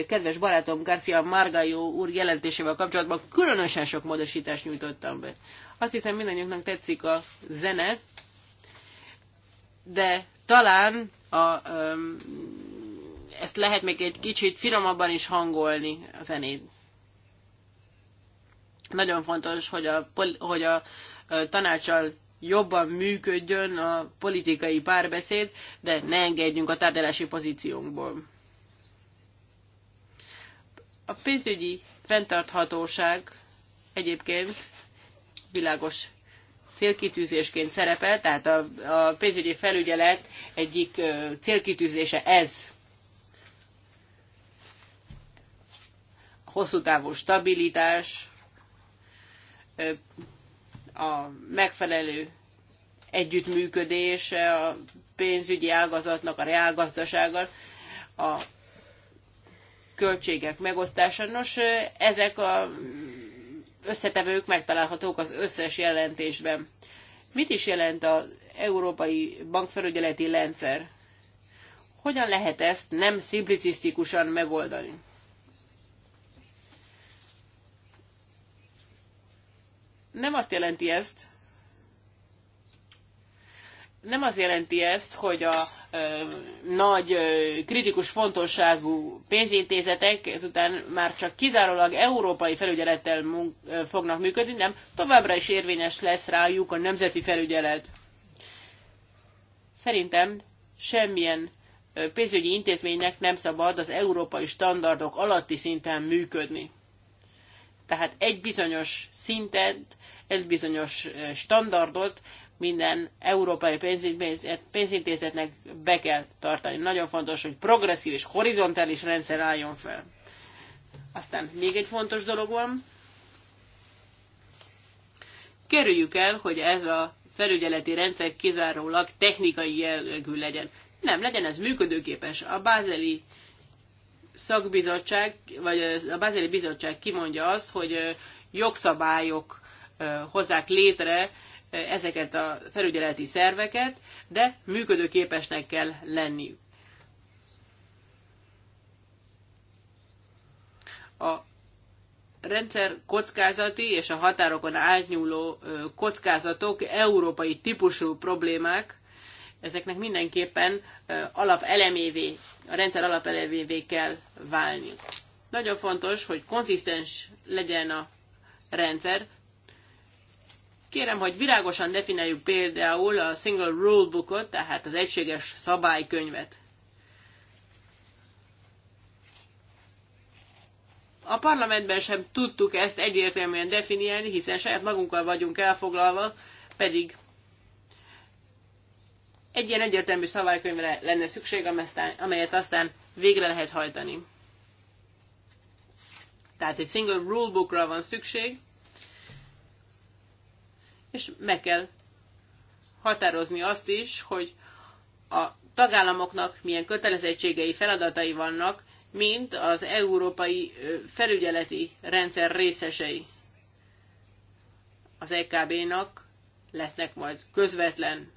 kedves barátom Garcia Margajó úr jelentésével kapcsolatban különösen sok módosítást nyújtottam be. Azt hiszem mindannyiunknak tetszik a zene, de talán a, ezt lehet még egy kicsit finomabban is hangolni a zenét. Nagyon fontos, hogy a, hogy a tanácsal jobban működjön a politikai párbeszéd, de ne engedjünk a tárgyalási pozíciónkból. A pénzügyi fenntarthatóság egyébként világos célkitűzésként szerepel, tehát a, a pénzügyi felügyelet egyik célkitűzése ez. Hosszú távú stabilitás, a megfelelő együttműködés a pénzügyi ágazatnak, a reálgazdasággal, a költségek megosztása. Nos, ezek a összetevők megtalálhatók az összes jelentésben. Mit is jelent az európai bankfelügyeleti rendszer? Hogyan lehet ezt nem szimplicisztikusan megoldani? Nem azt jelenti ezt, nem az jelenti ezt, hogy a ö, nagy ö, kritikus fontosságú pénzintézetek ezután már csak kizárólag európai felügyelettel munk, ö, fognak működni, nem továbbra is érvényes lesz rájuk a nemzeti felügyelet. Szerintem semmilyen pénzügyi intézménynek nem szabad az európai standardok alatti szinten működni. Tehát egy bizonyos szintet, egy bizonyos standardot minden európai pénzintézetnek be kell tartani. Nagyon fontos, hogy progresszív és horizontális rendszer álljon fel. Aztán még egy fontos dolog van. Kerüljük el, hogy ez a felügyeleti rendszer kizárólag technikai jellegű legyen. Nem, legyen ez működőképes. A bázeli szakbizottság, vagy a Bázeli Bizottság kimondja azt, hogy jogszabályok hozzák létre ezeket a felügyeleti szerveket, de működőképesnek kell lenniük. A rendszer kockázati és a határokon átnyúló kockázatok európai típusú problémák, ezeknek mindenképpen alapelemévé, a rendszer alapelemévé kell válni. Nagyon fontos, hogy konzisztens legyen a rendszer. Kérem, hogy világosan definiáljuk például a single rulebookot, tehát az egységes szabálykönyvet. A parlamentben sem tudtuk ezt egyértelműen definiálni, hiszen saját magunkkal vagyunk elfoglalva, pedig egy ilyen egyértelmű szabálykönyvre lenne szükség, amelyet aztán végre lehet hajtani. Tehát egy single rulebookra van szükség, és meg kell határozni azt is, hogy a tagállamoknak milyen kötelezettségei, feladatai vannak, mint az európai felügyeleti rendszer részesei. Az EKB-nak lesznek majd közvetlen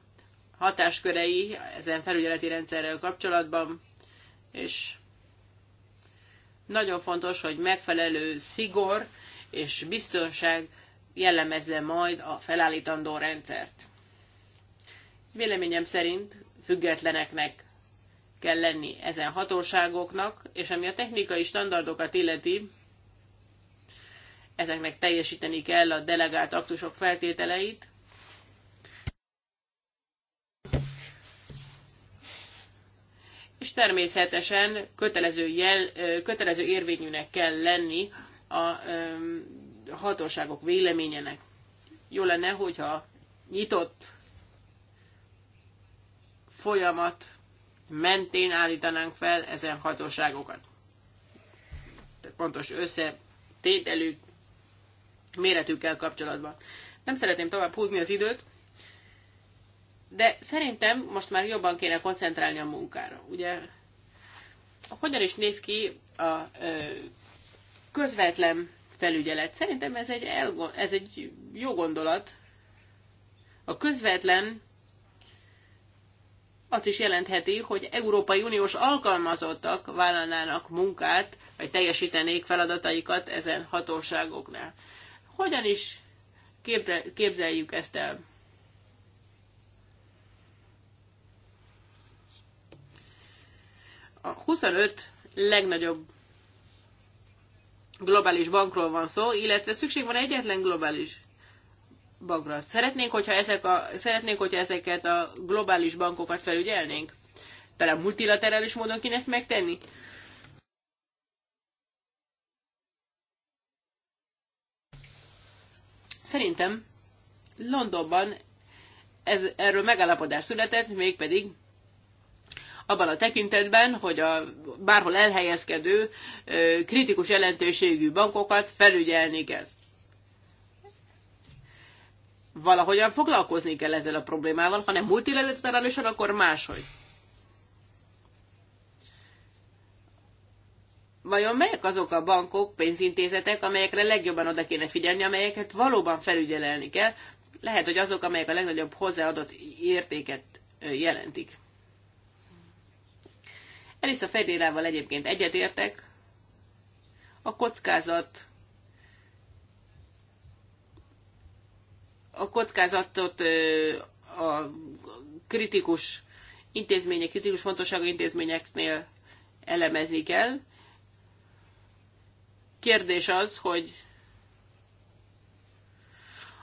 hatáskörei ezen felügyeleti rendszerrel kapcsolatban, és nagyon fontos, hogy megfelelő szigor és biztonság jellemezze majd a felállítandó rendszert. Véleményem szerint függetleneknek kell lenni ezen hatóságoknak, és ami a technikai standardokat illeti, ezeknek teljesíteni kell a delegált aktusok feltételeit, és természetesen kötelező, jel, kötelező érvényűnek kell lenni a hatóságok véleményének. Jó lenne, hogyha nyitott folyamat mentén állítanánk fel ezen hatóságokat. Tehát pontos összetételük méretükkel kapcsolatban. Nem szeretném tovább húzni az időt, de szerintem most már jobban kéne koncentrálni a munkára. Ugye hogyan is néz ki a közvetlen felügyelet? Szerintem ez egy, elgo- ez egy jó gondolat. A közvetlen azt is jelentheti, hogy Európai Uniós alkalmazottak vállalnának munkát, vagy teljesítenék feladataikat ezen hatóságoknál. Hogyan is képzeljük ezt el? a 25 legnagyobb globális bankról van szó, illetve szükség van egyetlen globális bankra. Szeretnénk, hogyha, ezek a, szeretnénk, hogyha ezeket a globális bankokat felügyelnénk? Talán multilaterális módon kéne ezt megtenni? Szerintem Londonban ez, erről megállapodás született, mégpedig abban a tekintetben, hogy a bárhol elhelyezkedő kritikus jelentőségű bankokat felügyelni kell. Valahogyan foglalkozni kell ezzel a problémával, hanem multilateralisan, akkor máshogy. vajon melyek azok a bankok, pénzintézetek, amelyekre legjobban oda kéne figyelni, amelyeket valóban felügyelelni kell, lehet, hogy azok, amelyek a legnagyobb hozzáadott értéket jelentik. Elisa Ferrérával egyébként egyetértek. A kockázat a kockázatot a kritikus intézmények, kritikus fontosságú intézményeknél elemezni kell. Kérdés az, hogy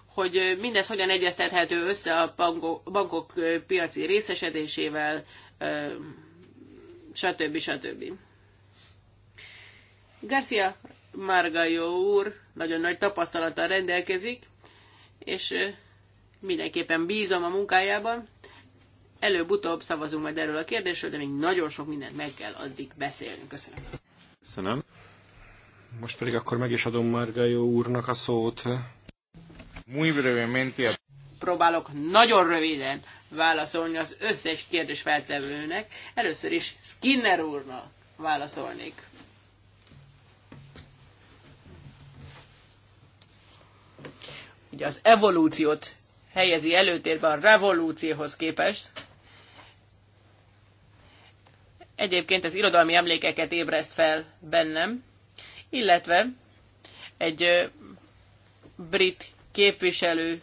hogy mindez hogyan egyeztethető össze a bankok piaci részesedésével, stb. stb. Garcia Margajó úr nagyon nagy tapasztalattal rendelkezik, és mindenképpen bízom a munkájában. Előbb-utóbb szavazunk majd erről a kérdésről, de még nagyon sok mindent meg kell addig beszélni Köszönöm. Köszönöm. Most pedig akkor meg is adom Margajó úrnak a szót. Muy brevemente. Próbálok nagyon röviden válaszolni az összes kérdés feltevőnek. Először is Skinner úrnak válaszolnék. Ugye az evolúciót helyezi előtérbe a revolúcióhoz képest. Egyébként ez irodalmi emlékeket ébreszt fel bennem, illetve egy brit képviselő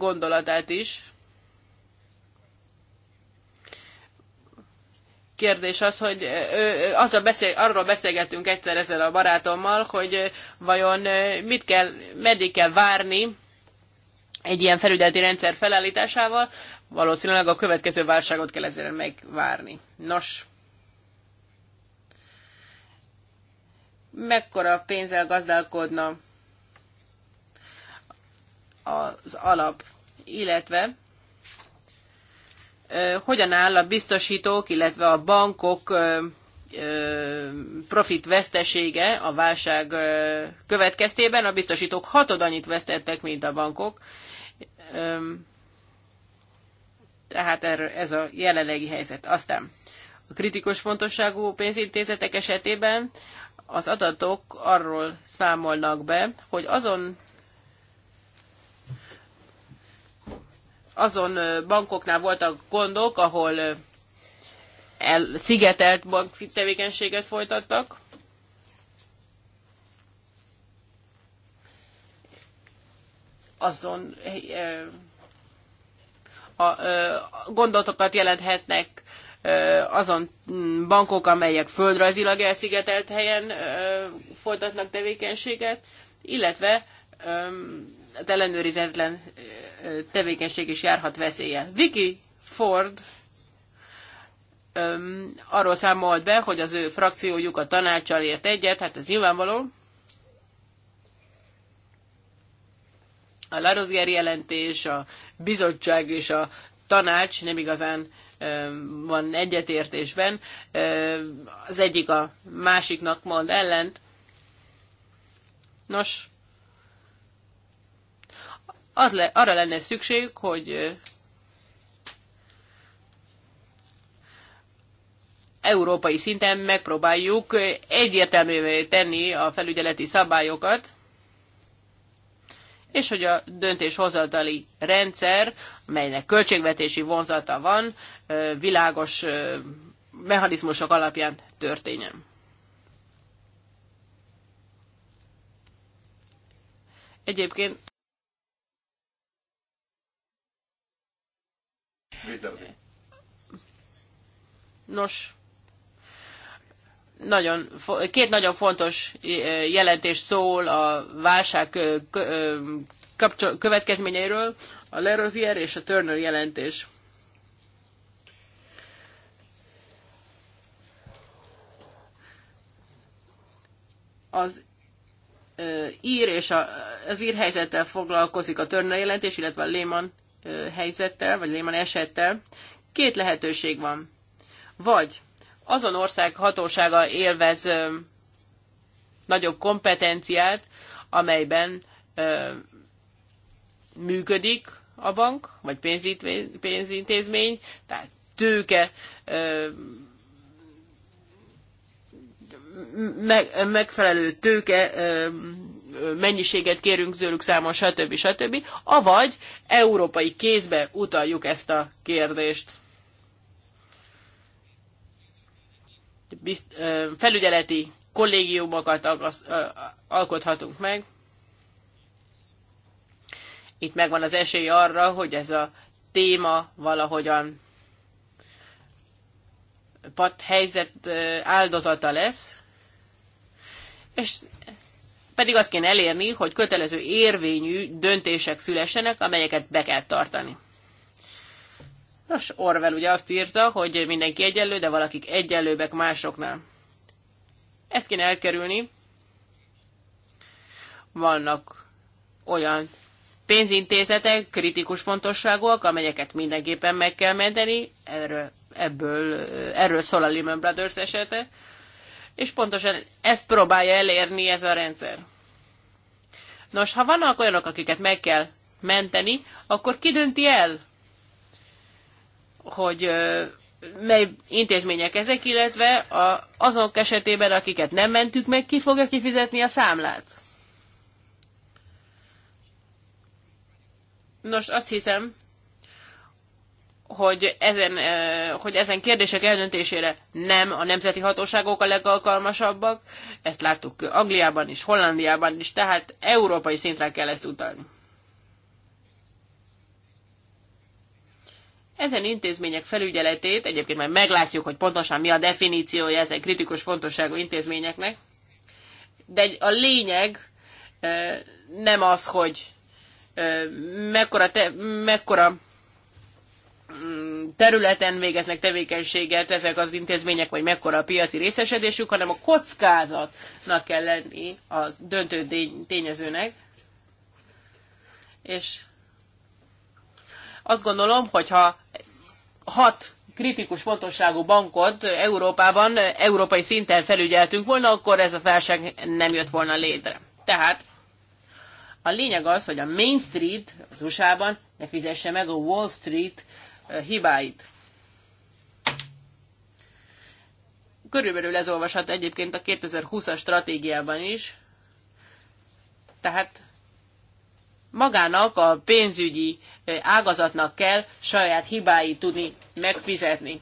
gondolatát is. Kérdés az, hogy azzal beszél, arról beszélgettünk egyszer ezzel a barátommal, hogy vajon mit kell, meddig kell várni egy ilyen felügyeleti rendszer felállításával, valószínűleg a következő válságot kell ezzel megvárni. Nos, mekkora pénzzel gazdálkodna az alap, illetve hogyan áll a biztosítók, illetve a bankok profit vesztesége a válság következtében. A biztosítók hatod annyit vesztettek, mint a bankok. Tehát ez a jelenlegi helyzet. Aztán a kritikus fontosságú pénzintézetek esetében az adatok arról számolnak be, hogy azon azon bankoknál voltak gondok, ahol el, szigetelt bank tevékenységet folytattak. Azon a, a gondotokat jelenthetnek azon mm, bankok, amelyek földrajzilag elszigetelt helyen folytatnak tevékenységet, illetve ellenőrizetlen tevékenység is járhat veszélye. Vicky Ford öm, arról számolt be, hogy az ő frakciójuk a tanácsal ért egyet, hát ez nyilvánvaló. A Larozger jelentés, a bizottság és a tanács nem igazán öm, van egyetértésben. Öm, az egyik a másiknak mond ellent. Nos, az le, arra lenne szükség, hogy európai szinten megpróbáljuk egyértelművé tenni a felügyeleti szabályokat, és hogy a döntéshozatali rendszer, melynek költségvetési vonzata van, világos mechanizmusok alapján történjen. Egyébként Nos, nagyon, két nagyon fontos eh, jelentés szól a válság eh, eh, következményeiről, a Lerozier és a Turner jelentés. Az ír és a, az ír helyzettel foglalkozik a Turner jelentés, illetve a Lehman helyzettel, vagy Lehman esettel, két lehetőség van. Vagy azon ország hatósága élvez ö, nagyobb kompetenciát, amelyben ö, működik a bank, vagy pénzintézmény, tehát tőke ö, megfelelő tőke mennyiséget kérünk tőlük számon, stb. stb. Avagy európai kézbe utaljuk ezt a kérdést. felügyeleti kollégiumokat alkothatunk meg. Itt megvan az esély arra, hogy ez a téma valahogyan pat helyzet áldozata lesz, és pedig azt kéne elérni, hogy kötelező érvényű döntések szülessenek, amelyeket be kell tartani. Nos, Orwell ugye azt írta, hogy mindenki egyenlő, de valakik egyenlőbbek másoknál. Ezt kéne elkerülni. Vannak olyan pénzintézetek, kritikus fontosságúak, amelyeket mindenképpen meg kell menteni. Erről, ebből, erről szól a Lehman Brothers esete és pontosan ezt próbálja elérni ez a rendszer. Nos, ha vannak olyanok, akiket meg kell menteni, akkor ki dönti el, hogy mely intézmények ezek, illetve a, azok esetében, akiket nem mentük meg, ki fogja kifizetni a számlát. Nos, azt hiszem, hogy ezen, hogy ezen kérdések eldöntésére nem a nemzeti hatóságok a legalkalmasabbak. Ezt láttuk Angliában is, Hollandiában is, tehát európai szintre kell ezt utalni. Ezen intézmények felügyeletét egyébként majd meglátjuk, hogy pontosan mi a definíciója ezen kritikus fontosságú intézményeknek, de a lényeg nem az, hogy mekkora, te, mekkora Mm, területen végeznek tevékenységet ezek az intézmények, vagy mekkora a piaci részesedésük, hanem a kockázatnak kell lenni a döntő tényezőnek. És azt gondolom, hogyha hat kritikus fontosságú bankot Európában, európai szinten felügyeltünk volna, akkor ez a felség nem jött volna létre. Tehát a lényeg az, hogy a Main Street az USA-ban ne fizesse meg a Wall Street hibáit. Körülbelül ez olvashat egyébként a 2020-as stratégiában is. Tehát magának a pénzügyi ágazatnak kell saját hibáit tudni megfizetni.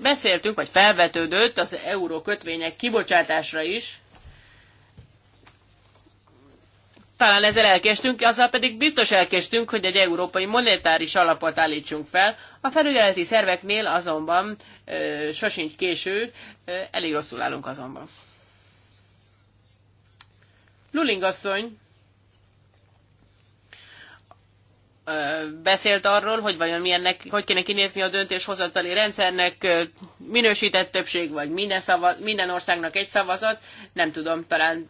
Beszéltünk, vagy felvetődött az euró kötvények kibocsátásra is, talán ezzel elkéstünk, azzal pedig biztos elkéstünk, hogy egy európai monetáris alapot állítsunk fel. A felügyeleti szerveknél azonban ö, sosincs késő, ö, elég rosszul állunk azonban. Luling asszony beszélt arról, hogy vajon milyennek, hogy kéne kinézni a döntéshozatali rendszernek, minősített többség, vagy minden, szava, minden országnak egy szavazat, nem tudom, talán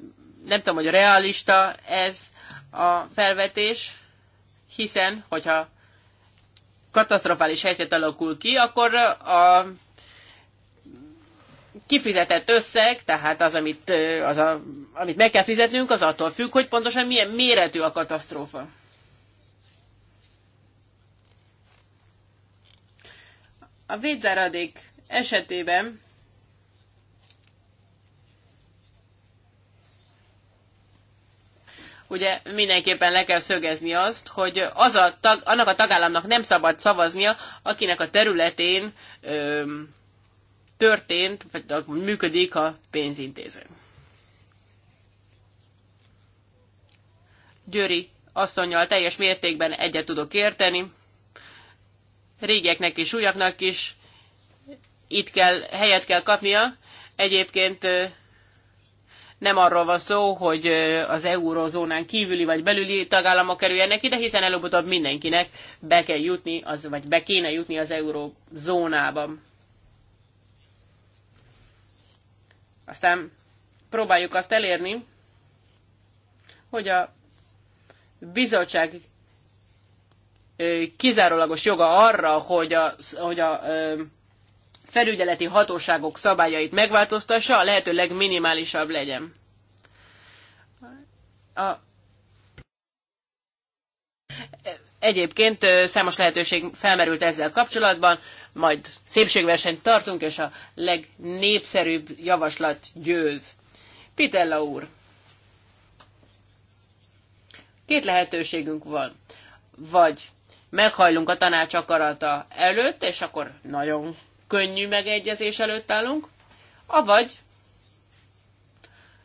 nem tudom, hogy realista ez a felvetés, hiszen, hogyha katasztrofális helyzet alakul ki, akkor a kifizetett összeg, tehát az, amit, az a, amit meg kell fizetnünk, az attól függ, hogy pontosan milyen méretű a katasztrófa. A védzáradék esetében ugye mindenképpen le kell szögezni azt, hogy az a tag, annak a tagállamnak nem szabad szavaznia, akinek a területén ö, történt, vagy működik a pénzintézet. Győri asszonyal teljes mértékben egyet tudok érteni. Régieknek és újaknak is itt kell, helyet kell kapnia. Egyébként nem arról van szó, hogy az eurozónán kívüli vagy belüli tagállamok kerüljenek ide, hiszen előbb-utóbb mindenkinek be kell jutni, az, vagy be kéne jutni az eurozónában. Aztán próbáljuk azt elérni, hogy a bizottság kizárólagos joga arra, hogy a, hogy a felügyeleti hatóságok szabályait megváltoztassa, a lehető legminimálisabb legyen. A Egyébként számos lehetőség felmerült ezzel kapcsolatban, majd szépségversenyt tartunk, és a legnépszerűbb javaslat győz. Pitella úr, két lehetőségünk van. Vagy meghajlunk a tanács akarata előtt, és akkor nagyon könnyű megegyezés előtt állunk, avagy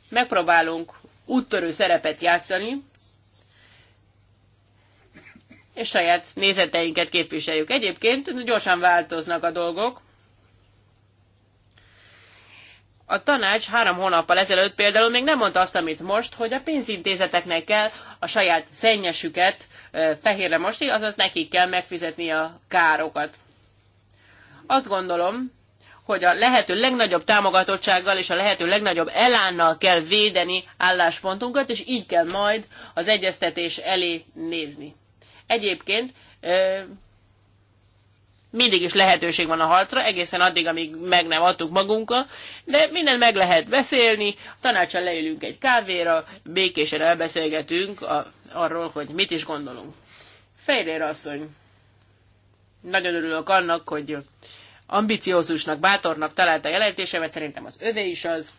megpróbálunk úttörő szerepet játszani, és saját nézeteinket képviseljük. Egyébként gyorsan változnak a dolgok. A tanács három hónappal ezelőtt például még nem mondta azt, amit most, hogy a pénzintézeteknek kell a saját szennyesüket fehérre mosni, azaz nekik kell megfizetni a károkat. Azt gondolom, hogy a lehető legnagyobb támogatottsággal és a lehető legnagyobb elánnal kell védeni álláspontunkat, és így kell majd az egyeztetés elé nézni. Egyébként mindig is lehetőség van a harcra, egészen addig, amíg meg nem adtuk magunkat, de minden meg lehet beszélni, a tanácsal leülünk egy kávéra, békésen elbeszélgetünk a, arról, hogy mit is gondolunk. Fejlér asszony, nagyon örülök annak, hogy ambiciózusnak, bátornak találta a jelentésemet, szerintem az övé is az.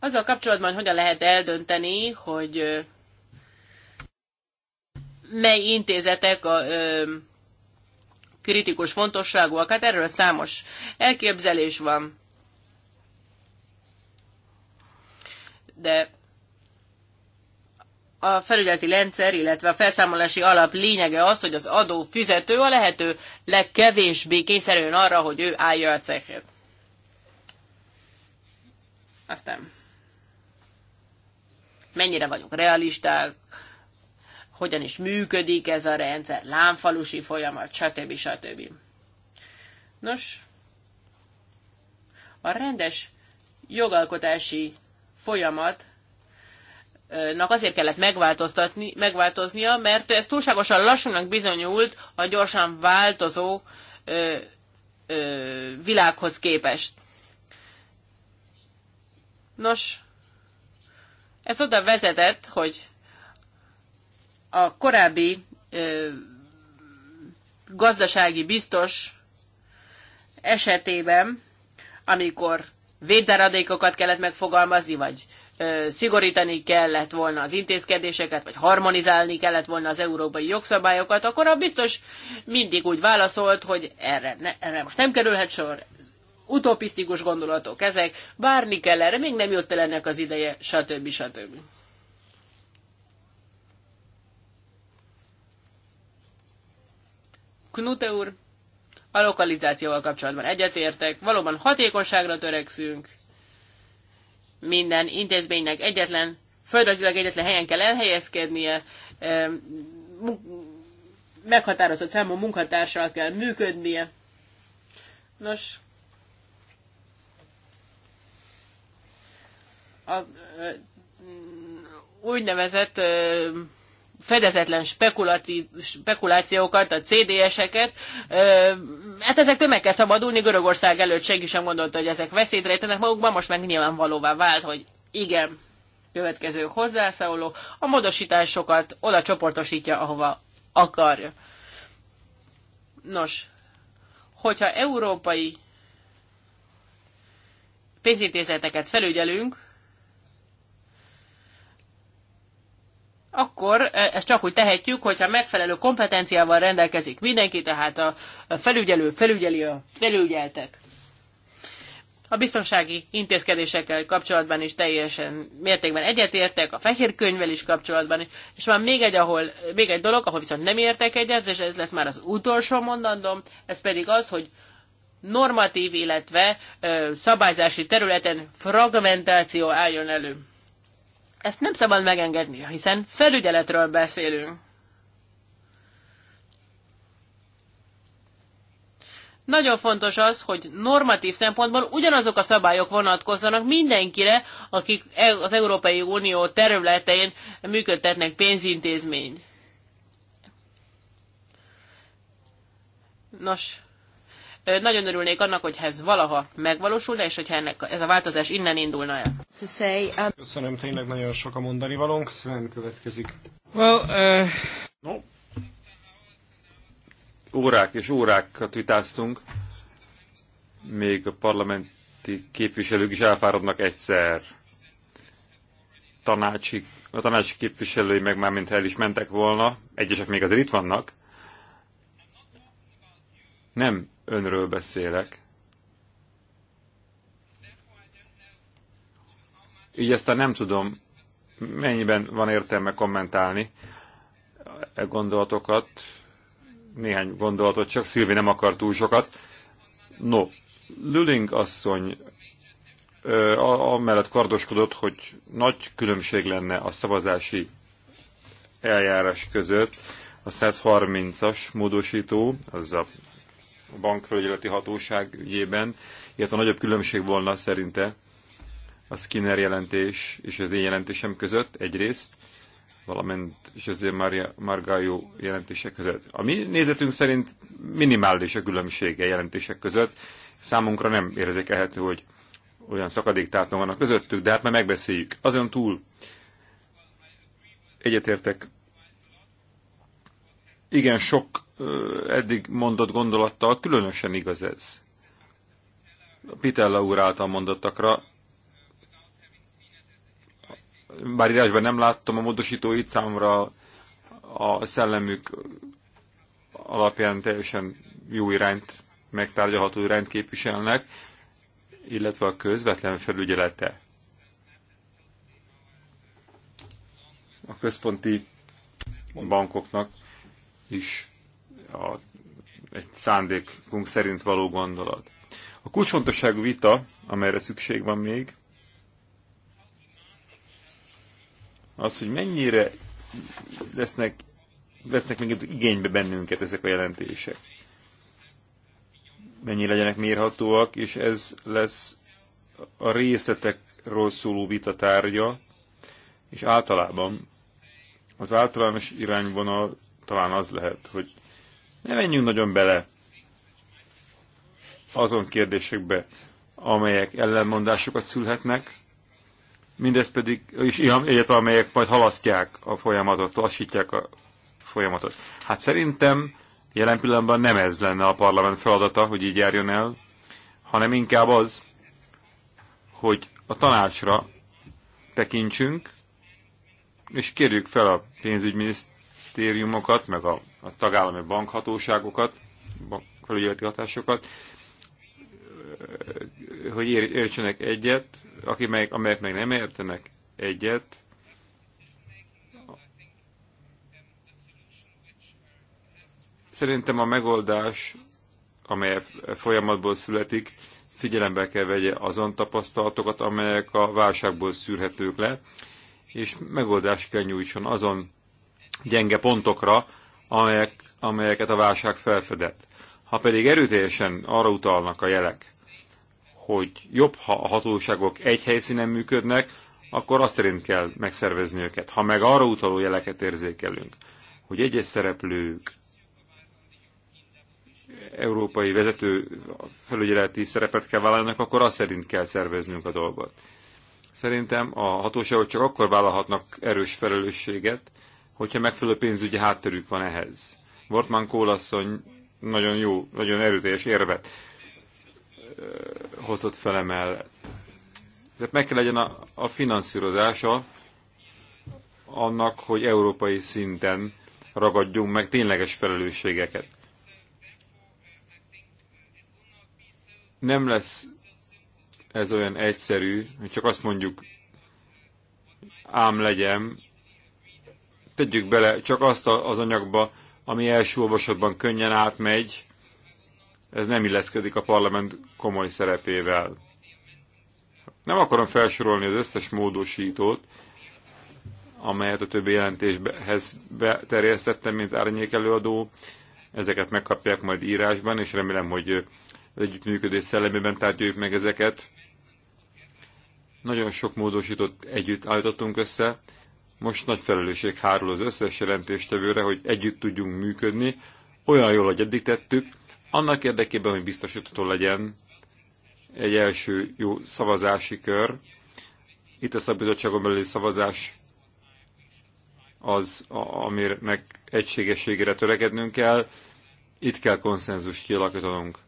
Azzal kapcsolatban hogyan lehet eldönteni, hogy mely intézetek a ö, kritikus fontosságúak, hát erről számos elképzelés van. De a felügyeleti rendszer, illetve a felszámolási alap lényege az, hogy az adó fizető a lehető legkevésbé kényszerüljön arra, hogy ő állja a cechet. Aztán mennyire vagyunk realisták, hogyan is működik ez a rendszer, lámfalusi folyamat, stb. stb. Nos, a rendes jogalkotási folyamat nak azért kellett megváltoztatni, megváltoznia, mert ez túlságosan lassúnak bizonyult a gyorsan változó ö, ö, világhoz képest. Nos, ez oda vezetett, hogy a korábbi ö, gazdasági biztos esetében, amikor védzáradékokat kellett megfogalmazni, vagy szigorítani kellett volna az intézkedéseket, vagy harmonizálni kellett volna az európai jogszabályokat, akkor a biztos mindig úgy válaszolt, hogy erre, ne, erre most nem kerülhet sor, utopisztikus gondolatok ezek, várni kell erre, még nem jött el ennek az ideje, stb. stb. Knute úr, a lokalizációval kapcsolatban egyetértek, valóban hatékonyságra törekszünk, minden intézménynek egyetlen, földrajzilag egyetlen helyen kell elhelyezkednie, meghatározott számú munkatársal kell működnie. Nos, a úgynevezett fedezetlen spekulációkat, a CDS-eket. Hát ezektől meg kell szabadulni, Görögország előtt senki sem gondolta, hogy ezek veszélyt rejtenek magukban, most meg nyilvánvalóvá vált, hogy igen, következő hozzászóló, a módosításokat oda csoportosítja, ahova akarja. Nos, hogyha európai pénzintézeteket felügyelünk, akkor e, ezt csak úgy tehetjük, hogyha megfelelő kompetenciával rendelkezik mindenki, tehát a felügyelő felügyeli a felügyeltet. A biztonsági intézkedésekkel kapcsolatban is teljesen mértékben egyetértek, a fehér könyvvel is kapcsolatban, és van még egy, ahol, még egy dolog, ahol viszont nem értek egyet, és ez lesz már az utolsó mondandom, ez pedig az, hogy normatív, illetve ö, szabályzási területen fragmentáció álljon elő. Ezt nem szabad megengedni, hiszen felügyeletről beszélünk. Nagyon fontos az, hogy normatív szempontból ugyanazok a szabályok vonatkozzanak mindenkire, akik e- az Európai Unió területein működtetnek pénzintézményt. Nos, nagyon örülnék annak, hogy ez valaha megvalósulna, és hogyha ennek, ez a változás innen indulna el. Um, Köszönöm, tényleg nagyon sok a mondani valónk. Sven következik. Well, uh... no. Órák és órákat vitáztunk. Még a parlamenti képviselők is elfáradnak egyszer. Tanácsi, a tanácsi képviselői meg már mintha el is mentek volna. Egyesek még azért itt vannak nem önről beszélek. Így aztán nem tudom, mennyiben van értelme kommentálni e gondolatokat. Néhány gondolatot, csak Szilvi nem akar túl sokat. No, Lüling asszony amellett kardoskodott, hogy nagy különbség lenne a szavazási eljárás között a 130-as módosító, az a a bankfelügyeleti hatóság ügyében, illetve nagyobb különbség volna szerinte a Skinner jelentés és az én jelentésem között egyrészt, valamint José Maria Margallo jelentések között. A mi nézetünk szerint minimális a különbsége jelentések között. Számunkra nem érzékelhető, hogy olyan szakadéktátló van a közöttük, de hát már megbeszéljük. Azon túl egyetértek igen sok eddig mondott gondolattal különösen igaz ez. Pitella úr által mondottakra, bár írásban nem láttam a módosítóit, számomra a szellemük alapján teljesen jó irányt, megtárgyalható irányt képviselnek, illetve a közvetlen felügyelete. A központi bankoknak is a, egy szándékunk szerint való gondolat. A kulcsfontosságú vita, amelyre szükség van még, az, hogy mennyire lesznek, lesznek még igénybe bennünket ezek a jelentések. Mennyi legyenek mérhatóak, és ez lesz a részletekről szóló vita tárgya, és általában az általános irányvonal talán az lehet, hogy ne menjünk nagyon bele azon kérdésekbe, amelyek ellenmondásokat szülhetnek, mindez pedig, és egyet, amelyek majd halasztják a folyamatot, lassítják a folyamatot. Hát szerintem jelen pillanatban nem ez lenne a parlament feladata, hogy így járjon el, hanem inkább az, hogy a tanácsra tekintsünk, és kérjük fel a pénzügyminiszt, minisztériumokat, meg a, a tagállami bankhatóságokat, felügyeleti hatásokat, hogy értsenek egyet, akik amelyek meg nem értenek egyet, Szerintem a megoldás, amely folyamatból születik, figyelembe kell vegye azon tapasztalatokat, amelyek a válságból szűrhetők le, és megoldást kell nyújtson azon gyenge pontokra, amelyek, amelyeket a válság felfedett. Ha pedig erőteljesen arra utalnak a jelek, hogy jobb, ha a hatóságok egy helyszínen működnek, akkor azt szerint kell megszervezni őket. Ha meg arra utaló jeleket érzékelünk, hogy egyes szereplők európai vezető felügyeleti szerepet kell vállalnak, akkor azt szerint kell szerveznünk a dolgot. Szerintem a hatóságok csak akkor vállalhatnak erős felelősséget, hogyha megfelelő pénzügyi hátterük van ehhez. Wortmann Kólasszony nagyon jó, nagyon erőteljes érvet hozott fel emellett. Tehát meg kell legyen a, a finanszírozása annak, hogy európai szinten ragadjunk meg tényleges felelősségeket. Nem lesz ez olyan egyszerű, hogy csak azt mondjuk, ám legyen, tegyük bele csak azt az anyagba, ami első olvasatban könnyen átmegy, ez nem illeszkedik a parlament komoly szerepével. Nem akarom felsorolni az összes módosítót, amelyet a többi jelentéshez beterjesztettem, mint árnyék előadó. Ezeket megkapják majd írásban, és remélem, hogy az együttműködés szellemében tárgyaljuk meg ezeket. Nagyon sok módosított együtt állítottunk össze, most nagy felelősség hárul az összes jelentéstevőre, hogy együtt tudjunk működni, olyan jól, hogy eddig tettük, annak érdekében, hogy biztosítható legyen egy első jó szavazási kör. Itt a szabizottságon belüli szavazás az, aminek egységességére törekednünk kell. Itt kell konszenzust kialakítanunk.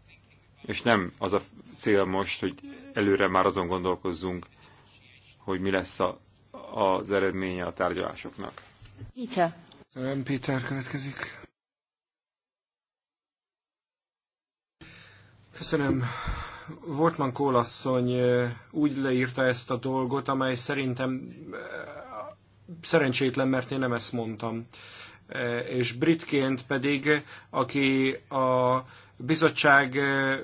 És nem az a cél most, hogy előre már azon gondolkozzunk, hogy mi lesz a az eredménye a tárgyalásoknak. Peter. Péter következik. Köszönöm. Wortman Kólasszony úgy leírta ezt a dolgot, amely szerintem szerencsétlen, mert én nem ezt mondtam. És britként pedig, aki a bizottság eh,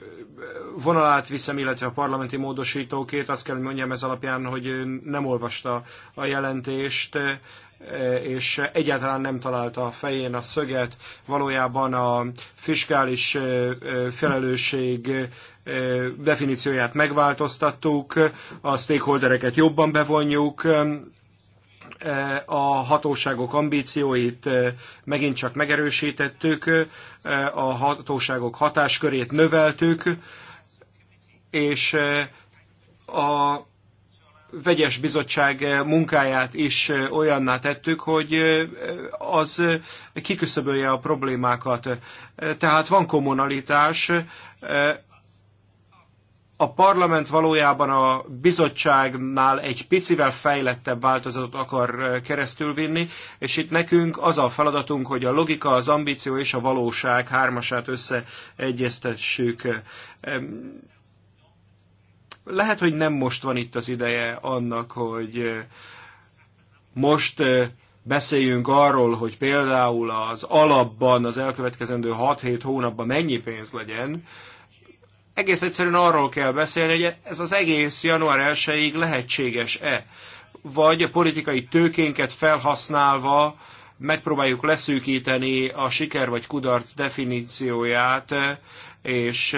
vonalát viszem, illetve a parlamenti módosítókét. Azt kell, hogy mondjam ez alapján, hogy nem olvasta a jelentést, eh, és egyáltalán nem találta a fején a szöget. Valójában a fiskális eh, felelősség definícióját megváltoztattuk, a stakeholdereket jobban bevonjuk, a hatóságok ambícióit megint csak megerősítettük, a hatóságok hatáskörét növeltük, és a vegyes bizottság munkáját is olyanná tettük, hogy az kiküszöbölje a problémákat. Tehát van kommunalitás, a parlament valójában a bizottságnál egy picivel fejlettebb változatot akar keresztülvinni, és itt nekünk az a feladatunk, hogy a logika, az ambíció és a valóság hármasát összeegyeztessük. Lehet, hogy nem most van itt az ideje annak, hogy most beszéljünk arról, hogy például az alapban az elkövetkezendő 6-7 hónapban mennyi pénz legyen, egész egyszerűen arról kell beszélni, hogy ez az egész január 1-ig lehetséges-e, vagy a politikai tőkénket felhasználva megpróbáljuk leszűkíteni a siker vagy kudarc definícióját, és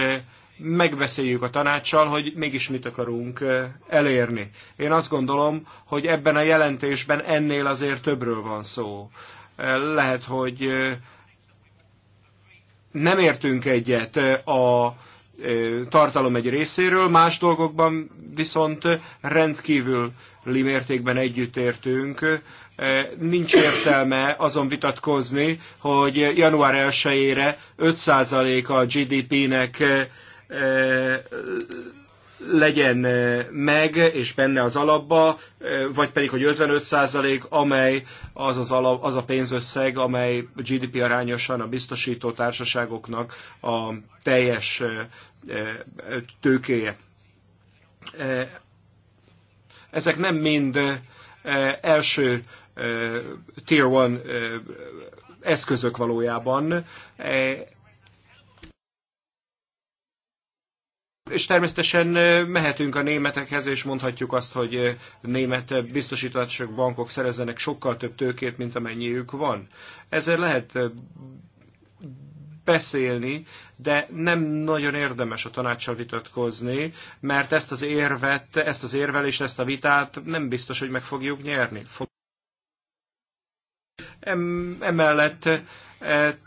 megbeszéljük a tanácssal, hogy mégis mit akarunk eh, elérni. Én azt gondolom, hogy ebben a jelentésben ennél azért többről van szó. Eh, lehet, hogy eh, nem értünk egyet a tartalom egy részéről, más dolgokban viszont rendkívül mértékben együttértünk. Nincs értelme azon vitatkozni, hogy január 1-ére 5% a GDP-nek legyen meg, és benne az alapba, vagy pedig, hogy 55% amely az, az, alap, az a pénzösszeg, amely GDP arányosan a biztosító társaságoknak a teljes tőkéje. Ezek nem mind első tier 1 eszközök valójában. És természetesen mehetünk a németekhez, és mondhatjuk azt, hogy német biztosítások, bankok szerezzenek sokkal több tőkét, mint amennyiük van. Ezzel lehet beszélni, de nem nagyon érdemes a tanácssal vitatkozni, mert ezt az érvet, ezt az érvelést, ezt a vitát nem biztos, hogy meg fogjuk nyerni. Emellett e,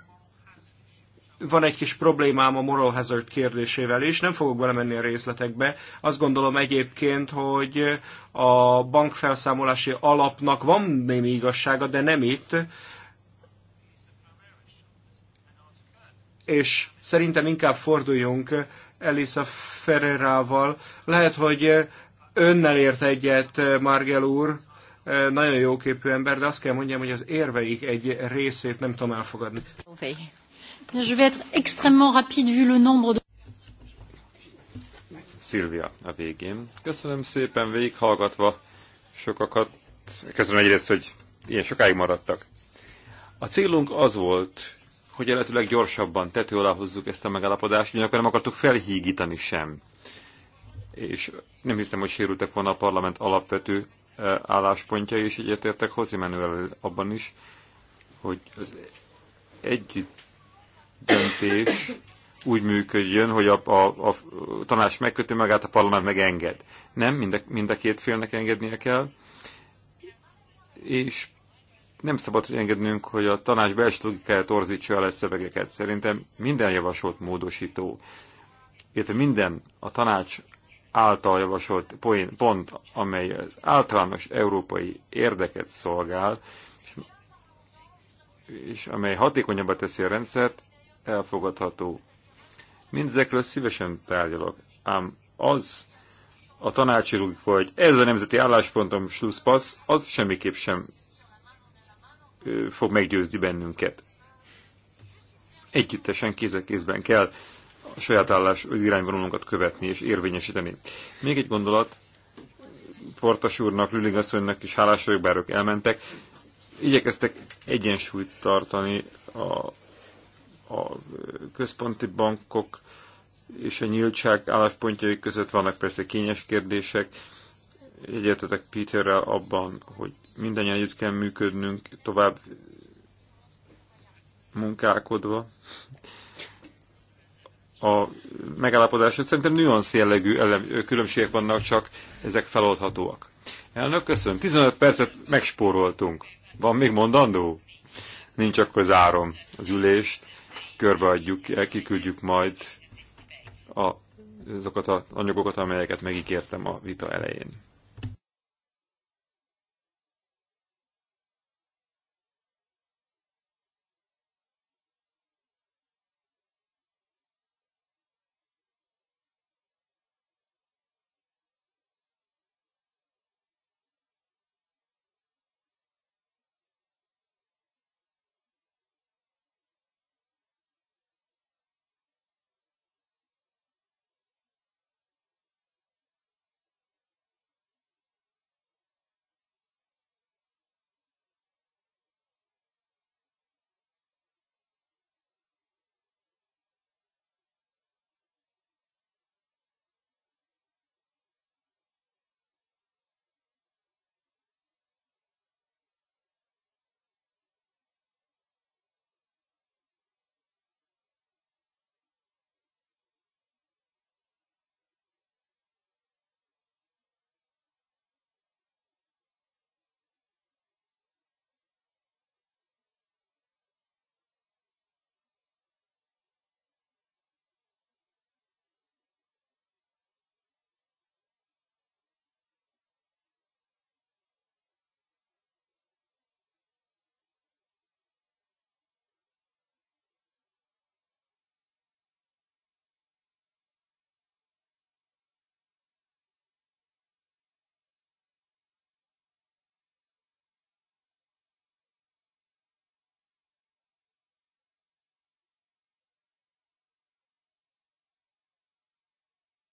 van egy kis problémám a moral hazard kérdésével is, nem fogok belemenni a részletekbe. Azt gondolom egyébként, hogy a bankfelszámolási alapnak van némi igazsága, de nem itt. és szerintem inkább forduljunk Elisa Ferrerával. Lehet, hogy önnel ért egyet eh, Margel úr, eh, nagyon jóképű ember, de azt kell mondjam, hogy az érveik egy részét nem tudom elfogadni. Je vais être extrêmement rapide vu le nombre de... Szilvia a végén. Köszönöm szépen végighallgatva sokakat. Köszönöm egyrészt, hogy ilyen sokáig maradtak. A célunk az volt, hogy a lehetőleg gyorsabban tető alá hozzuk ezt a megállapodást, ugyanakkor nem akartuk felhígítani sem. És nem hiszem, hogy sérültek volna a parlament alapvető e, álláspontja, és egyetértek Hozi Manuel abban is, hogy az együtt döntés úgy működjön, hogy a, a, a tanács megköti magát, a parlament megenged. Nem, mind a, mind a két félnek engednie kell, és nem szabad hogy engednünk, hogy a tanács belső logikája torzítsa el a szövegeket. Szerintem minden javasolt módosító, illetve minden a tanács által javasolt pont, amely az általános európai érdeket szolgál, és, és amely hatékonyabbá teszi a rendszert, elfogadható. Mindezekről szívesen tárgyalok, ám az a tanácsi logika, hogy ez a nemzeti álláspontom slusszpassz, az semmiképp sem fog meggyőzni bennünket. Együttesen kéz a kézben kell a saját állás irányvonalunkat követni és érvényesíteni. Még egy gondolat, Portas úrnak, Lüling asszonynak is hálás vagyok, bár ők elmentek. Igyekeztek egyensúlyt tartani a, a központi bankok és a nyíltság álláspontjai között vannak persze kényes kérdések. Egyetetek Peterrel abban, hogy mindannyian együtt kell működnünk, tovább munkálkodva. A megállapodás szerintem nüansz jellegű különbségek vannak, csak ezek feloldhatóak. Elnök, köszönöm. 15 percet megspóroltunk. Van még mondandó? Nincs, akkor zárom az ülést. Körbeadjuk, kiküldjük majd a, azokat az anyagokat, amelyeket megígértem a vita elején.